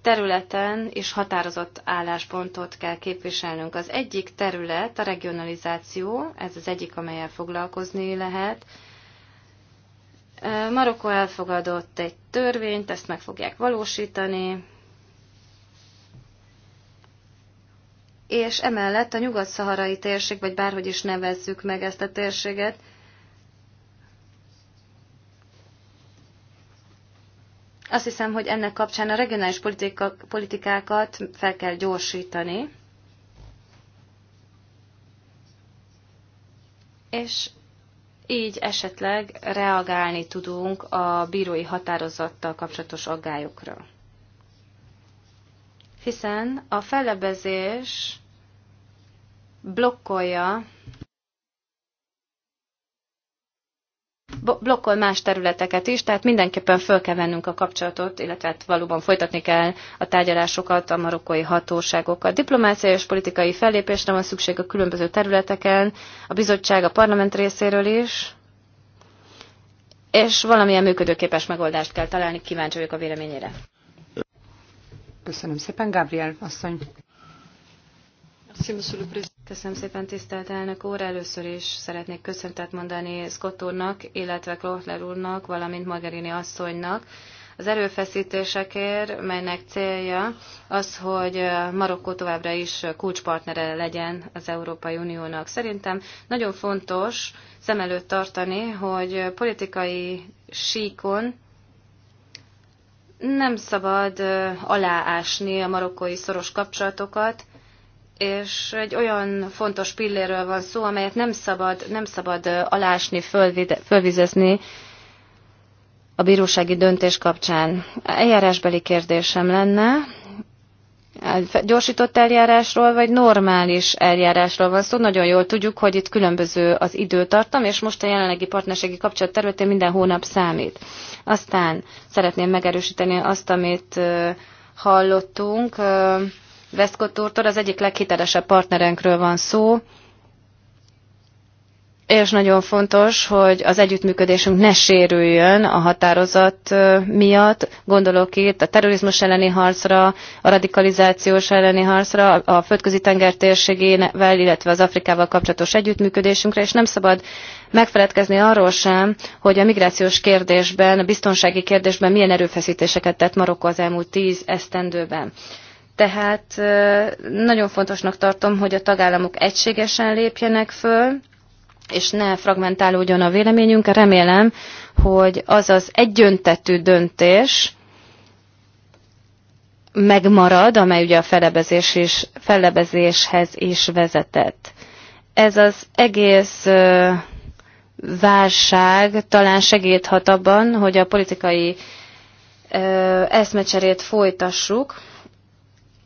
területen is határozott álláspontot kell képviselnünk. Az egyik terület a regionalizáció, ez az egyik, amelyel foglalkozni lehet. Marokko elfogadott egy törvényt, ezt meg fogják valósítani, és emellett a nyugat-szaharai térség, vagy bárhogy is nevezzük meg ezt a térséget, Azt hiszem, hogy ennek kapcsán a regionális politika, politikákat fel kell gyorsítani, és így esetleg reagálni tudunk a bírói határozattal kapcsolatos aggályokra hiszen a fellebezés blokkolja blokkol más területeket is, tehát mindenképpen föl kell vennünk a kapcsolatot, illetve hát valóban folytatni kell a tárgyalásokat a marokkói hatóságokkal. Diplomáciai és politikai fellépésre van szükség a különböző területeken, a bizottság, a parlament részéről is, és valamilyen működőképes megoldást kell találni, kíváncsi vagyok a véleményére. Köszönöm szépen, Gabriel asszony. Köszönöm szépen, tisztelt elnök úr. Először is szeretnék köszöntet mondani Scott úrnak, illetve Klochler úrnak, valamint Magarini asszonynak az erőfeszítésekért, melynek célja az, hogy Marokkó továbbra is kulcspartnere legyen az Európai Uniónak. Szerintem nagyon fontos szem előtt tartani, hogy politikai síkon nem szabad aláásni a marokkói szoros kapcsolatokat, és egy olyan fontos pilléről van szó, amelyet nem szabad, nem szabad alásni, fölvizezni a bírósági döntés kapcsán. Eljárásbeli kérdésem lenne, gyorsított eljárásról, vagy normális eljárásról van szó. Szóval nagyon jól tudjuk, hogy itt különböző az időtartam, és most a jelenlegi partnerségi kapcsolat területén minden hónap számít. Aztán szeretném megerősíteni azt, amit hallottunk. Veszkott úrtól az egyik leghitelesebb partnerenkről van szó, és nagyon fontos, hogy az együttműködésünk ne sérüljön a határozat miatt. Gondolok itt a terrorizmus elleni harcra, a radikalizációs elleni harcra, a földközi tenger térségével, illetve az Afrikával kapcsolatos együttműködésünkre, és nem szabad megfeledkezni arról sem, hogy a migrációs kérdésben, a biztonsági kérdésben milyen erőfeszítéseket tett Marokko az elmúlt tíz esztendőben. Tehát nagyon fontosnak tartom, hogy a tagállamok egységesen lépjenek föl, és ne fragmentálódjon a véleményünk. Remélem, hogy az az egyöntetű döntés megmarad, amely ugye a felebezés is, felebezéshez is vezetett. Ez az egész válság talán segíthat abban, hogy a politikai eszmecserét folytassuk,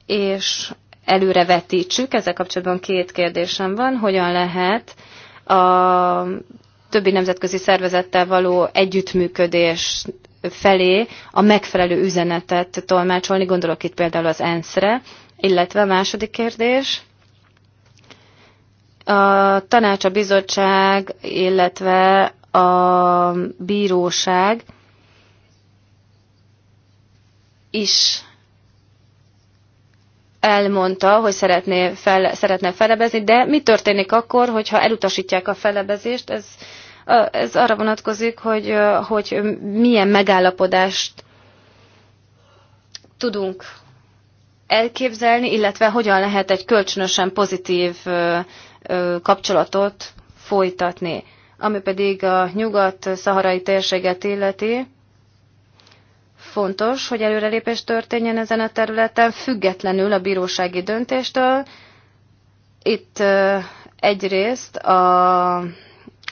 és előrevetítsük. Ezzel kapcsolatban két kérdésem van. Hogyan lehet a többi nemzetközi szervezettel való együttműködés felé a megfelelő üzenetet tolmácsolni, gondolok itt például az ENSZ-re, illetve a második kérdés, a tanács, a bizottság, illetve a bíróság is elmondta, hogy szeretné fel, szeretne felebezni, de mi történik akkor, hogyha elutasítják a felebezést? Ez, ez arra vonatkozik, hogy, hogy milyen megállapodást tudunk elképzelni, illetve hogyan lehet egy kölcsönösen pozitív kapcsolatot folytatni. Ami pedig a nyugat-szaharai térséget illeti, fontos, hogy előrelépés történjen ezen a területen, függetlenül a bírósági döntéstől. Itt egyrészt a,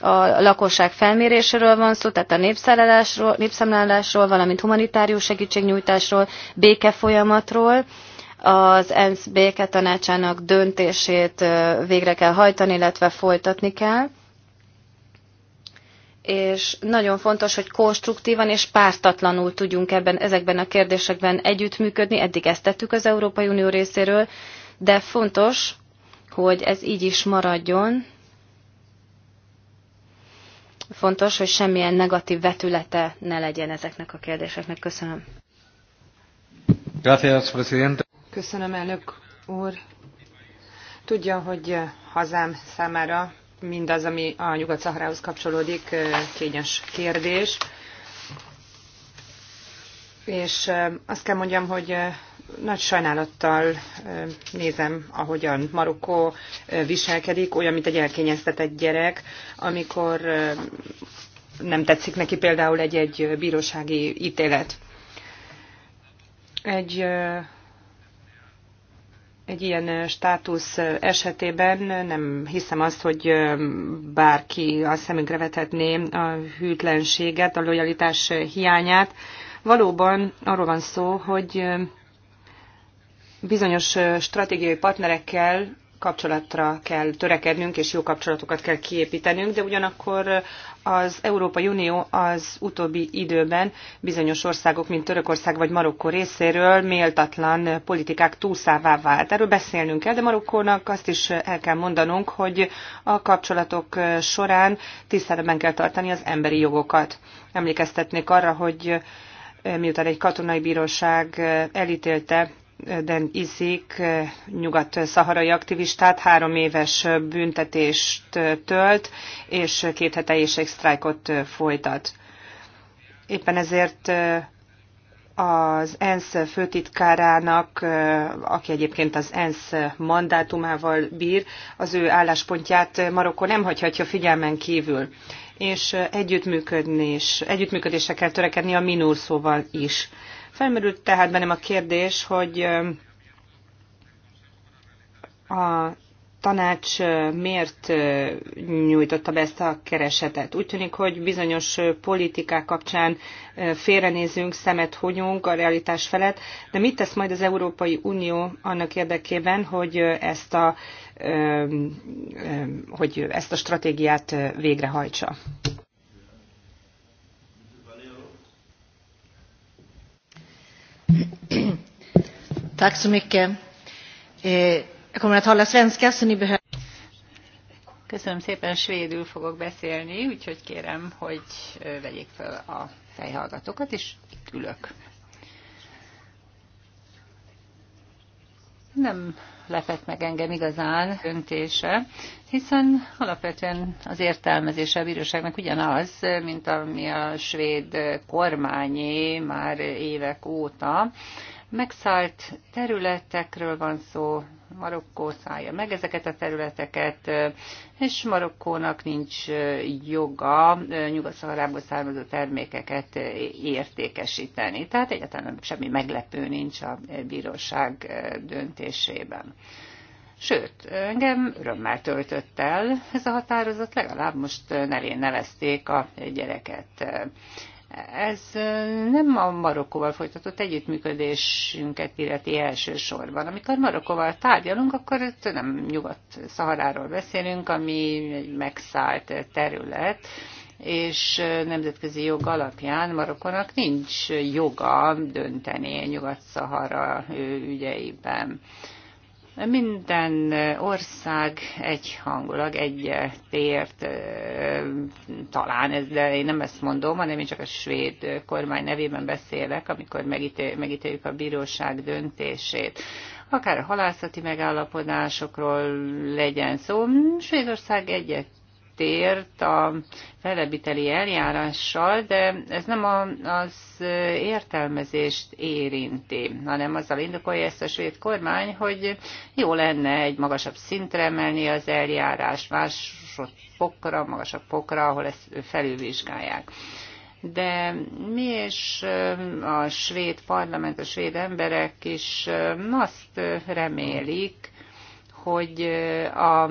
a lakosság felméréséről van szó, tehát a népszámlálásról, valamint humanitárius segítségnyújtásról, békefolyamatról. Az ENSZ béketanácsának döntését végre kell hajtani, illetve folytatni kell és nagyon fontos, hogy konstruktívan és pártatlanul tudjunk ebben, ezekben a kérdésekben együttműködni. Eddig ezt tettük az Európai Unió részéről, de fontos, hogy ez így is maradjon. Fontos, hogy semmilyen negatív vetülete ne legyen ezeknek a kérdéseknek. Köszönöm. Köszönöm, elnök úr. Tudja, hogy hazám számára mindaz, ami a nyugat szahrához kapcsolódik, kényes kérdés. És azt kell mondjam, hogy nagy sajnálattal nézem, ahogyan Marokkó viselkedik, olyan, mint egy elkényeztetett gyerek, amikor nem tetszik neki például egy-egy bírósági ítélet. Egy egy ilyen státusz esetében nem hiszem azt, hogy bárki a szemünkre vethetné a hűtlenséget, a lojalitás hiányát. Valóban arról van szó, hogy bizonyos stratégiai partnerekkel kapcsolatra kell törekednünk, és jó kapcsolatokat kell kiépítenünk, de ugyanakkor az Európai Unió az utóbbi időben bizonyos országok, mint Törökország vagy Marokkó részéről méltatlan politikák túlszává vált. Erről beszélnünk kell, de Marokkónak azt is el kell mondanunk, hogy a kapcsolatok során tiszteletben kell tartani az emberi jogokat. Emlékeztetnék arra, hogy miután egy katonai bíróság elítélte Den Izik nyugat-szaharai aktivistát három éves büntetést tölt, és két hete sztrájkot folytat. Éppen ezért az ENSZ főtitkárának, aki egyébként az ENSZ mandátumával bír, az ő álláspontját Marokkó nem hagyhatja figyelmen kívül. És együttműködés, együttműködésre kell törekedni a minurszóval is. Felmerült tehát bennem a kérdés, hogy a tanács miért nyújtotta be ezt a keresetet. Úgy tűnik, hogy bizonyos politikák kapcsán félrenézünk, szemet hunyunk a realitás felett, de mit tesz majd az Európai Unió annak érdekében, hogy ezt a, hogy ezt a stratégiát végrehajtsa? Tack så mycket. Eh, jag kommer att tala svenska, så ni behöver... Köszönöm szépen, svédül fogok beszélni, úgyhogy kérem, hogy vegyék fel a fejhallgatókat, és itt ülök. Nem lepett meg engem igazán döntése, hiszen alapvetően az értelmezése a bíróságnak ugyanaz, mint ami a svéd kormányé már évek óta. Megszállt területekről van szó, Marokkó szállja meg ezeket a területeket, és Marokkónak nincs joga nyugat szaharából származó termékeket értékesíteni. Tehát egyáltalán semmi meglepő nincs a bíróság döntésében. Sőt, engem örömmel töltött el ez a határozat, legalább most nevén nevezték a gyereket. Ez nem a Marokkóval folytatott együttműködésünket illeti elsősorban. Amikor Marokkóval tárgyalunk, akkor itt nem Nyugat-Szaharáról beszélünk, ami egy megszállt terület, és nemzetközi jog alapján Marokkonak nincs joga dönteni Nyugat-Szahara ügyeiben. Minden ország egy egy tért talán, de én nem ezt mondom, hanem én csak a svéd kormány nevében beszélek, amikor megítél, megítéljük a bíróság döntését akár a halászati megállapodásokról legyen szó, Svédország egyet tért a felebiteli eljárással, de ez nem a, az értelmezést érinti, hanem azzal indokolja ezt a svéd kormány, hogy jó lenne egy magasabb szintre emelni az eljárás másod fokra, magasabb pokra, ahol ezt felülvizsgálják de mi és a svéd parlament, a svéd emberek is azt remélik, hogy a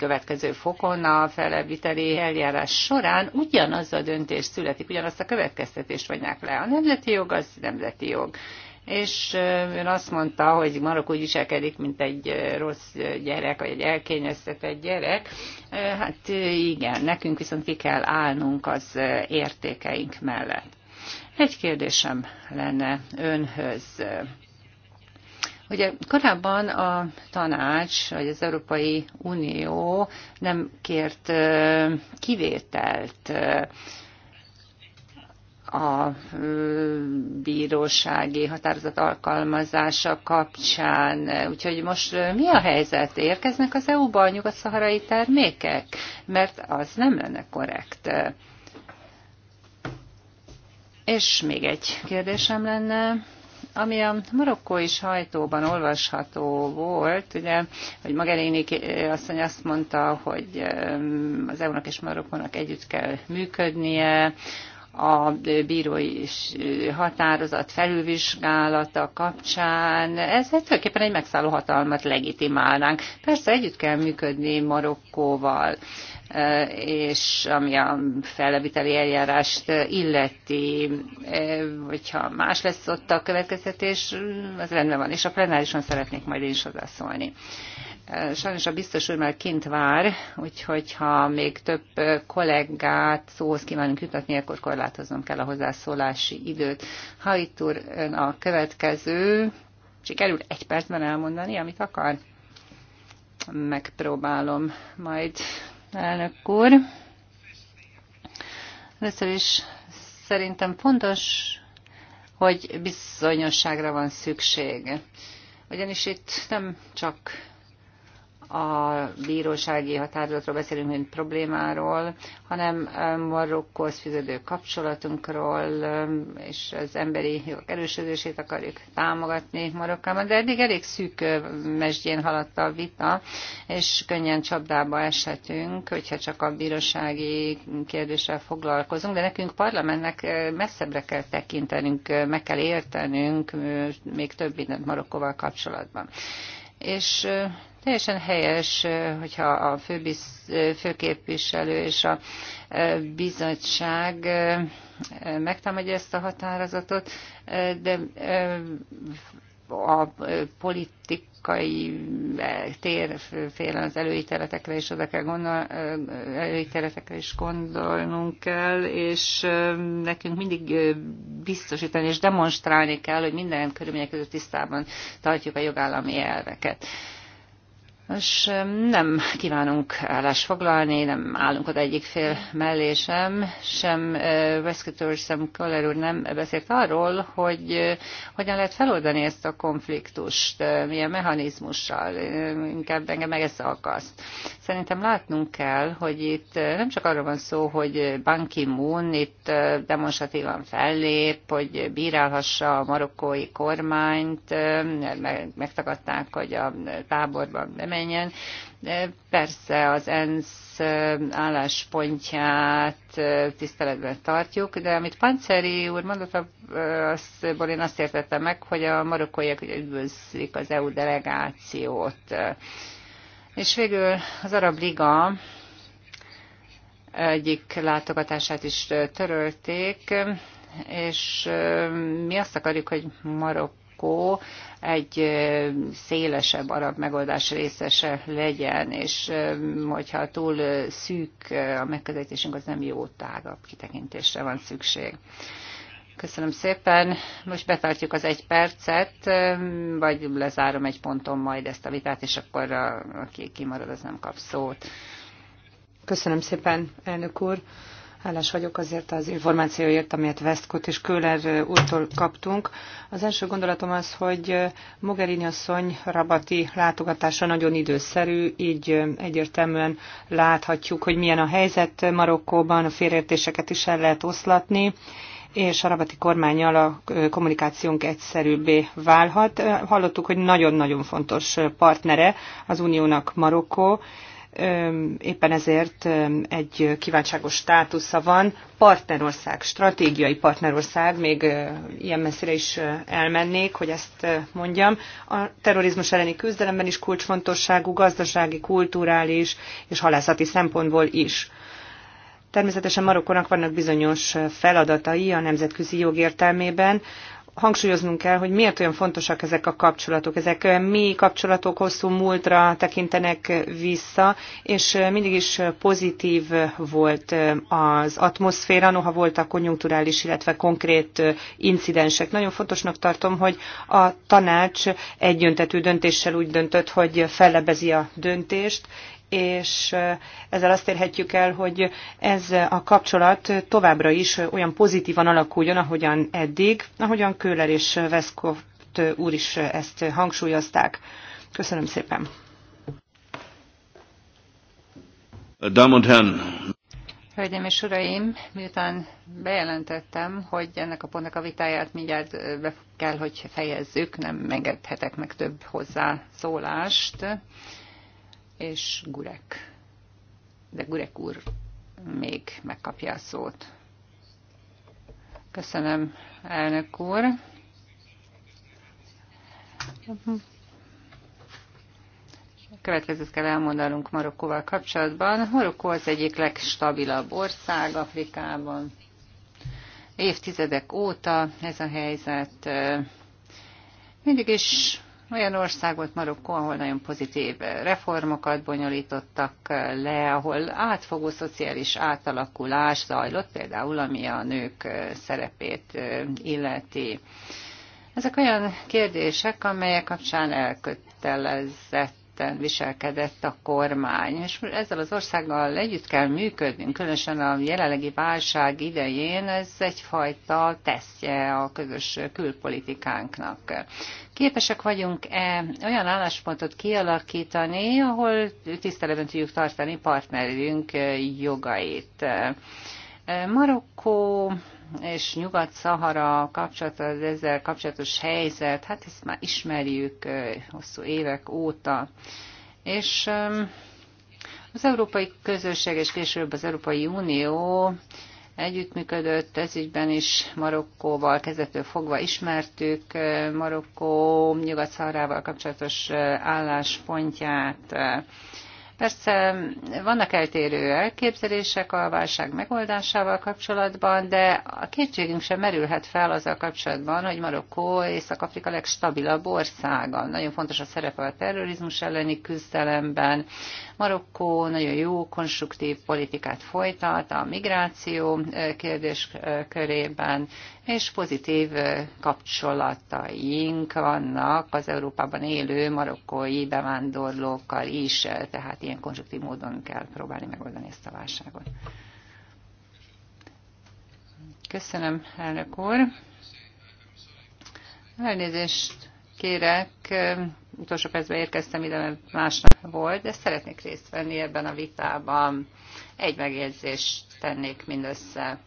következő fokon a felebíteli eljárás során ugyanaz a döntés születik, ugyanazt a következtetést vonják le. A nemzeti jog az nemzeti jog. És ön azt mondta, hogy Marok úgy viselkedik, mint egy rossz gyerek, vagy egy elkényeztetett gyerek. Hát igen, nekünk viszont ki kell állnunk az értékeink mellett. Egy kérdésem lenne önhöz. Ugye korábban a tanács, vagy az Európai Unió nem kért kivételt a bírósági határozat alkalmazása kapcsán. Úgyhogy most mi a helyzet? Érkeznek az EU-ba a nyugat-szaharai termékek? Mert az nem lenne korrekt. És még egy kérdésem lenne. Ami a marokkói sajtóban olvasható volt, ugye, hogy Magerini asszony azt mondta, hogy az EU-nak és Marokkónak együtt kell működnie, a bírói eh, határozat felülvizsgálata kapcsán. egy tulajdonképpen egy megszálló hatalmat legitimálnánk. Persze együtt kell működni Marokkóval eh, és ami a felleviteli eljárást illeti, eh, hogyha más lesz ott a következtetés, az rendben van, és a plenárison szeretnék majd én is hozzászólni. Sajnos a biztos úr már kint vár, úgyhogy ha még több kollégát szóhoz kívánunk jutatni, akkor korlátoznom kell a hozzászólási időt. Ha itt úr, ön a következő, sikerül egy percben elmondani, amit akar? Megpróbálom majd, elnök úr. Először is szerintem fontos, hogy bizonyosságra van szükség. Ugyanis itt nem csak a bírósági határozatról beszélünk, mint problémáról, hanem Marokkóhoz fűződő kapcsolatunkról, és az emberi jogok erősödését akarjuk támogatni Marokkában, de eddig elég szűk mesdjén haladt a vita, és könnyen csapdába eshetünk, hogyha csak a bírósági kérdéssel foglalkozunk, de nekünk parlamentnek messzebbre kell tekintenünk, meg kell értenünk még több mindent Marokkóval kapcsolatban. És Teljesen helyes, hogyha a főképviselő és a bizottság megtámadja ezt a határozatot, de a politikai tér félen az előítéletekre is oda kell gondol, előítéletekre is gondolnunk kell, és nekünk mindig biztosítani és demonstrálni kell, hogy minden körülmények között tisztában tartjuk a jogállami elveket és nem kívánunk állást foglalni, nem állunk oda egyik fél mellé sem, sem Veszkötőr, sem Köller úr nem beszélt arról, hogy hogyan lehet feloldani ezt a konfliktust, milyen mechanizmussal, inkább engem meg ezt akaszt. Szerintem látnunk kell, hogy itt nem csak arról van szó, hogy Ban Ki-moon itt demonstratívan fellép, hogy bírálhassa a marokkói kormányt, megtagadták, hogy a táborban bemenjen, menjen. De persze az ENSZ álláspontját tiszteletben tartjuk, de amit Panceri úr mondott, azból én azt értettem meg, hogy a marokkóiak üdvözlik az EU delegációt. És végül az Arab Liga egyik látogatását is törölték, és mi azt akarjuk, hogy marok Marokko egy szélesebb arab megoldás részese legyen, és hogyha túl szűk a megközelítésünk, az nem jó tágabb kitekintésre van szükség. Köszönöm szépen. Most betartjuk az egy percet, vagy lezárom egy ponton majd ezt a vitát, és akkor a, aki kimarad, az nem kap szót. Köszönöm szépen, elnök úr. Hálás vagyok azért az információért, amelyet Westcott és Köhler úrtól kaptunk. Az első gondolatom az, hogy Mogherini asszony rabati látogatása nagyon időszerű, így egyértelműen láthatjuk, hogy milyen a helyzet Marokkóban, a félértéseket is el lehet oszlatni és a rabati kormányjal a kommunikációnk egyszerűbbé válhat. Hallottuk, hogy nagyon-nagyon fontos partnere az uniónak Marokkó, éppen ezért egy kiváltságos státusza van. Partnerország, stratégiai partnerország, még ilyen messzire is elmennék, hogy ezt mondjam. A terrorizmus elleni küzdelemben is kulcsfontosságú, gazdasági, kulturális és halászati szempontból is. Természetesen Marokkónak vannak bizonyos feladatai a nemzetközi jog értelmében, hangsúlyoznunk kell, hogy miért olyan fontosak ezek a kapcsolatok. Ezek mi kapcsolatok hosszú múltra tekintenek vissza, és mindig is pozitív volt az atmoszféra, noha voltak konjunkturális, illetve konkrét incidensek. Nagyon fontosnak tartom, hogy a tanács egyöntetű döntéssel úgy döntött, hogy fellebezi a döntést, és ezzel azt érhetjük el, hogy ez a kapcsolat továbbra is olyan pozitívan alakuljon, ahogyan eddig, ahogyan Köhler és Veszkoft úr is ezt hangsúlyozták. Köszönöm szépen. Hölgyeim és Uraim, miután bejelentettem, hogy ennek a pontnak a vitáját mindjárt be kell, hogy fejezzük, nem engedhetek meg több hozzászólást. szólást és Gurek. De Gurek úr még megkapja a szót. Köszönöm, elnök úr. Következőt kell elmondanunk Marokkóval kapcsolatban. Marokkó az egyik legstabilabb ország Afrikában. Évtizedek óta ez a helyzet mindig is olyan ország volt Marokkó, ahol nagyon pozitív reformokat bonyolítottak le, ahol átfogó szociális átalakulás zajlott, például ami a nők szerepét illeti. Ezek olyan kérdések, amelyek kapcsán elkötelezett korrekten viselkedett a kormány, és ezzel az országgal együtt kell működnünk, különösen a jelenlegi válság idején ez egyfajta tesztje a közös külpolitikánknak. Képesek vagyunk-e olyan álláspontot kialakítani, ahol tiszteletben tudjuk tartani partnerünk jogait? Marokkó és Nyugat-Szahara az ezzel kapcsolatos helyzet, hát ezt már ismerjük hosszú évek óta. És az európai közösség és később az Európai Unió együttműködött ügyben is Marokkóval, kezdetől fogva ismertük Marokkó nyugat kapcsolatos álláspontját. Persze vannak eltérő elképzelések a válság megoldásával kapcsolatban, de a kétségünk sem merülhet fel azzal kapcsolatban, hogy Marokkó Észak-Afrika legstabilabb országa. Nagyon fontos a szerepe a terrorizmus elleni küzdelemben, Marokkó nagyon jó, konstruktív politikát folytat a migráció kérdés körében, és pozitív kapcsolataink vannak az Európában élő marokkói bevándorlókkal is, tehát ilyen konstruktív módon kell próbálni megoldani ezt a válságot. Köszönöm, elnök úr. Elnézést kérek. Utolsó percben érkeztem ide, mert másnap volt, de szeretnék részt venni ebben a vitában. Egy megjegyzést tennék mindössze.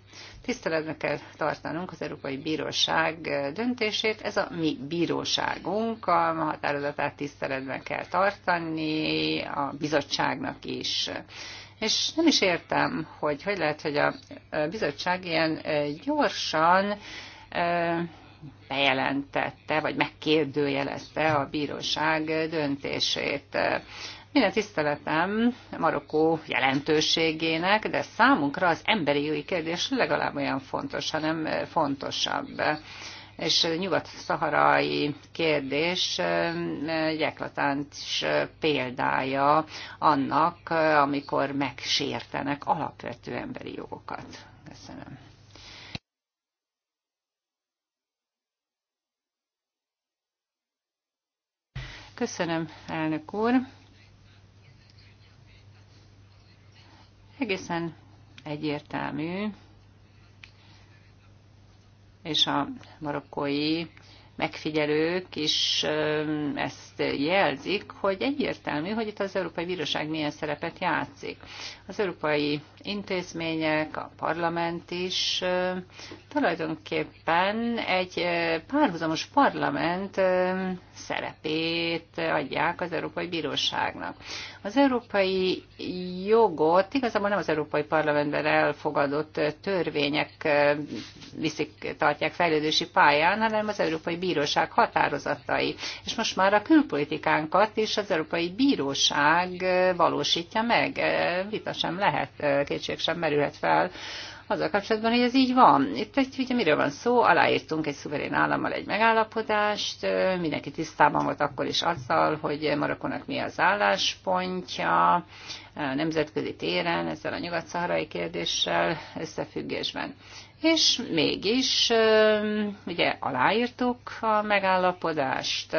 Tiszteletben kell tartanunk az Európai Bíróság döntését. Ez a mi bíróságunk, a határozatát tiszteletben kell tartani, a bizottságnak is. És nem is értem, hogy hogy lehet, hogy a bizottság ilyen gyorsan bejelentette, vagy megkérdőjelezte a bíróság döntését. Minden tiszteletem Marokkó jelentőségének, de számunkra az emberi jogi kérdés legalább olyan fontos, hanem fontosabb. És nyugat-szaharai kérdés egy példája annak, amikor megsértenek alapvető emberi jogokat. Köszönöm. Köszönöm, elnök úr. Egészen egyértelmű, és a marokkói megfigyelők is ezt jelzik, hogy egyértelmű, hogy itt az Európai Bíróság milyen szerepet játszik. Az európai intézmények, a parlament is tulajdonképpen egy párhuzamos parlament szerepét adják az Európai Bíróságnak. Az európai jogot igazából nem az Európai Parlamentben elfogadott törvények viszik, tartják fejlődési pályán, hanem az Európai Bíróság határozatai. És most már a külpolitikánkat is az Európai Bíróság valósítja meg. Vita sem lehet, kétség sem merülhet fel azzal kapcsolatban, hogy ez így van. Itt egy, ugye miről van szó, aláírtunk egy szuverén állammal egy megállapodást, mindenki tisztában volt akkor is azzal, hogy Marokkónak mi az álláspontja, nemzetközi téren, ezzel a nyugat-szaharai kérdéssel összefüggésben és mégis ugye aláírtuk a megállapodást.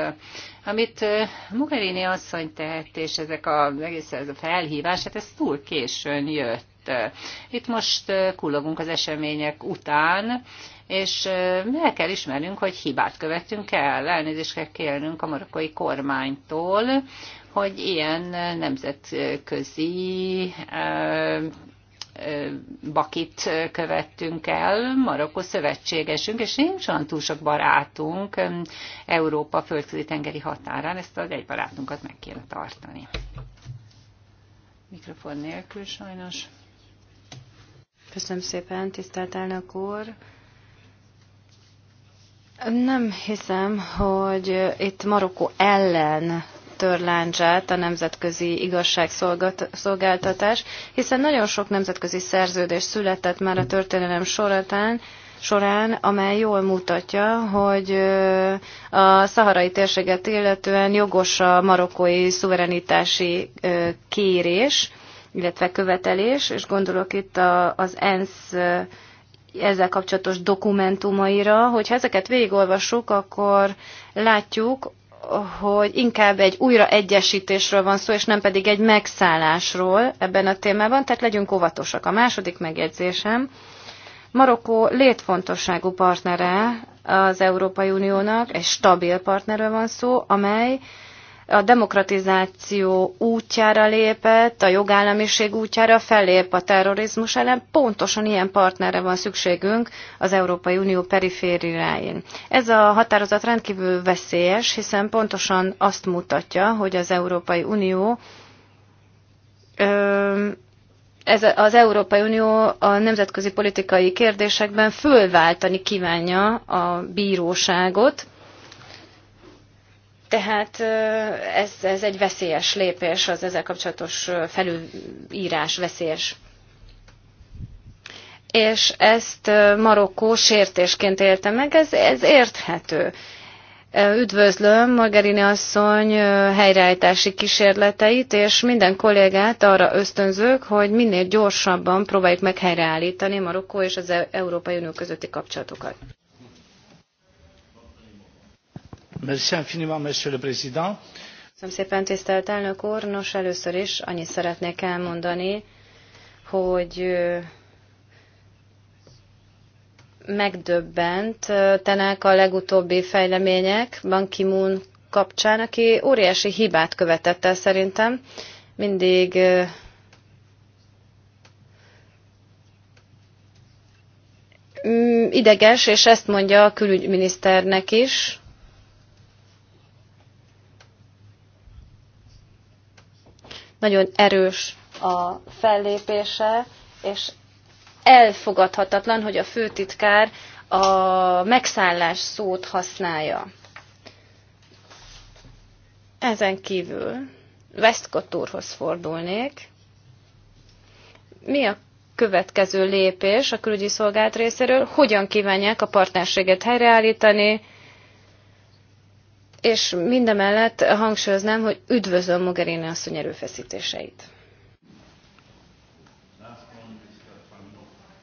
Amit Mugherini asszony tehet, és ezek a, egész ez a felhívás, hát ez túl későn jött. Itt most kullogunk az események után, és el kell ismernünk, hogy hibát követtünk el, elnézést kell kérnünk a marokkai kormánytól, hogy ilyen nemzetközi bakit követtünk el, Marokkó szövetségesünk, és nincs olyan túl sok barátunk Európa földközi tengeri határán, ezt az egy barátunkat meg kéne tartani. Mikrofon nélkül sajnos. Köszönöm szépen, tisztelt elnök úr! Nem hiszem, hogy itt Marokkó ellen törláncsát a nemzetközi igazságszolgáltatás, hiszen nagyon sok nemzetközi szerződés született már a történelem során, során, amely jól mutatja, hogy a szaharai térséget illetően jogos a marokkói szuverenitási kérés, illetve követelés, és gondolok itt az ENSZ ezzel kapcsolatos dokumentumaira, hogyha ezeket végigolvassuk, akkor látjuk, hogy inkább egy újraegyesítésről van szó, és nem pedig egy megszállásról ebben a témában, tehát legyünk óvatosak. A második megjegyzésem, Marokkó létfontosságú partnere az Európai Uniónak, egy stabil partnerről van szó, amely a demokratizáció útjára lépett, a jogállamiség útjára fellép a terrorizmus ellen, pontosan ilyen partnerre van szükségünk az Európai Unió perifériáin. Ez a határozat rendkívül veszélyes, hiszen pontosan azt mutatja, hogy az Európai Unió ez az Európai Unió a nemzetközi politikai kérdésekben fölváltani kívánja a bíróságot, tehát ez, ez egy veszélyes lépés, az ezzel kapcsolatos felülírás veszélyes. És ezt Marokkó sértésként élte meg, ez, ez érthető. Üdvözlöm Margarini asszony helyreállítási kísérleteit, és minden kollégát arra ösztönzők, hogy minél gyorsabban próbáljuk meg helyreállítani Marokkó és az e- Európai Unió közötti kapcsolatokat. Köszönöm szépen, tisztelt elnök úr. Nos, először is annyit szeretnék elmondani, hogy megdöbbentenek a legutóbbi fejlemények Ban ki kapcsán, aki óriási hibát követett el szerintem. Mindig ideges, és ezt mondja a külügyminiszternek is, nagyon erős a fellépése, és elfogadhatatlan, hogy a főtitkár a megszállás szót használja. Ezen kívül Westcott úrhoz fordulnék. Mi a következő lépés a külügyi szolgált részéről? Hogyan kívánják a partnerséget helyreállítani? és mindemellett hangsúlyoznám, hogy üdvözlöm Mogherini asszony erőfeszítéseit.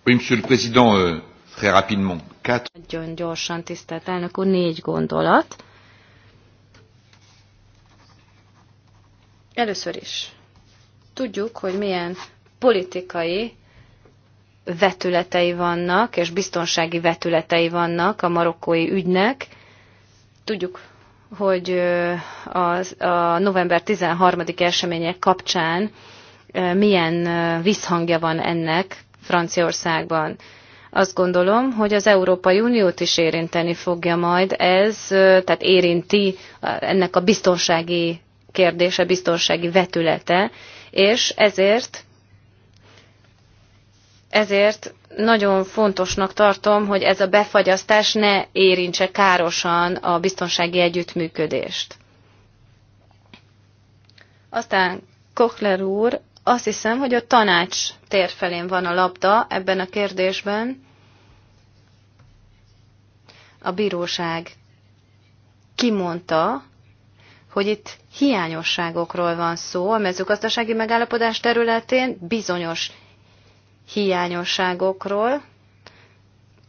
Oui, monsieur le président, euh, très rapidement. Quatre... Nagyon gyorsan, tisztelt elnök úr, négy gondolat. Először is tudjuk, hogy milyen politikai vetületei vannak, és biztonsági vetületei vannak a marokkói ügynek. Tudjuk, hogy az, a november 13. események kapcsán milyen visszhangja van ennek Franciaországban. Azt gondolom, hogy az Európai Uniót is érinteni fogja majd ez, tehát érinti ennek a biztonsági kérdése, biztonsági vetülete, és ezért ezért nagyon fontosnak tartom, hogy ez a befagyasztás ne érintse károsan a biztonsági együttműködést. Aztán Kochler úr, azt hiszem, hogy a tanács térfelén van a labda ebben a kérdésben. A bíróság kimondta, hogy itt hiányosságokról van szó a mezőgazdasági megállapodás területén, bizonyos hiányosságokról.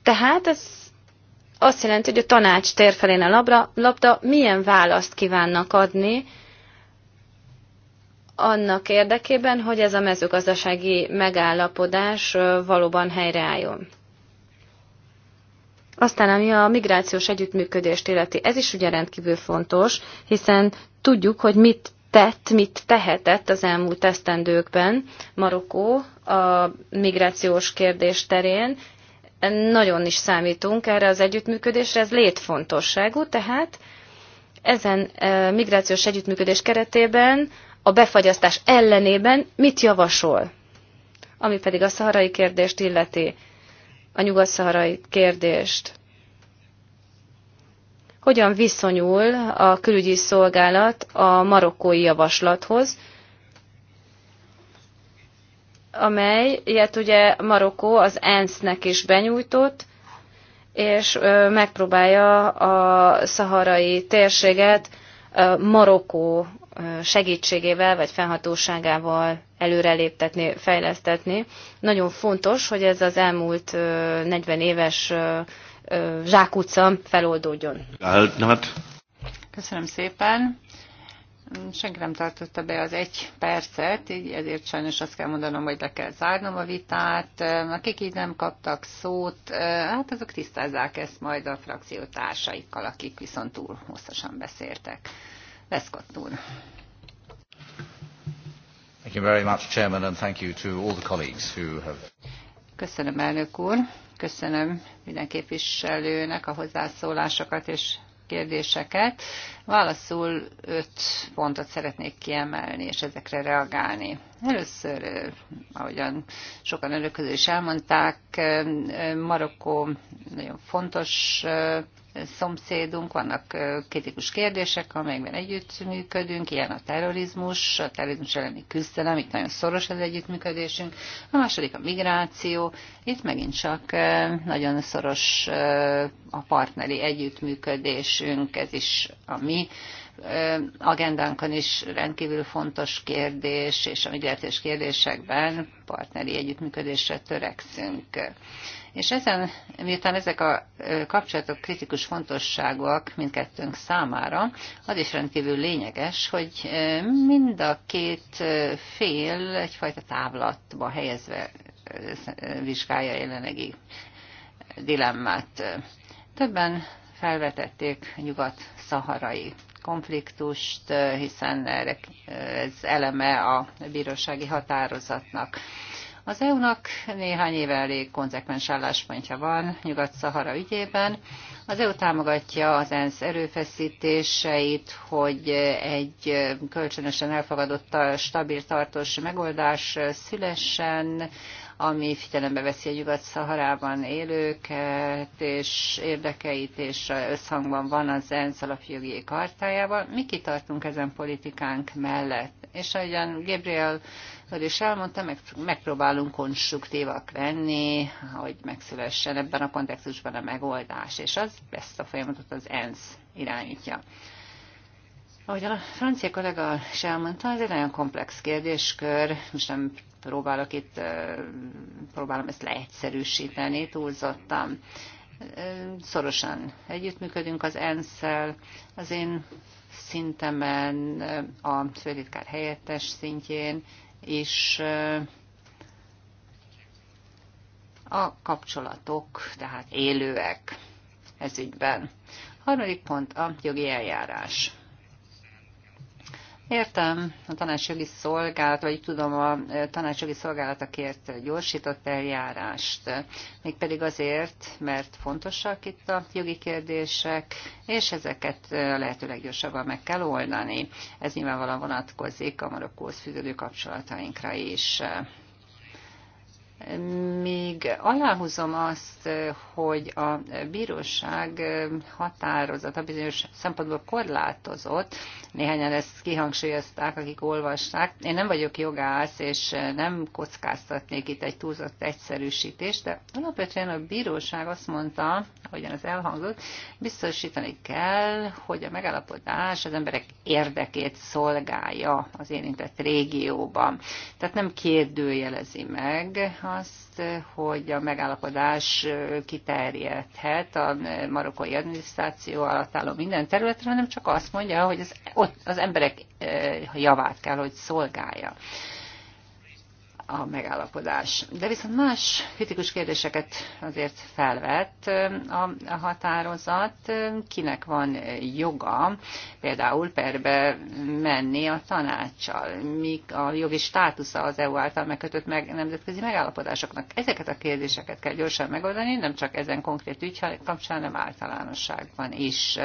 Tehát ez azt jelenti, hogy a tanács felén a labda, labda milyen választ kívánnak adni annak érdekében, hogy ez a mezőgazdasági megállapodás valóban helyreálljon. Aztán, ami a migrációs együttműködést illeti, ez is ugye rendkívül fontos, hiszen tudjuk, hogy mit tett, mit tehetett az elmúlt esztendőkben Marokkó a migrációs kérdés terén. Nagyon is számítunk erre az együttműködésre, ez létfontosságú, tehát ezen e, migrációs együttműködés keretében a befagyasztás ellenében mit javasol? Ami pedig a szaharai kérdést illeti, a nyugat-szaharai kérdést hogyan viszonyul a külügyi szolgálat a marokkói javaslathoz, amelyet ugye Marokkó az ENSZ-nek is benyújtott, és megpróbálja a szaharai térséget Marokkó segítségével vagy fennhatóságával előreléptetni, fejlesztetni. Nagyon fontos, hogy ez az elmúlt 40 éves zsákutca feloldódjon. Köszönöm szépen. Senki nem tartotta be az egy percet, így ezért sajnos azt kell mondanom, hogy le kell zárnom a vitát. Akik így nem kaptak szót, hát azok tisztázzák ezt majd a frakciótársaikkal, akik viszont túl hosszasan beszéltek. Veszkott úr. Thank you very much, Chairman, and thank you to all the colleagues who have... Köszönöm, elnök úr. Köszönöm minden képviselőnek a hozzászólásokat és kérdéseket. Válaszul öt pontot szeretnék kiemelni, és ezekre reagálni. Először, eh, ahogyan sokan önök közül is elmondták, eh, Marokkó nagyon fontos eh, szomszédunk, vannak kritikus kérdések, amelyekben együttműködünk, ilyen a terrorizmus, a terrorizmus elleni küzdelem, itt nagyon szoros az együttműködésünk. A második a migráció, itt megint csak nagyon szoros a partneri együttműködésünk, ez is a mi agendánkon is rendkívül fontos kérdés, és a migrációs kérdésekben partneri együttműködésre törekszünk. És ezen, miután ezek a kapcsolatok kritikus fontosságúak mindkettőnk számára, az is rendkívül lényeges, hogy mind a két fél egyfajta távlatba helyezve vizsgálja jelenlegi dilemmát. Többen felvetették nyugat-szaharai konfliktust, hiszen ez eleme a bírósági határozatnak. Az EU-nak néhány éve elég konzekvens álláspontja van Nyugat-Szahara ügyében. Az EU támogatja az ENSZ erőfeszítéseit, hogy egy kölcsönösen elfogadott stabil tartós megoldás szülessen, ami figyelembe veszi a Nyugat-Szaharában élőket és érdekeit, és összhangban van az ENSZ alapjogi kartájában. Mi kitartunk ezen politikánk mellett. És ahogyan Gabriel hogy is elmondta, meg, megpróbálunk konstruktívak lenni, hogy megszülessen ebben a kontextusban a megoldás, és az ezt a folyamatot az ENSZ irányítja. Ahogy a francia kollega is elmondta, ez egy nagyon komplex kérdéskör, most nem próbálok itt, próbálom ezt leegyszerűsíteni, túlzottam. Szorosan együttműködünk az ENSZ-szel, az én szintemen, a főtitkár helyettes szintjén, és a kapcsolatok, tehát élőek ez ügyben. Harmadik pont a jogi eljárás. Értem, a tanácsjogi szolgálat, vagy tudom, a e, tanácsjogi szolgálatakért gyorsított eljárást, mégpedig azért, mert fontosak itt a jogi kérdések, és ezeket e, lehetőleg gyorsabban meg kell oldani. Ez nyilvánvalóan vonatkozik a Marokkóhoz fűződő kapcsolatainkra is még aláhúzom azt, hogy a bíróság határozata bizonyos szempontból korlátozott, néhányan ezt kihangsúlyozták, akik olvasták. Én nem vagyok jogász, és nem kockáztatnék itt egy túlzott egyszerűsítést, de alapvetően a bíróság azt mondta, ahogyan az elhangzott, biztosítani kell, hogy a megállapodás az emberek érdekét szolgálja az érintett régióban. Tehát nem kérdőjelezi meg a azt, hogy a megállapodás kiterjedhet a marokkai adminisztráció alatt álló minden területre, hanem csak azt mondja, hogy az, ott az emberek eh, javát kell, hogy szolgálja a megállapodás. De viszont más kritikus kérdéseket azért felvett a határozat, kinek van joga például perbe menni a tanácssal, mik a jogi státusza az EU által megkötött meg, nemzetközi megállapodásoknak. Ezeket a kérdéseket kell gyorsan megoldani, nem csak ezen konkrét ügy kapcsán, hanem általánosságban is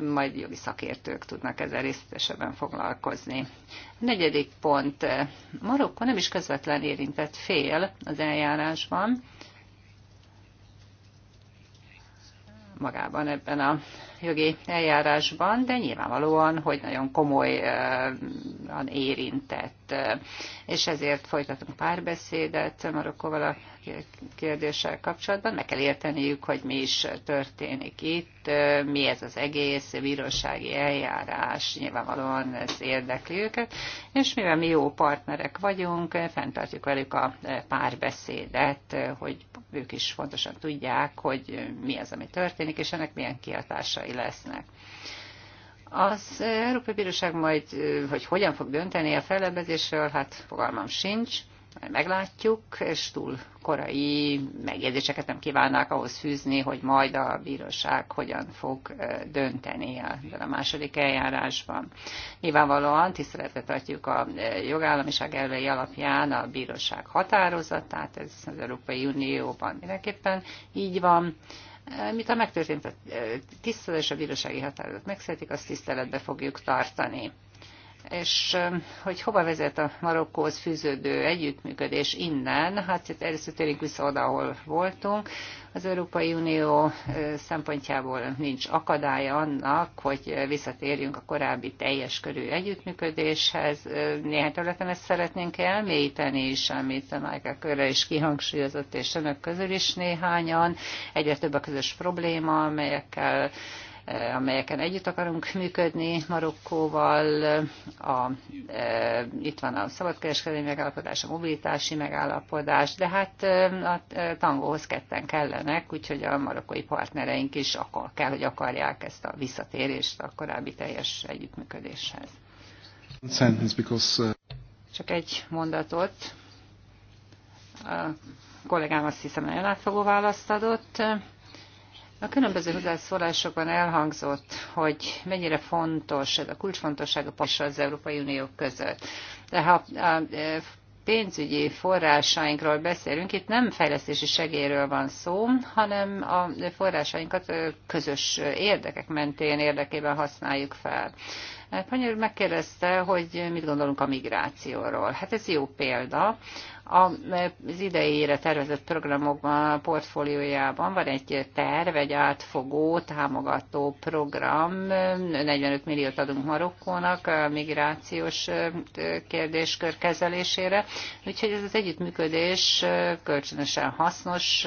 majd jogi szakértők tudnak ezzel részletesebben foglalkozni. A negyedik pont. Eh, Marokko nem is közvetlen érintett fél az eljárásban, magában ebben a jogi eljárásban, de nyilvánvalóan, hogy nagyon komolyan eh, érintett Eh, és ezért folytatunk párbeszédet Marokkóval a kérdéssel kapcsolatban. Meg kell érteniük, hogy mi is történik itt, eh, mi ez az egész bírósági eljárás, nyilvánvalóan ez érdekli őket, és mivel mi jó partnerek vagyunk, eh, fenntartjuk velük a párbeszédet, hogy ők is fontosan tudják, hogy mi az, ami történik, és ennek milyen kihatásai lesznek. Az Európai Bíróság majd, hogy hogyan fog dönteni a fellebezésről, hát fogalmam sincs, meglátjuk, és túl korai megjegyzéseket nem kívánnák ahhoz fűzni, hogy majd a bíróság hogyan fog dönteni a második eljárásban. Nyilvánvalóan tiszteletre tartjuk a jogállamiság elvei alapján a bíróság határozatát, ez az Európai Unióban mindenképpen így van amit a megtörtént, a tisztelés a bírósági határozat megszületik, azt tiszteletbe fogjuk tartani és hogy hova vezet a Marokkóhoz fűződő együttműködés innen, hát itt először térjünk vissza oda, ahol voltunk. Az Európai Unió szempontjából nincs akadálya annak, hogy visszatérjünk a korábbi teljes körű együttműködéshez. Néhány területen ezt szeretnénk elmélyíteni is, amit a Michael Körre is kihangsúlyozott, és önök közül is néhányan. Egyre több a közös probléma, amelyekkel amelyeken együtt akarunk működni Marokkóval. A, e, itt van a szabadkereskedelmi megállapodás, a mobilitási megállapodás, de hát e, a e, tangóhoz ketten kellenek, úgyhogy a marokkói partnereink is akar, kell, hogy akarják ezt a visszatérést a korábbi teljes együttműködéshez. Uh, Csak egy mondatot. A kollégám azt hiszem nagyon átfogó választ adott. A különböző hozzászólásokban elhangzott, hogy mennyire fontos ez a kulcsfontosság a és az Európai Unió között. De ha a e, pénzügyi forrásainkról beszélünk, itt nem fejlesztési segélyről van szó, hanem a forrásainkat e, közös érdekek mentén érdekében használjuk fel. Panyar megkérdezte, hogy mit gondolunk a migrációról. Hát ez jó példa az idejére tervezett programokban, portfóliójában van egy terv, egy átfogó, támogató program. 45 milliót adunk Marokkónak a migrációs kérdéskör kezelésére. Úgyhogy ez az együttműködés kölcsönösen hasznos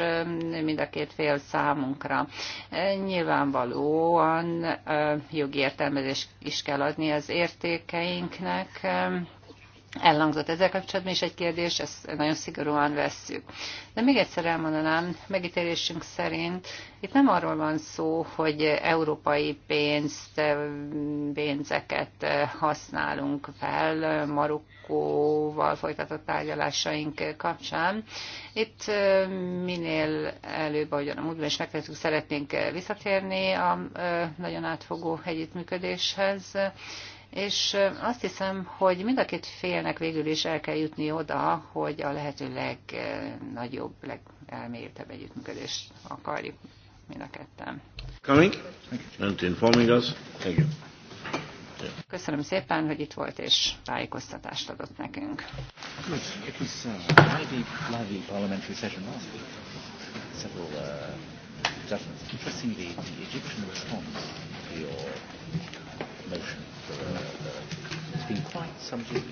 mind a két fél számunkra. Nyilvánvalóan jogi értelmezést is kell adni az értékeinknek, Elhangzott ezzel kapcsolatban is egy kérdés, ezt nagyon szigorúan vesszük. De még egyszer elmondanám, megítélésünk szerint itt nem arról van szó, hogy európai pénzt, pénzeket használunk fel Marokkóval folytatott tárgyalásaink kapcsán. Itt minél előbb, ahogyan a múltban is megtettük, szeretnénk visszatérni a nagyon átfogó együttműködéshez, és azt hiszem, hogy mind a két félnek végül is el kell jutni oda, hogy a lehető legnagyobb, legelmélyebb együttműködést akarjuk mind a ketten. Coming and informing us. Thank you. Köszönöm szépen, hogy itt volt és tájékoztatást adott nekünk. Uh, uh, Interestingly, the Egyptian response to your motion It's been quite subdued.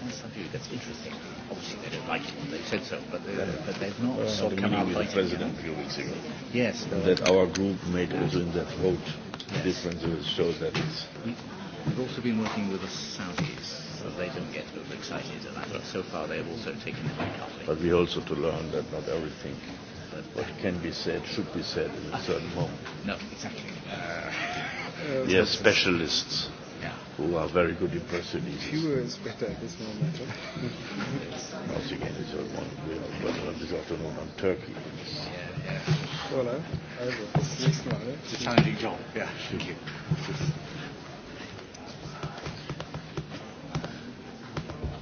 Quite subdued. That's interesting. Obviously, they don't like it. when They said so, but, they, but they've not uh, sort of come out like president a weeks ago. Yes. The, that our group made yeah. also in that vote. Yes. Differences shows that it's. we've also been working with the Saudis so they don't get overexcited. And I think so far they've also taken it back But we also to learn that not everything what can be said should be said in a certain moment. No, exactly. Uh, yes, specialists who are very good impressionists. Fewer is better at this moment. Once again, it's all one. We have got this afternoon on Turkey. Voilà, also das nächste Mal. Ne? It's a challenging job, yeah. thank you.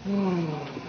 Hmm.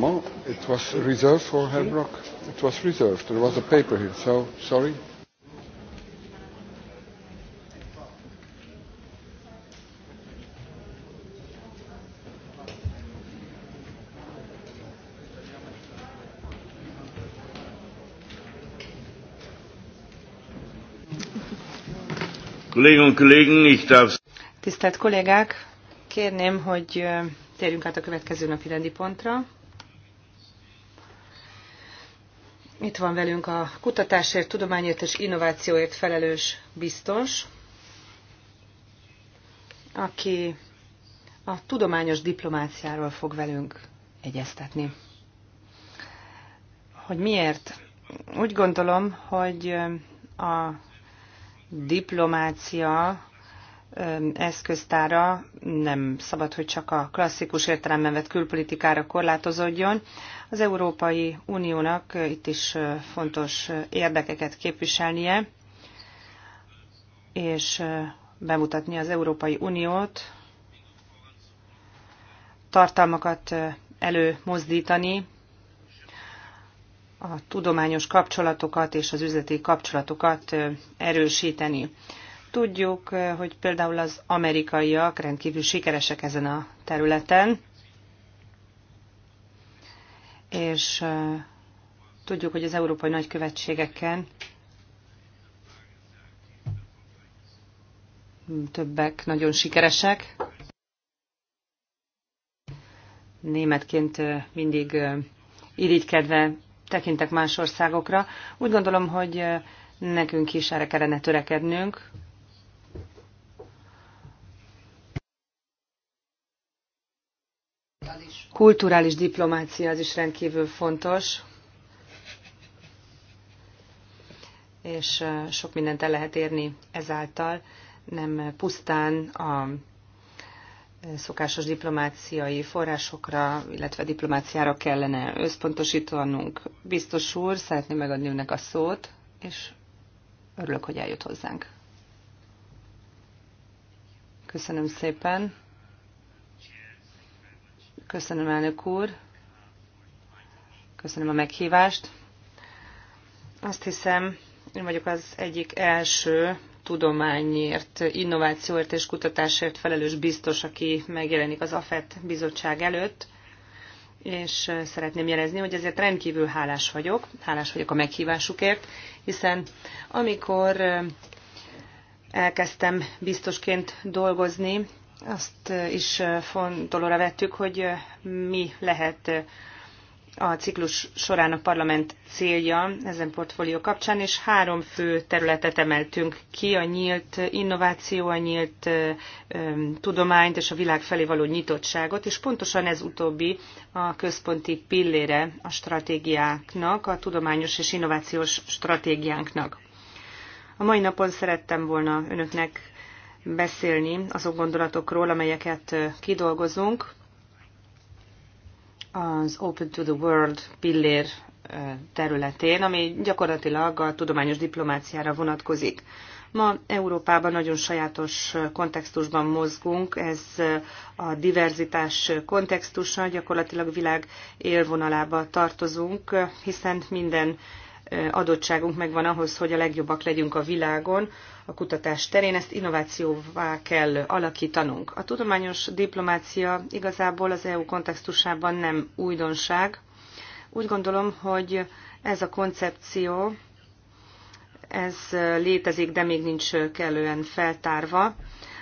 Saramo. It was reserved for Herr Brock. It was reserved. There was a paper here, so sorry. Tisztelt kollégák, kérném, hogy térjünk át a következő napi rendi pontra. Itt van velünk a kutatásért, tudományért és innovációért felelős biztos, aki a tudományos diplomáciáról fog velünk egyeztetni. Hogy miért? Úgy gondolom, hogy a diplomácia eszköztára nem szabad, hogy csak a klasszikus értelemben vett külpolitikára korlátozódjon. Az Európai Uniónak itt is fontos érdekeket képviselnie, és bemutatni az Európai Uniót, tartalmakat előmozdítani, a tudományos kapcsolatokat és az üzleti kapcsolatokat erősíteni. Tudjuk, eh, hogy például az amerikaiak rendkívül sikeresek ezen a területen, és eh, tudjuk, hogy az európai nagykövetségeken többek nagyon sikeresek. Németként eh, mindig irigykedve tekintek más országokra. Úgy gondolom, hogy nekünk is erre kellene törekednünk, kulturális diplomácia az is rendkívül fontos, és sok mindent el lehet érni ezáltal, nem pusztán a szokásos diplomáciai forrásokra, illetve diplomáciára kellene összpontosítanunk. Biztos úr, szeretném megadni önnek a szót, és örülök, hogy eljött hozzánk. Köszönöm szépen. Köszönöm, elnök úr. Köszönöm a meghívást. Azt hiszem, én vagyok az egyik első tudományért, innovációért és kutatásért felelős biztos, aki megjelenik az AFET bizottság előtt, és szeretném jelezni, hogy ezért rendkívül hálás vagyok, hálás vagyok a meghívásukért, hiszen amikor elkezdtem biztosként dolgozni, azt is fontolóra vettük, hogy mi lehet a ciklus során a parlament célja ezen portfólió kapcsán, és három fő területet emeltünk ki, a nyílt innováció, a nyílt tudományt és a világ felé való nyitottságot, és pontosan ez utóbbi a központi pillére a stratégiáknak, a tudományos és innovációs stratégiánknak. A mai napon szerettem volna önöknek beszélni azok gondolatokról, amelyeket kidolgozunk az Open to the World pillér területén, ami gyakorlatilag a tudományos diplomáciára vonatkozik. Ma Európában nagyon sajátos kontextusban mozgunk, ez a diverzitás kontextusa, gyakorlatilag világ élvonalába tartozunk, hiszen minden adottságunk megvan ahhoz, hogy a legjobbak legyünk a világon, a kutatás terén, ezt innovációvá kell alakítanunk. A tudományos diplomácia igazából az EU kontextusában nem újdonság. Úgy gondolom, hogy ez a koncepció, ez létezik, de még nincs kellően feltárva.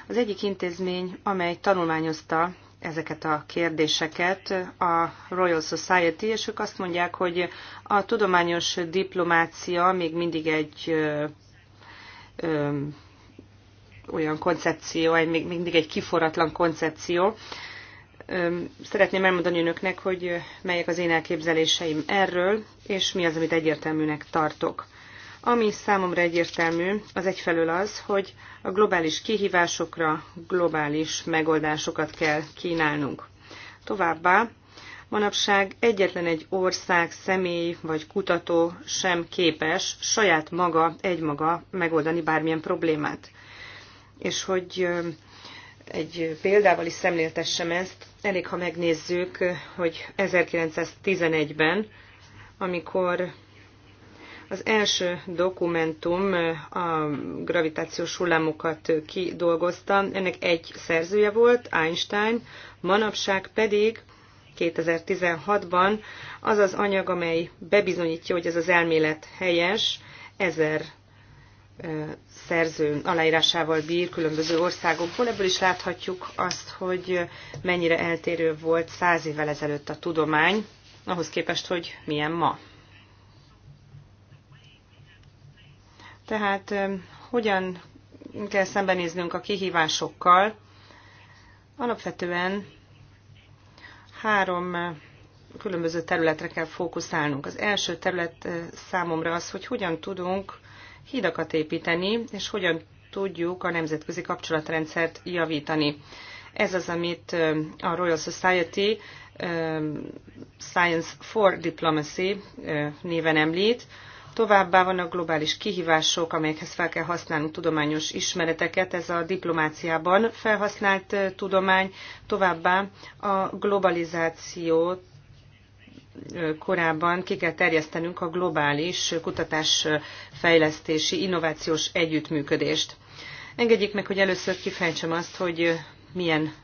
Az egyik intézmény, amely tanulmányozta ezeket a kérdéseket, a Royal Society, és ők azt mondják, hogy a tudományos diplomácia még mindig egy öm, olyan koncepció, egy, még mindig egy kiforatlan koncepció. Öm, szeretném elmondani önöknek, hogy melyek az én elképzeléseim erről, és mi az, amit egyértelműnek tartok. Ami számomra egyértelmű, az egyfelől az, hogy a globális kihívásokra globális megoldásokat kell kínálnunk. Továbbá Manapság egyetlen egy ország, személy vagy kutató sem képes saját maga, egymaga megoldani bármilyen problémát. És hogy egy példával is szemléltessem ezt, elég ha megnézzük, hogy 1911-ben, amikor az első dokumentum a gravitációs hullámokat kidolgozta, ennek egy szerzője volt, Einstein, manapság pedig 2016-ban, az az anyag, amely bebizonyítja, hogy ez az elmélet helyes, ezer szerző aláírásával bír különböző országokból. Ebből is láthatjuk azt, hogy mennyire eltérő volt száz évvel ezelőtt a tudomány, ahhoz képest, hogy milyen ma. Tehát hogyan kell szembenéznünk a kihívásokkal? Alapvetően három eh, különböző területre kell fókuszálnunk. Az első terület eh, számomra az, hogy hogyan tudunk hídakat építeni, és hogyan tudjuk a nemzetközi kapcsolatrendszert javítani. Ez az, amit eh, a Royal Society Science for Diplomacy néven említ, Továbbá vannak globális kihívások, amelyekhez fel kell használnunk tudományos ismereteket, ez a diplomáciában felhasznált tudomány, továbbá a globalizációt korábban ki kell terjesztenünk a globális kutatásfejlesztési innovációs együttműködést. Engedjék meg, hogy először kifejtsem azt, hogy milyen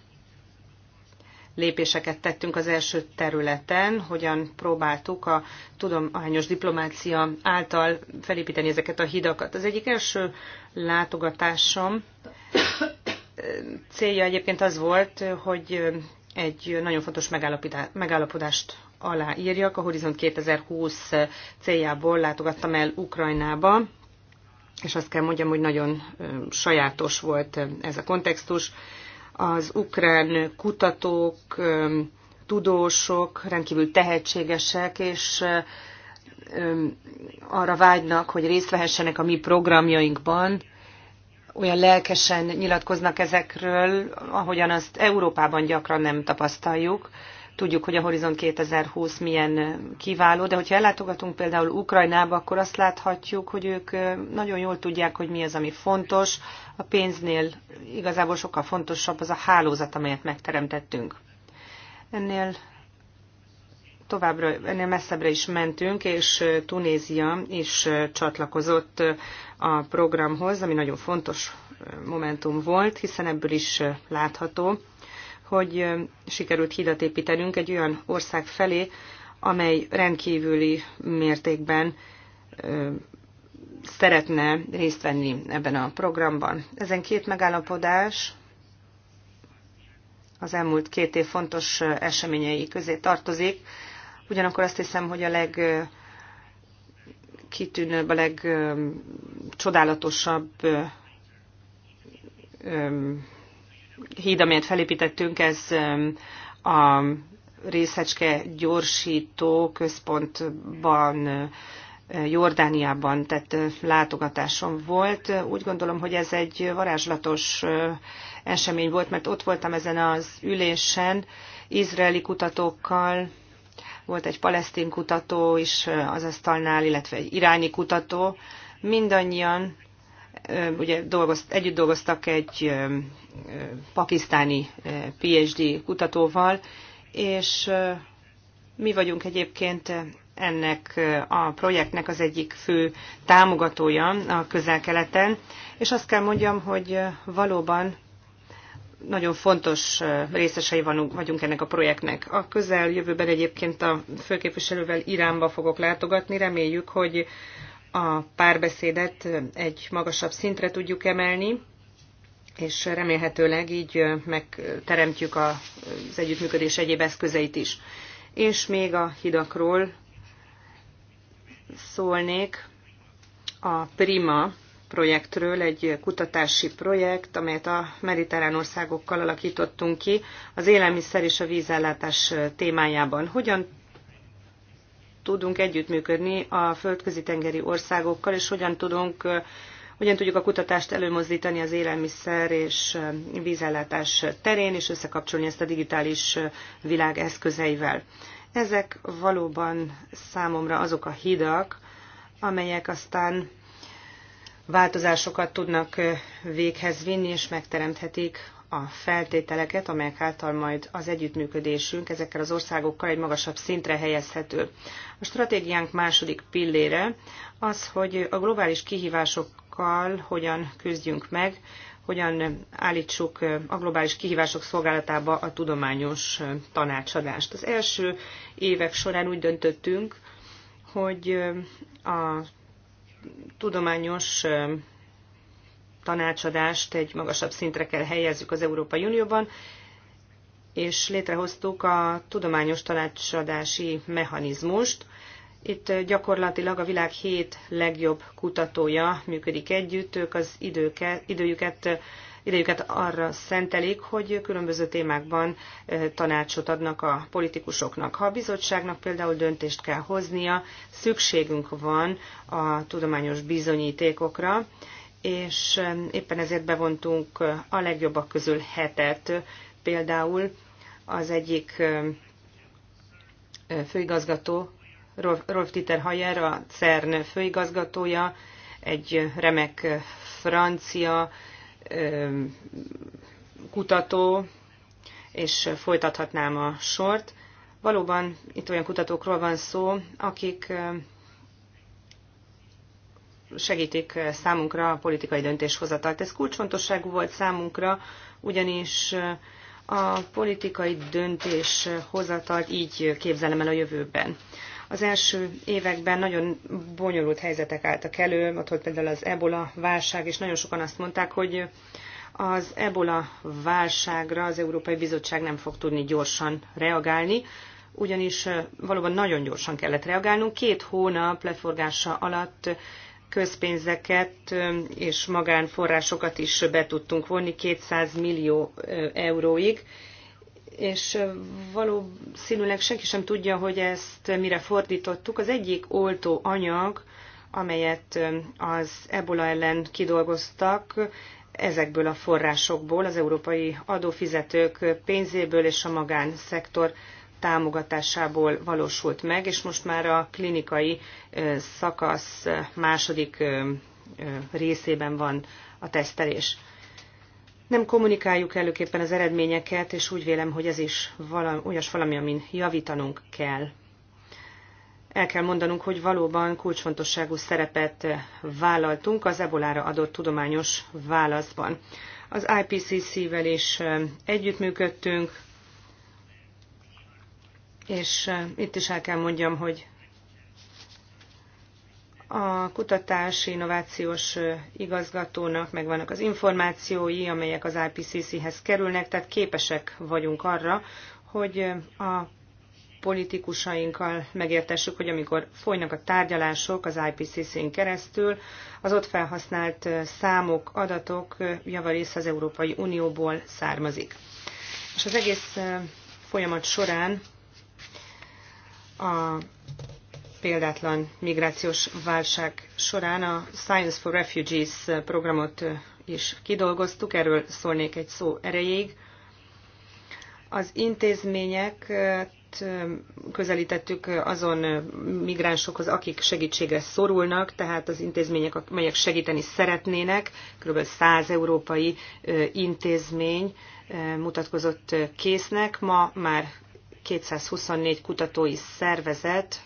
lépéseket tettünk az első területen, hogyan próbáltuk a tudományos diplomácia által felépíteni ezeket a hidakat. Az egyik első látogatásom célja egyébként az volt, hogy egy nagyon fontos megállapodást aláírjak. A Horizont 2020 céljából látogattam el Ukrajnába, és azt kell mondjam, hogy nagyon sajátos volt ez a kontextus az ukrán kutatók, tudósok rendkívül tehetségesek, és arra vágynak, hogy részt vehessenek a mi programjainkban, olyan lelkesen nyilatkoznak ezekről, ahogyan azt Európában gyakran nem tapasztaljuk. Tudjuk, hogy a Horizon 2020 milyen kiváló, de hogyha ellátogatunk például Ukrajnába, akkor azt láthatjuk, hogy ők nagyon jól tudják, hogy mi az, ami fontos. A pénznél igazából sokkal fontosabb az a hálózat, amelyet megteremtettünk. Ennél továbbra, ennél messzebbre is mentünk, és Tunézia is csatlakozott a programhoz, ami nagyon fontos momentum volt, hiszen ebből is látható, hogy sikerült hidat építenünk egy olyan ország felé, amely rendkívüli mértékben szeretne részt venni ebben a programban. Ezen két megállapodás az elmúlt két év fontos eseményei közé tartozik. Ugyanakkor azt hiszem, hogy a leg kitűnőbb, a legcsodálatosabb híd, amelyet felépítettünk, ez um, a részecske gyorsító központban uh, Jordániában tett uh, látogatásom volt. Úgy gondolom, hogy ez egy varázslatos uh, esemény volt, mert ott voltam ezen az ülésen, izraeli kutatókkal, volt egy palesztin kutató is az asztalnál, illetve egy iráni kutató. Mindannyian ugye dolgozt, együtt dolgoztak egy pakisztáni PhD kutatóval, és mi vagyunk egyébként ennek a projektnek az egyik fő támogatója a közel-keleten, és azt kell mondjam, hogy valóban nagyon fontos részesei vagyunk ennek a projektnek. A közeljövőben egyébként a főképviselővel Iránba fogok látogatni, reméljük, hogy a párbeszédet egy magasabb szintre tudjuk emelni, és remélhetőleg így megteremtjük az együttműködés egyéb eszközeit is. És még a hidakról szólnék a Prima projektről, egy kutatási projekt, amelyet a mediterrán országokkal alakítottunk ki az élelmiszer és a vízellátás témájában. Hogyan tudunk együttműködni a földközi tengeri országokkal, és hogyan tudunk hogyan tudjuk a kutatást előmozdítani az élelmiszer és vízellátás terén, és összekapcsolni ezt a digitális világ eszközeivel. Ezek valóban számomra azok a hidak, amelyek aztán változásokat tudnak véghez vinni, és megteremthetik a feltételeket, amelyek által majd az együttműködésünk ezekkel az országokkal egy magasabb szintre helyezhető. A stratégiánk második pillére az, hogy a globális kihívásokkal hogyan küzdjünk meg, hogyan állítsuk a globális kihívások szolgálatába a tudományos tanácsadást. Az első évek során úgy döntöttünk, hogy a tudományos tanácsadást egy magasabb szintre kell helyezzük az Európai Unióban, és létrehoztuk a tudományos tanácsadási mechanizmust. Itt gyakorlatilag a világ hét legjobb kutatója működik együtt, ők az időke, időjüket idejüket arra szentelik, hogy különböző témákban eh, tanácsot adnak a politikusoknak. Ha a bizottságnak például döntést kell hoznia, szükségünk van a tudományos bizonyítékokra, és éppen ezért bevontunk a legjobbak közül hetet. Például az egyik főigazgató, Rolf Dieter Hayer, a CERN főigazgatója, egy remek francia kutató, és folytathatnám a sort. Valóban itt olyan kutatókról van szó, akik segítik eh, számunkra a politikai döntéshozatalt. Ez kulcsfontosságú volt számunkra, ugyanis eh, a politikai döntéshozatalt így képzelem el a jövőben. Az első években nagyon bonyolult helyzetek álltak elő, ott volt például az ebola válság, és nagyon sokan azt mondták, hogy az ebola válságra az Európai Bizottság nem fog tudni gyorsan reagálni, ugyanis eh, valóban nagyon gyorsan kellett reagálnunk. Két hónap leforgása alatt közpénzeket és magánforrásokat is be tudtunk vonni 200 millió euróig, és valószínűleg senki sem tudja, hogy ezt mire fordítottuk. Az egyik oltó anyag, amelyet az ebola ellen kidolgoztak, ezekből a forrásokból, az európai adófizetők pénzéből és a magánszektor támogatásából valósult meg, és most már a klinikai szakasz második részében van a tesztelés. Nem kommunikáljuk előképpen az eredményeket, és úgy vélem, hogy ez is valami, olyas valami, amin javítanunk kell. El kell mondanunk, hogy valóban kulcsfontosságú szerepet vállaltunk az ebolára adott tudományos válaszban. Az IPCC-vel is együttműködtünk, és itt is el kell mondjam, hogy a kutatási innovációs igazgatónak megvannak az információi, amelyek az IPCC-hez kerülnek, tehát képesek vagyunk arra, hogy a politikusainkkal megértessük, hogy amikor folynak a tárgyalások az IPCC-n keresztül, az ott felhasznált számok, adatok javarész az Európai Unióból származik. És az egész folyamat során a példátlan migrációs válság során a Science for Refugees programot is kidolgoztuk, erről szólnék egy szó erejéig. Az intézmények közelítettük azon migránsokhoz, akik segítségre szorulnak, tehát az intézmények, amelyek segíteni szeretnének, kb. 100 európai intézmény mutatkozott késznek. Ma már 224 kutatói szervezet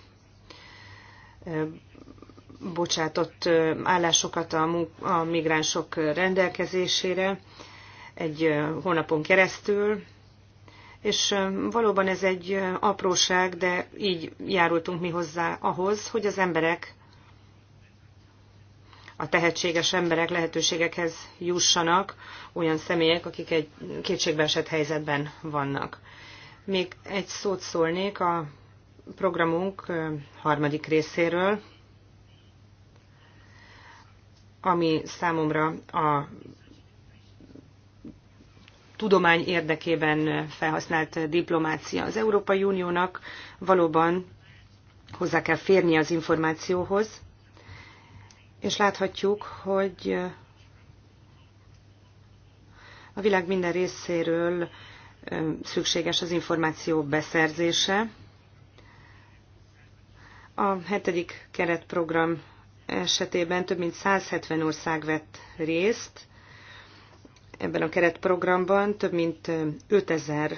bocsátott állásokat a, a migránsok rendelkezésére egy hónapon keresztül, és valóban ez egy apróság, de így járultunk mi hozzá ahhoz, hogy az emberek, a tehetséges emberek lehetőségekhez jussanak olyan személyek, akik egy kétségbeesett helyzetben vannak. Még egy szót szólnék a programunk harmadik részéről, ami számomra a tudomány érdekében felhasznált diplomácia. Az Európai Uniónak valóban hozzá kell férni az információhoz, és láthatjuk, hogy a világ minden részéről szükséges az információ beszerzése. A hetedik keretprogram esetében több mint 170 ország vett részt. Ebben a keretprogramban több mint 5000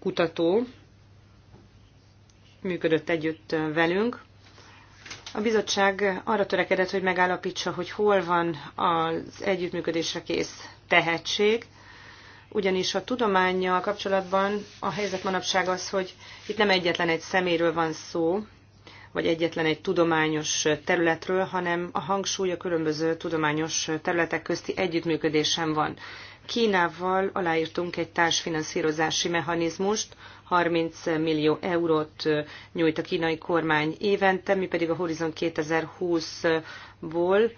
kutató működött együtt velünk. A bizottság arra törekedett, hogy megállapítsa, hogy hol van az együttműködésre kész tehetség, ugyanis a tudományjal kapcsolatban a helyzet manapság az, hogy itt nem egyetlen egy szeméről van szó, vagy egyetlen egy tudományos területről, hanem a hangsúly a különböző tudományos területek közti együttműködésen van. Kínával aláírtunk egy társfinanszírozási mechanizmust, 30 millió eurót nyújt a kínai kormány évente, mi pedig a Horizon 2020-ból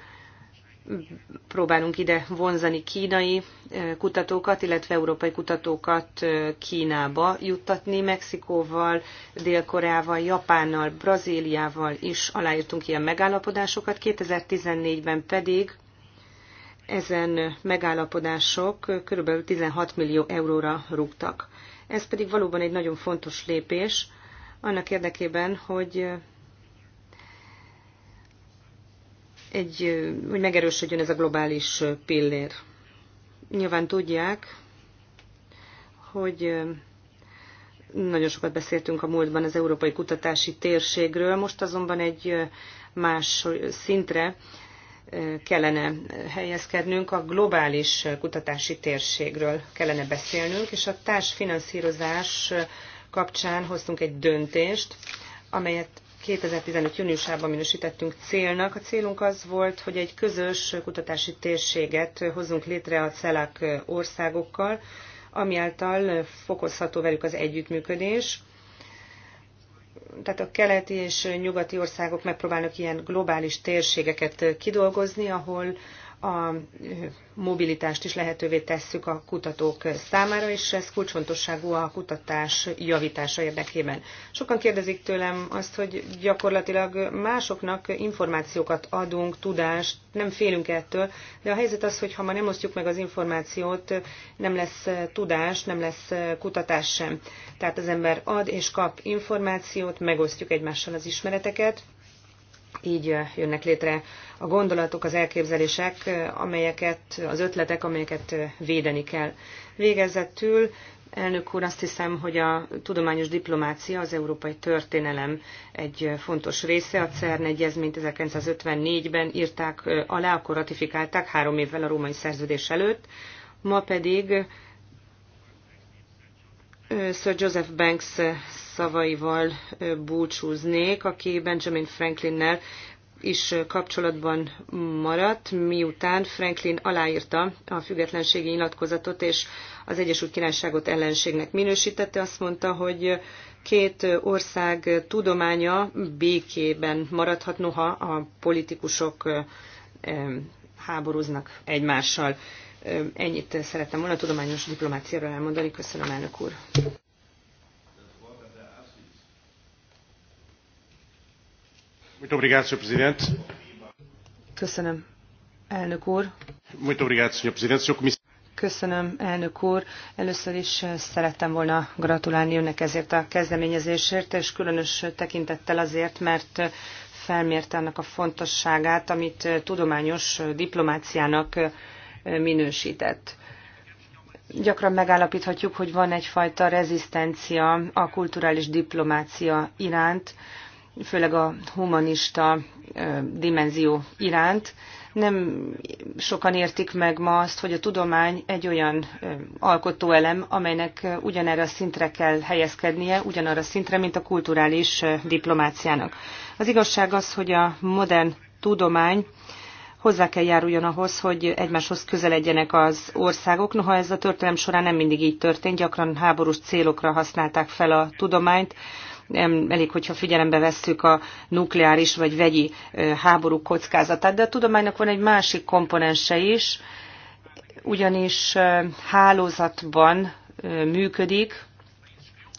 próbálunk ide vonzani kínai eh, kutatókat, illetve európai kutatókat eh, Kínába juttatni, Mexikóval, Dél-Koreával, Japánnal, Brazíliával is aláírtunk ilyen megállapodásokat, 2014-ben pedig ezen megállapodások kb. 16 millió euróra rúgtak. Ez pedig valóban egy nagyon fontos lépés annak érdekében, hogy egy, hogy megerősödjön ez a globális pillér. Nyilván tudják, hogy nagyon sokat beszéltünk a múltban az európai kutatási térségről, most azonban egy más szintre kellene helyezkednünk, a globális kutatási térségről kellene beszélnünk, és a társfinanszírozás kapcsán hoztunk egy döntést, amelyet 2015. júniusában minősítettünk célnak. A célunk az volt, hogy egy közös kutatási térséget hozzunk létre a CELAC országokkal, ami által fokozható velük az együttműködés. Tehát a keleti és nyugati országok megpróbálnak ilyen globális térségeket kidolgozni, ahol a mobilitást is lehetővé tesszük a kutatók számára, és ez kulcsfontosságú a kutatás javítása érdekében. Sokan kérdezik tőlem azt, hogy gyakorlatilag másoknak információkat adunk, tudást, nem félünk ettől, de a helyzet az, hogy ha ma nem osztjuk meg az információt, nem lesz tudás, nem lesz kutatás sem. Tehát az ember ad és kap információt, megosztjuk egymással az ismereteket, így jönnek létre a gondolatok, az elképzelések, amelyeket, az ötletek, amelyeket védeni kell. Végezetül, elnök úr, azt hiszem, hogy a tudományos diplomácia az európai történelem egy fontos része. A CERN egyezményt 1954-ben írták alá, akkor ratifikálták három évvel a római szerződés előtt. Ma pedig Sir Joseph Banks szavaival búcsúznék, aki Benjamin Franklinnel is kapcsolatban maradt, miután Franklin aláírta a függetlenségi nyilatkozatot, és az Egyesült Királyságot ellenségnek minősítette. Azt mondta, hogy két ország tudománya békében maradhat, noha a politikusok háborúznak egymással. Ennyit szerettem volna tudományos diplomáciáról elmondani. Köszönöm, elnök úr. Muito obrigado, Sr. Presidente. Köszönöm, elnök úr. Muito obrigado, Sr. Presidente. Sr. Comissário. Köszönöm, elnök úr. Először is eh, szerettem volna gratulálni önnek ezért a kezdeményezésért, és különös tekintettel azért, mert eh, felmérte annak a fontosságát, amit eh, tudományos diplomáciának minősített. Gyakran megállapíthatjuk, hogy van egyfajta rezisztencia a kulturális diplomácia iránt, főleg a humanista dimenzió iránt. Nem sokan értik meg ma azt, hogy a tudomány egy olyan alkotóelem, amelynek ugyanerre a szintre kell helyezkednie, ugyanarra a szintre, mint a kulturális diplomáciának. Az igazság az, hogy a modern tudomány hozzá kell járuljon ahhoz, hogy egymáshoz közeledjenek az országok. Noha ez a történelem során nem mindig így történt, gyakran háborús célokra használták fel a tudományt, nem elég, hogyha figyelembe vesszük a nukleáris vagy vegyi háború kockázatát, de a tudománynak van egy másik komponense is, ugyanis hálózatban működik,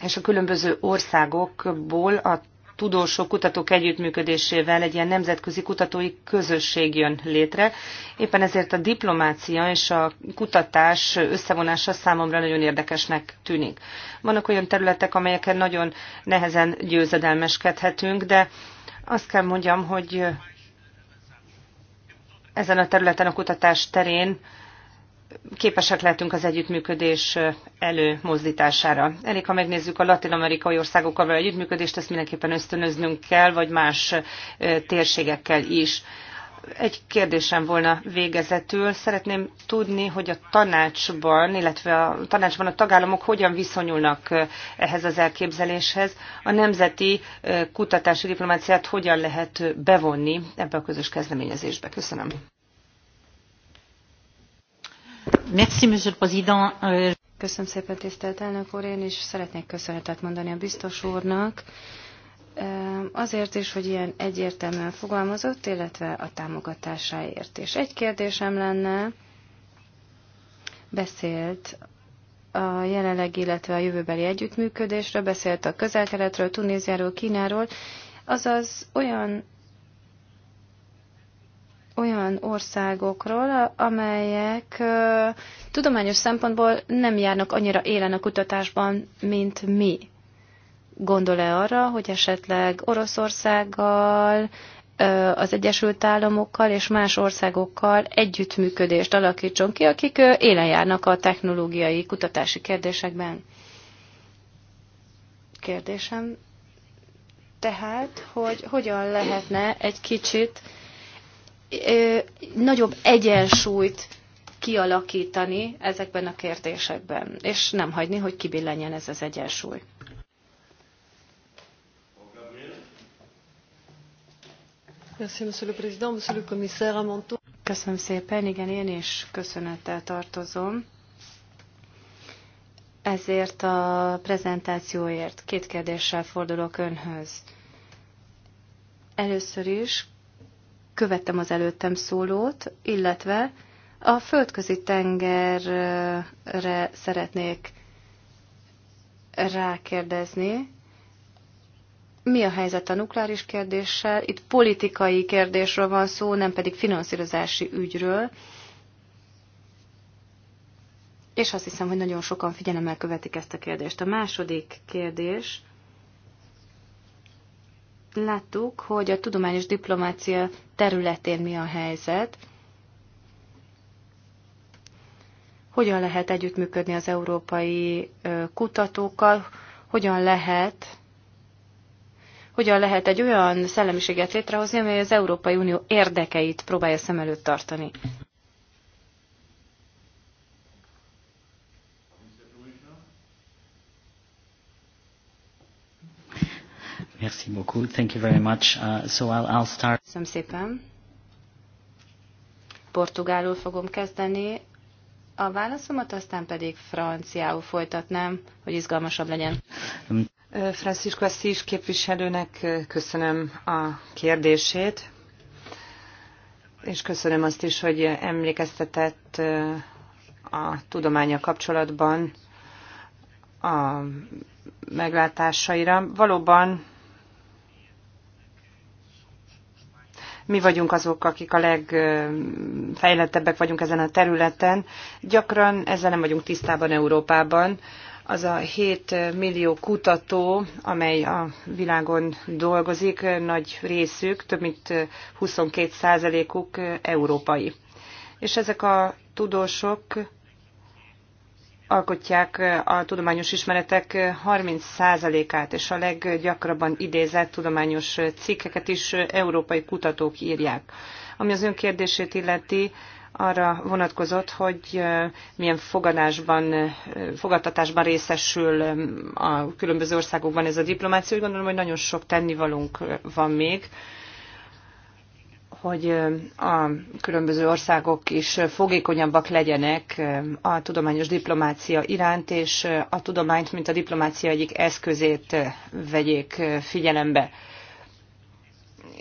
és a különböző országokból a tudósok, kutatók együttműködésével egy ilyen nemzetközi kutatói közösség jön létre. Éppen ezért a diplomácia és a kutatás összevonása számomra nagyon érdekesnek tűnik. Vannak olyan területek, amelyeken nagyon nehezen győzedelmeskedhetünk, de azt kell mondjam, hogy ezen a területen a kutatás terén képesek lehetünk az együttműködés előmozdítására. Elég, ha megnézzük a latin-amerikai országokkal való együttműködést, ezt mindenképpen ösztönöznünk kell, vagy más térségekkel is. Egy kérdésem volna végezetül. Szeretném tudni, hogy a tanácsban, illetve a tanácsban a tagállamok hogyan viszonyulnak ehhez az elképzeléshez. A nemzeti kutatási diplomáciát hogyan lehet bevonni ebbe a közös kezdeményezésbe? Köszönöm. Euh, Köszönöm szépen, tisztelt elnök úr. Én is szeretnék köszönetet mondani a biztos úrnak. Azért is, hogy ilyen egyértelműen fogalmazott, illetve a támogatásáért is. Egy kérdésem lenne, beszélt a jelenleg, illetve a jövőbeli együttműködésről, beszélt a közel-keletről, Tunéziáról, Kínáról, azaz olyan olyan országokról, amelyek tudományos szempontból nem járnak annyira élen a kutatásban, mint mi. Gondol-e arra, hogy esetleg Oroszországgal, az Egyesült Államokkal és más országokkal együttműködést alakítson ki, akik élen járnak a technológiai kutatási kérdésekben? Kérdésem tehát, hogy hogyan lehetne egy kicsit nagyobb egyensúlyt kialakítani ezekben a kérdésekben, és nem hagyni, hogy kibillenjen ez az egyensúly. Köszönöm szépen, igen, én is köszönettel tartozom. Ezért a prezentációért két kérdéssel fordulok önhöz. Először is követtem az előttem szólót, illetve a földközi tengerre szeretnék rákérdezni. Mi a helyzet a nukleáris kérdéssel? Itt politikai kérdésről van szó, nem pedig finanszírozási ügyről. És azt hiszem, hogy nagyon sokan figyelemmel követik ezt a kérdést. A második kérdés láttuk, hogy a tudományos diplomácia területén mi a helyzet, hogyan lehet együttműködni az európai kutatókkal, hogyan lehet hogyan lehet egy olyan szellemiséget létrehozni, amely az Európai Unió érdekeit próbálja szem előtt tartani. Merci beaucoup. Thank you very much. Uh, so I'll, I'll start. Köszönöm szépen. Portugálul fogom kezdeni a válaszomat, aztán pedig franciául folytatnám, hogy izgalmasabb legyen. Um, Francisco Assis képviselőnek köszönöm a kérdését, és köszönöm azt is, hogy emlékeztetett a tudománya kapcsolatban a meglátásaira. Valóban mi vagyunk azok, akik a legfejlettebbek vagyunk ezen a területen. Gyakran ezzel nem vagyunk tisztában Európában. Az a 7 millió kutató, amely a világon dolgozik, nagy részük, több mint 22 százalékuk európai. És ezek a tudósok alkotják a tudományos ismeretek 30%-át, és a leggyakrabban idézett tudományos cikkeket is európai kutatók írják. Ami az ön kérdését illeti, arra vonatkozott, hogy milyen fogadásban, fogadtatásban részesül a különböző országokban ez a diplomáció. Úgy gondolom, hogy nagyon sok tennivalónk van még hogy a különböző országok is fogékonyabbak legyenek a tudományos diplomácia iránt, és a tudományt, mint a diplomácia egyik eszközét vegyék figyelembe.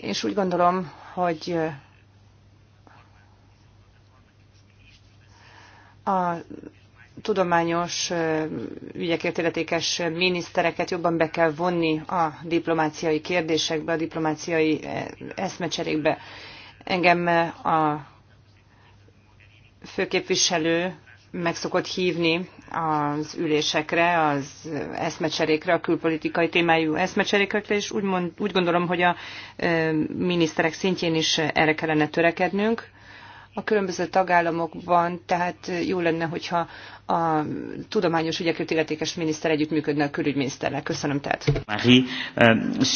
És úgy gondolom, hogy a tudományos ügyekért illetékes minisztereket jobban be kell vonni a diplomáciai kérdésekbe, a diplomáciai eszmecserékbe. Engem a főképviselő meg szokott hívni az ülésekre, az eszmecserékre, a külpolitikai témájú eszmecserékre, és úgy, mond, úgy gondolom, hogy a miniszterek szintjén is erre kellene törekednünk a különböző tagállamokban, tehát jó lenne, hogyha a tudományos ügyekért illetékes miniszter együttműködne a külügyminiszterrel. Köszönöm tehát. Euh,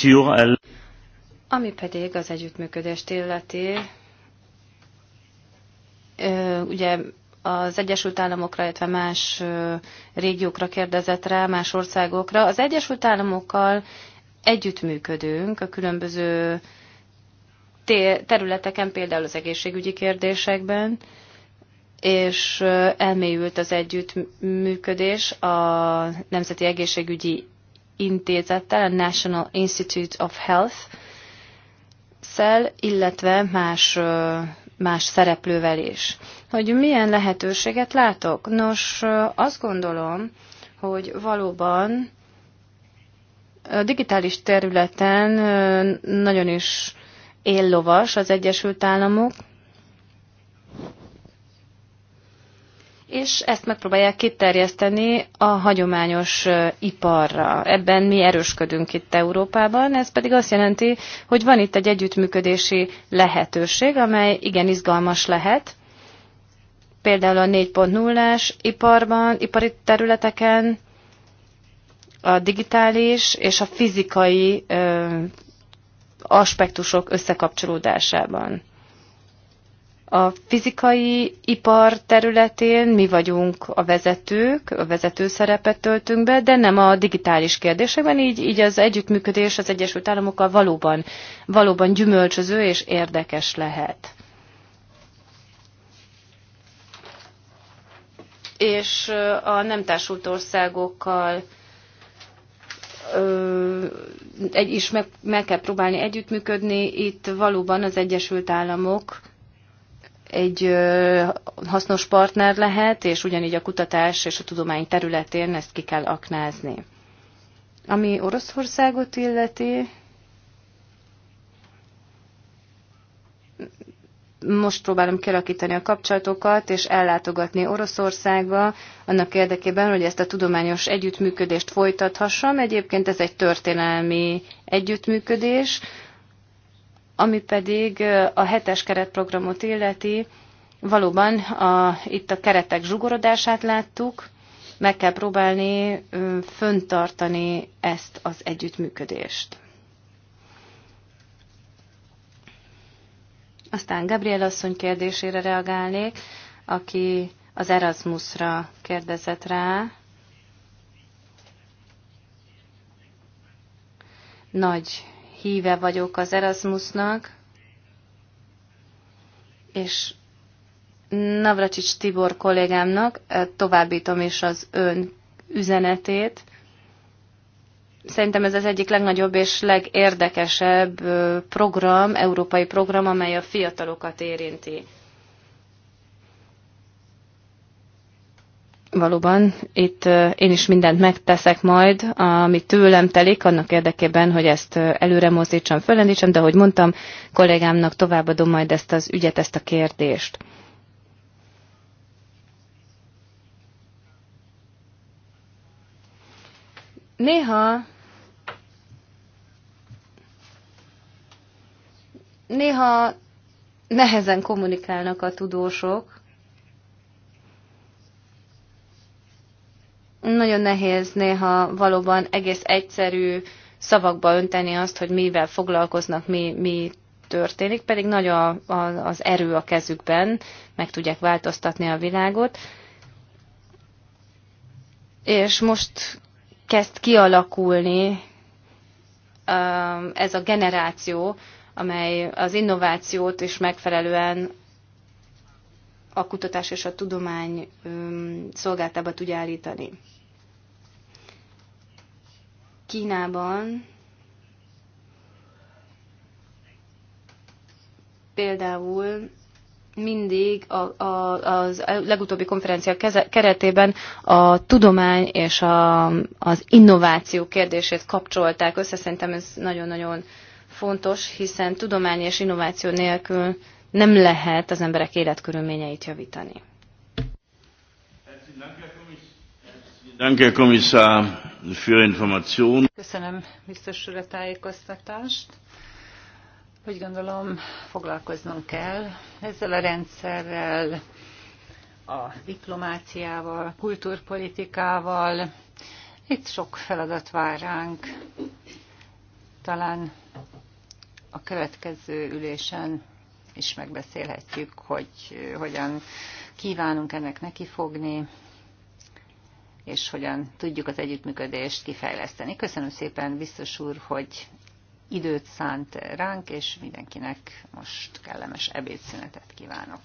euh, Ami pedig az együttműködést illeti, ugye az Egyesült Államokra, illetve más régiókra kérdezett rá, más országokra. Az Egyesült Államokkal együttműködünk a különböző területeken, például az egészségügyi kérdésekben, és elmélyült az együttműködés a Nemzeti Egészségügyi Intézettel, a National Institute of Health, szel, illetve más, más szereplővel is. Hogy milyen lehetőséget látok? Nos, azt gondolom, hogy valóban a digitális területen nagyon is éllovas az Egyesült Államok, és ezt megpróbálják kiterjeszteni a hagyományos iparra. Ebben mi erősködünk itt Európában, ez pedig azt jelenti, hogy van itt egy együttműködési lehetőség, amely igen izgalmas lehet. Például a 4.0-as iparban, ipari területeken, a digitális és a fizikai aspektusok összekapcsolódásában. A fizikai ipar területén mi vagyunk a vezetők, a vezető szerepet töltünk be, de nem a digitális kérdésekben, így, így az együttműködés az Egyesült Államokkal valóban, valóban gyümölcsöző és érdekes lehet. És a nem társult országokkal egy is meg, meg kell próbálni együttműködni. Itt valóban az Egyesült Államok egy ö, hasznos partner lehet, és ugyanígy a kutatás és a tudomány területén ezt ki kell aknázni. Ami Oroszországot illeti, most próbálom kialakítani a kapcsolatokat, és ellátogatni Oroszországba, annak érdekében, hogy ezt a tudományos együttműködést folytathassam. Egyébként ez egy történelmi együttműködés, ami pedig a hetes keretprogramot illeti, valóban a, itt a keretek zsugorodását láttuk, meg kell próbálni föntartani ezt az együttműködést. Aztán Gabriel asszony kérdésére reagálnék, aki az Erasmusra kérdezett rá. Nagy híve vagyok az Erasmusnak, és Navracsics Tibor kollégámnak továbbítom is az ön üzenetét, Szerintem ez az egyik legnagyobb és legérdekesebb program, európai program, amely a fiatalokat érinti. Valóban, itt én is mindent megteszek majd, ami tőlem telik, annak érdekében, hogy ezt előre mozdítsam, fölendítsam, de ahogy mondtam, kollégámnak továbbadom majd ezt az ügyet, ezt a kérdést. Néha Néha nehezen kommunikálnak a tudósok. Nagyon nehéz néha valóban egész egyszerű szavakba önteni azt, hogy mivel foglalkoznak, mi, mi történik, pedig nagy a, a, az erő a kezükben, meg tudják változtatni a világot. És most kezd kialakulni ez a generáció, amely az innovációt és megfelelően a kutatás és a tudomány szolgáltába tudja állítani. Kínában például mindig a, a, az legutóbbi konferencia keze, keretében a tudomány és a, az innováció kérdését kapcsolták össze. Szerintem ez nagyon-nagyon fontos, hiszen tudomány és innováció nélkül nem lehet az emberek életkörülményeit javítani. Köszönöm biztos úr a tájékoztatást. Úgy gondolom, foglalkoznom kell ezzel a rendszerrel, a diplomáciával, a kultúrpolitikával. Itt sok feladat vár ránk. Talán a következő ülésen is megbeszélhetjük, hogy eh, hogyan kívánunk ennek nekifogni, és hogyan tudjuk az együttműködést kifejleszteni. Köszönöm szépen, biztos úr, hogy időt szánt ránk, és mindenkinek most kellemes ebédszünetet kívánok.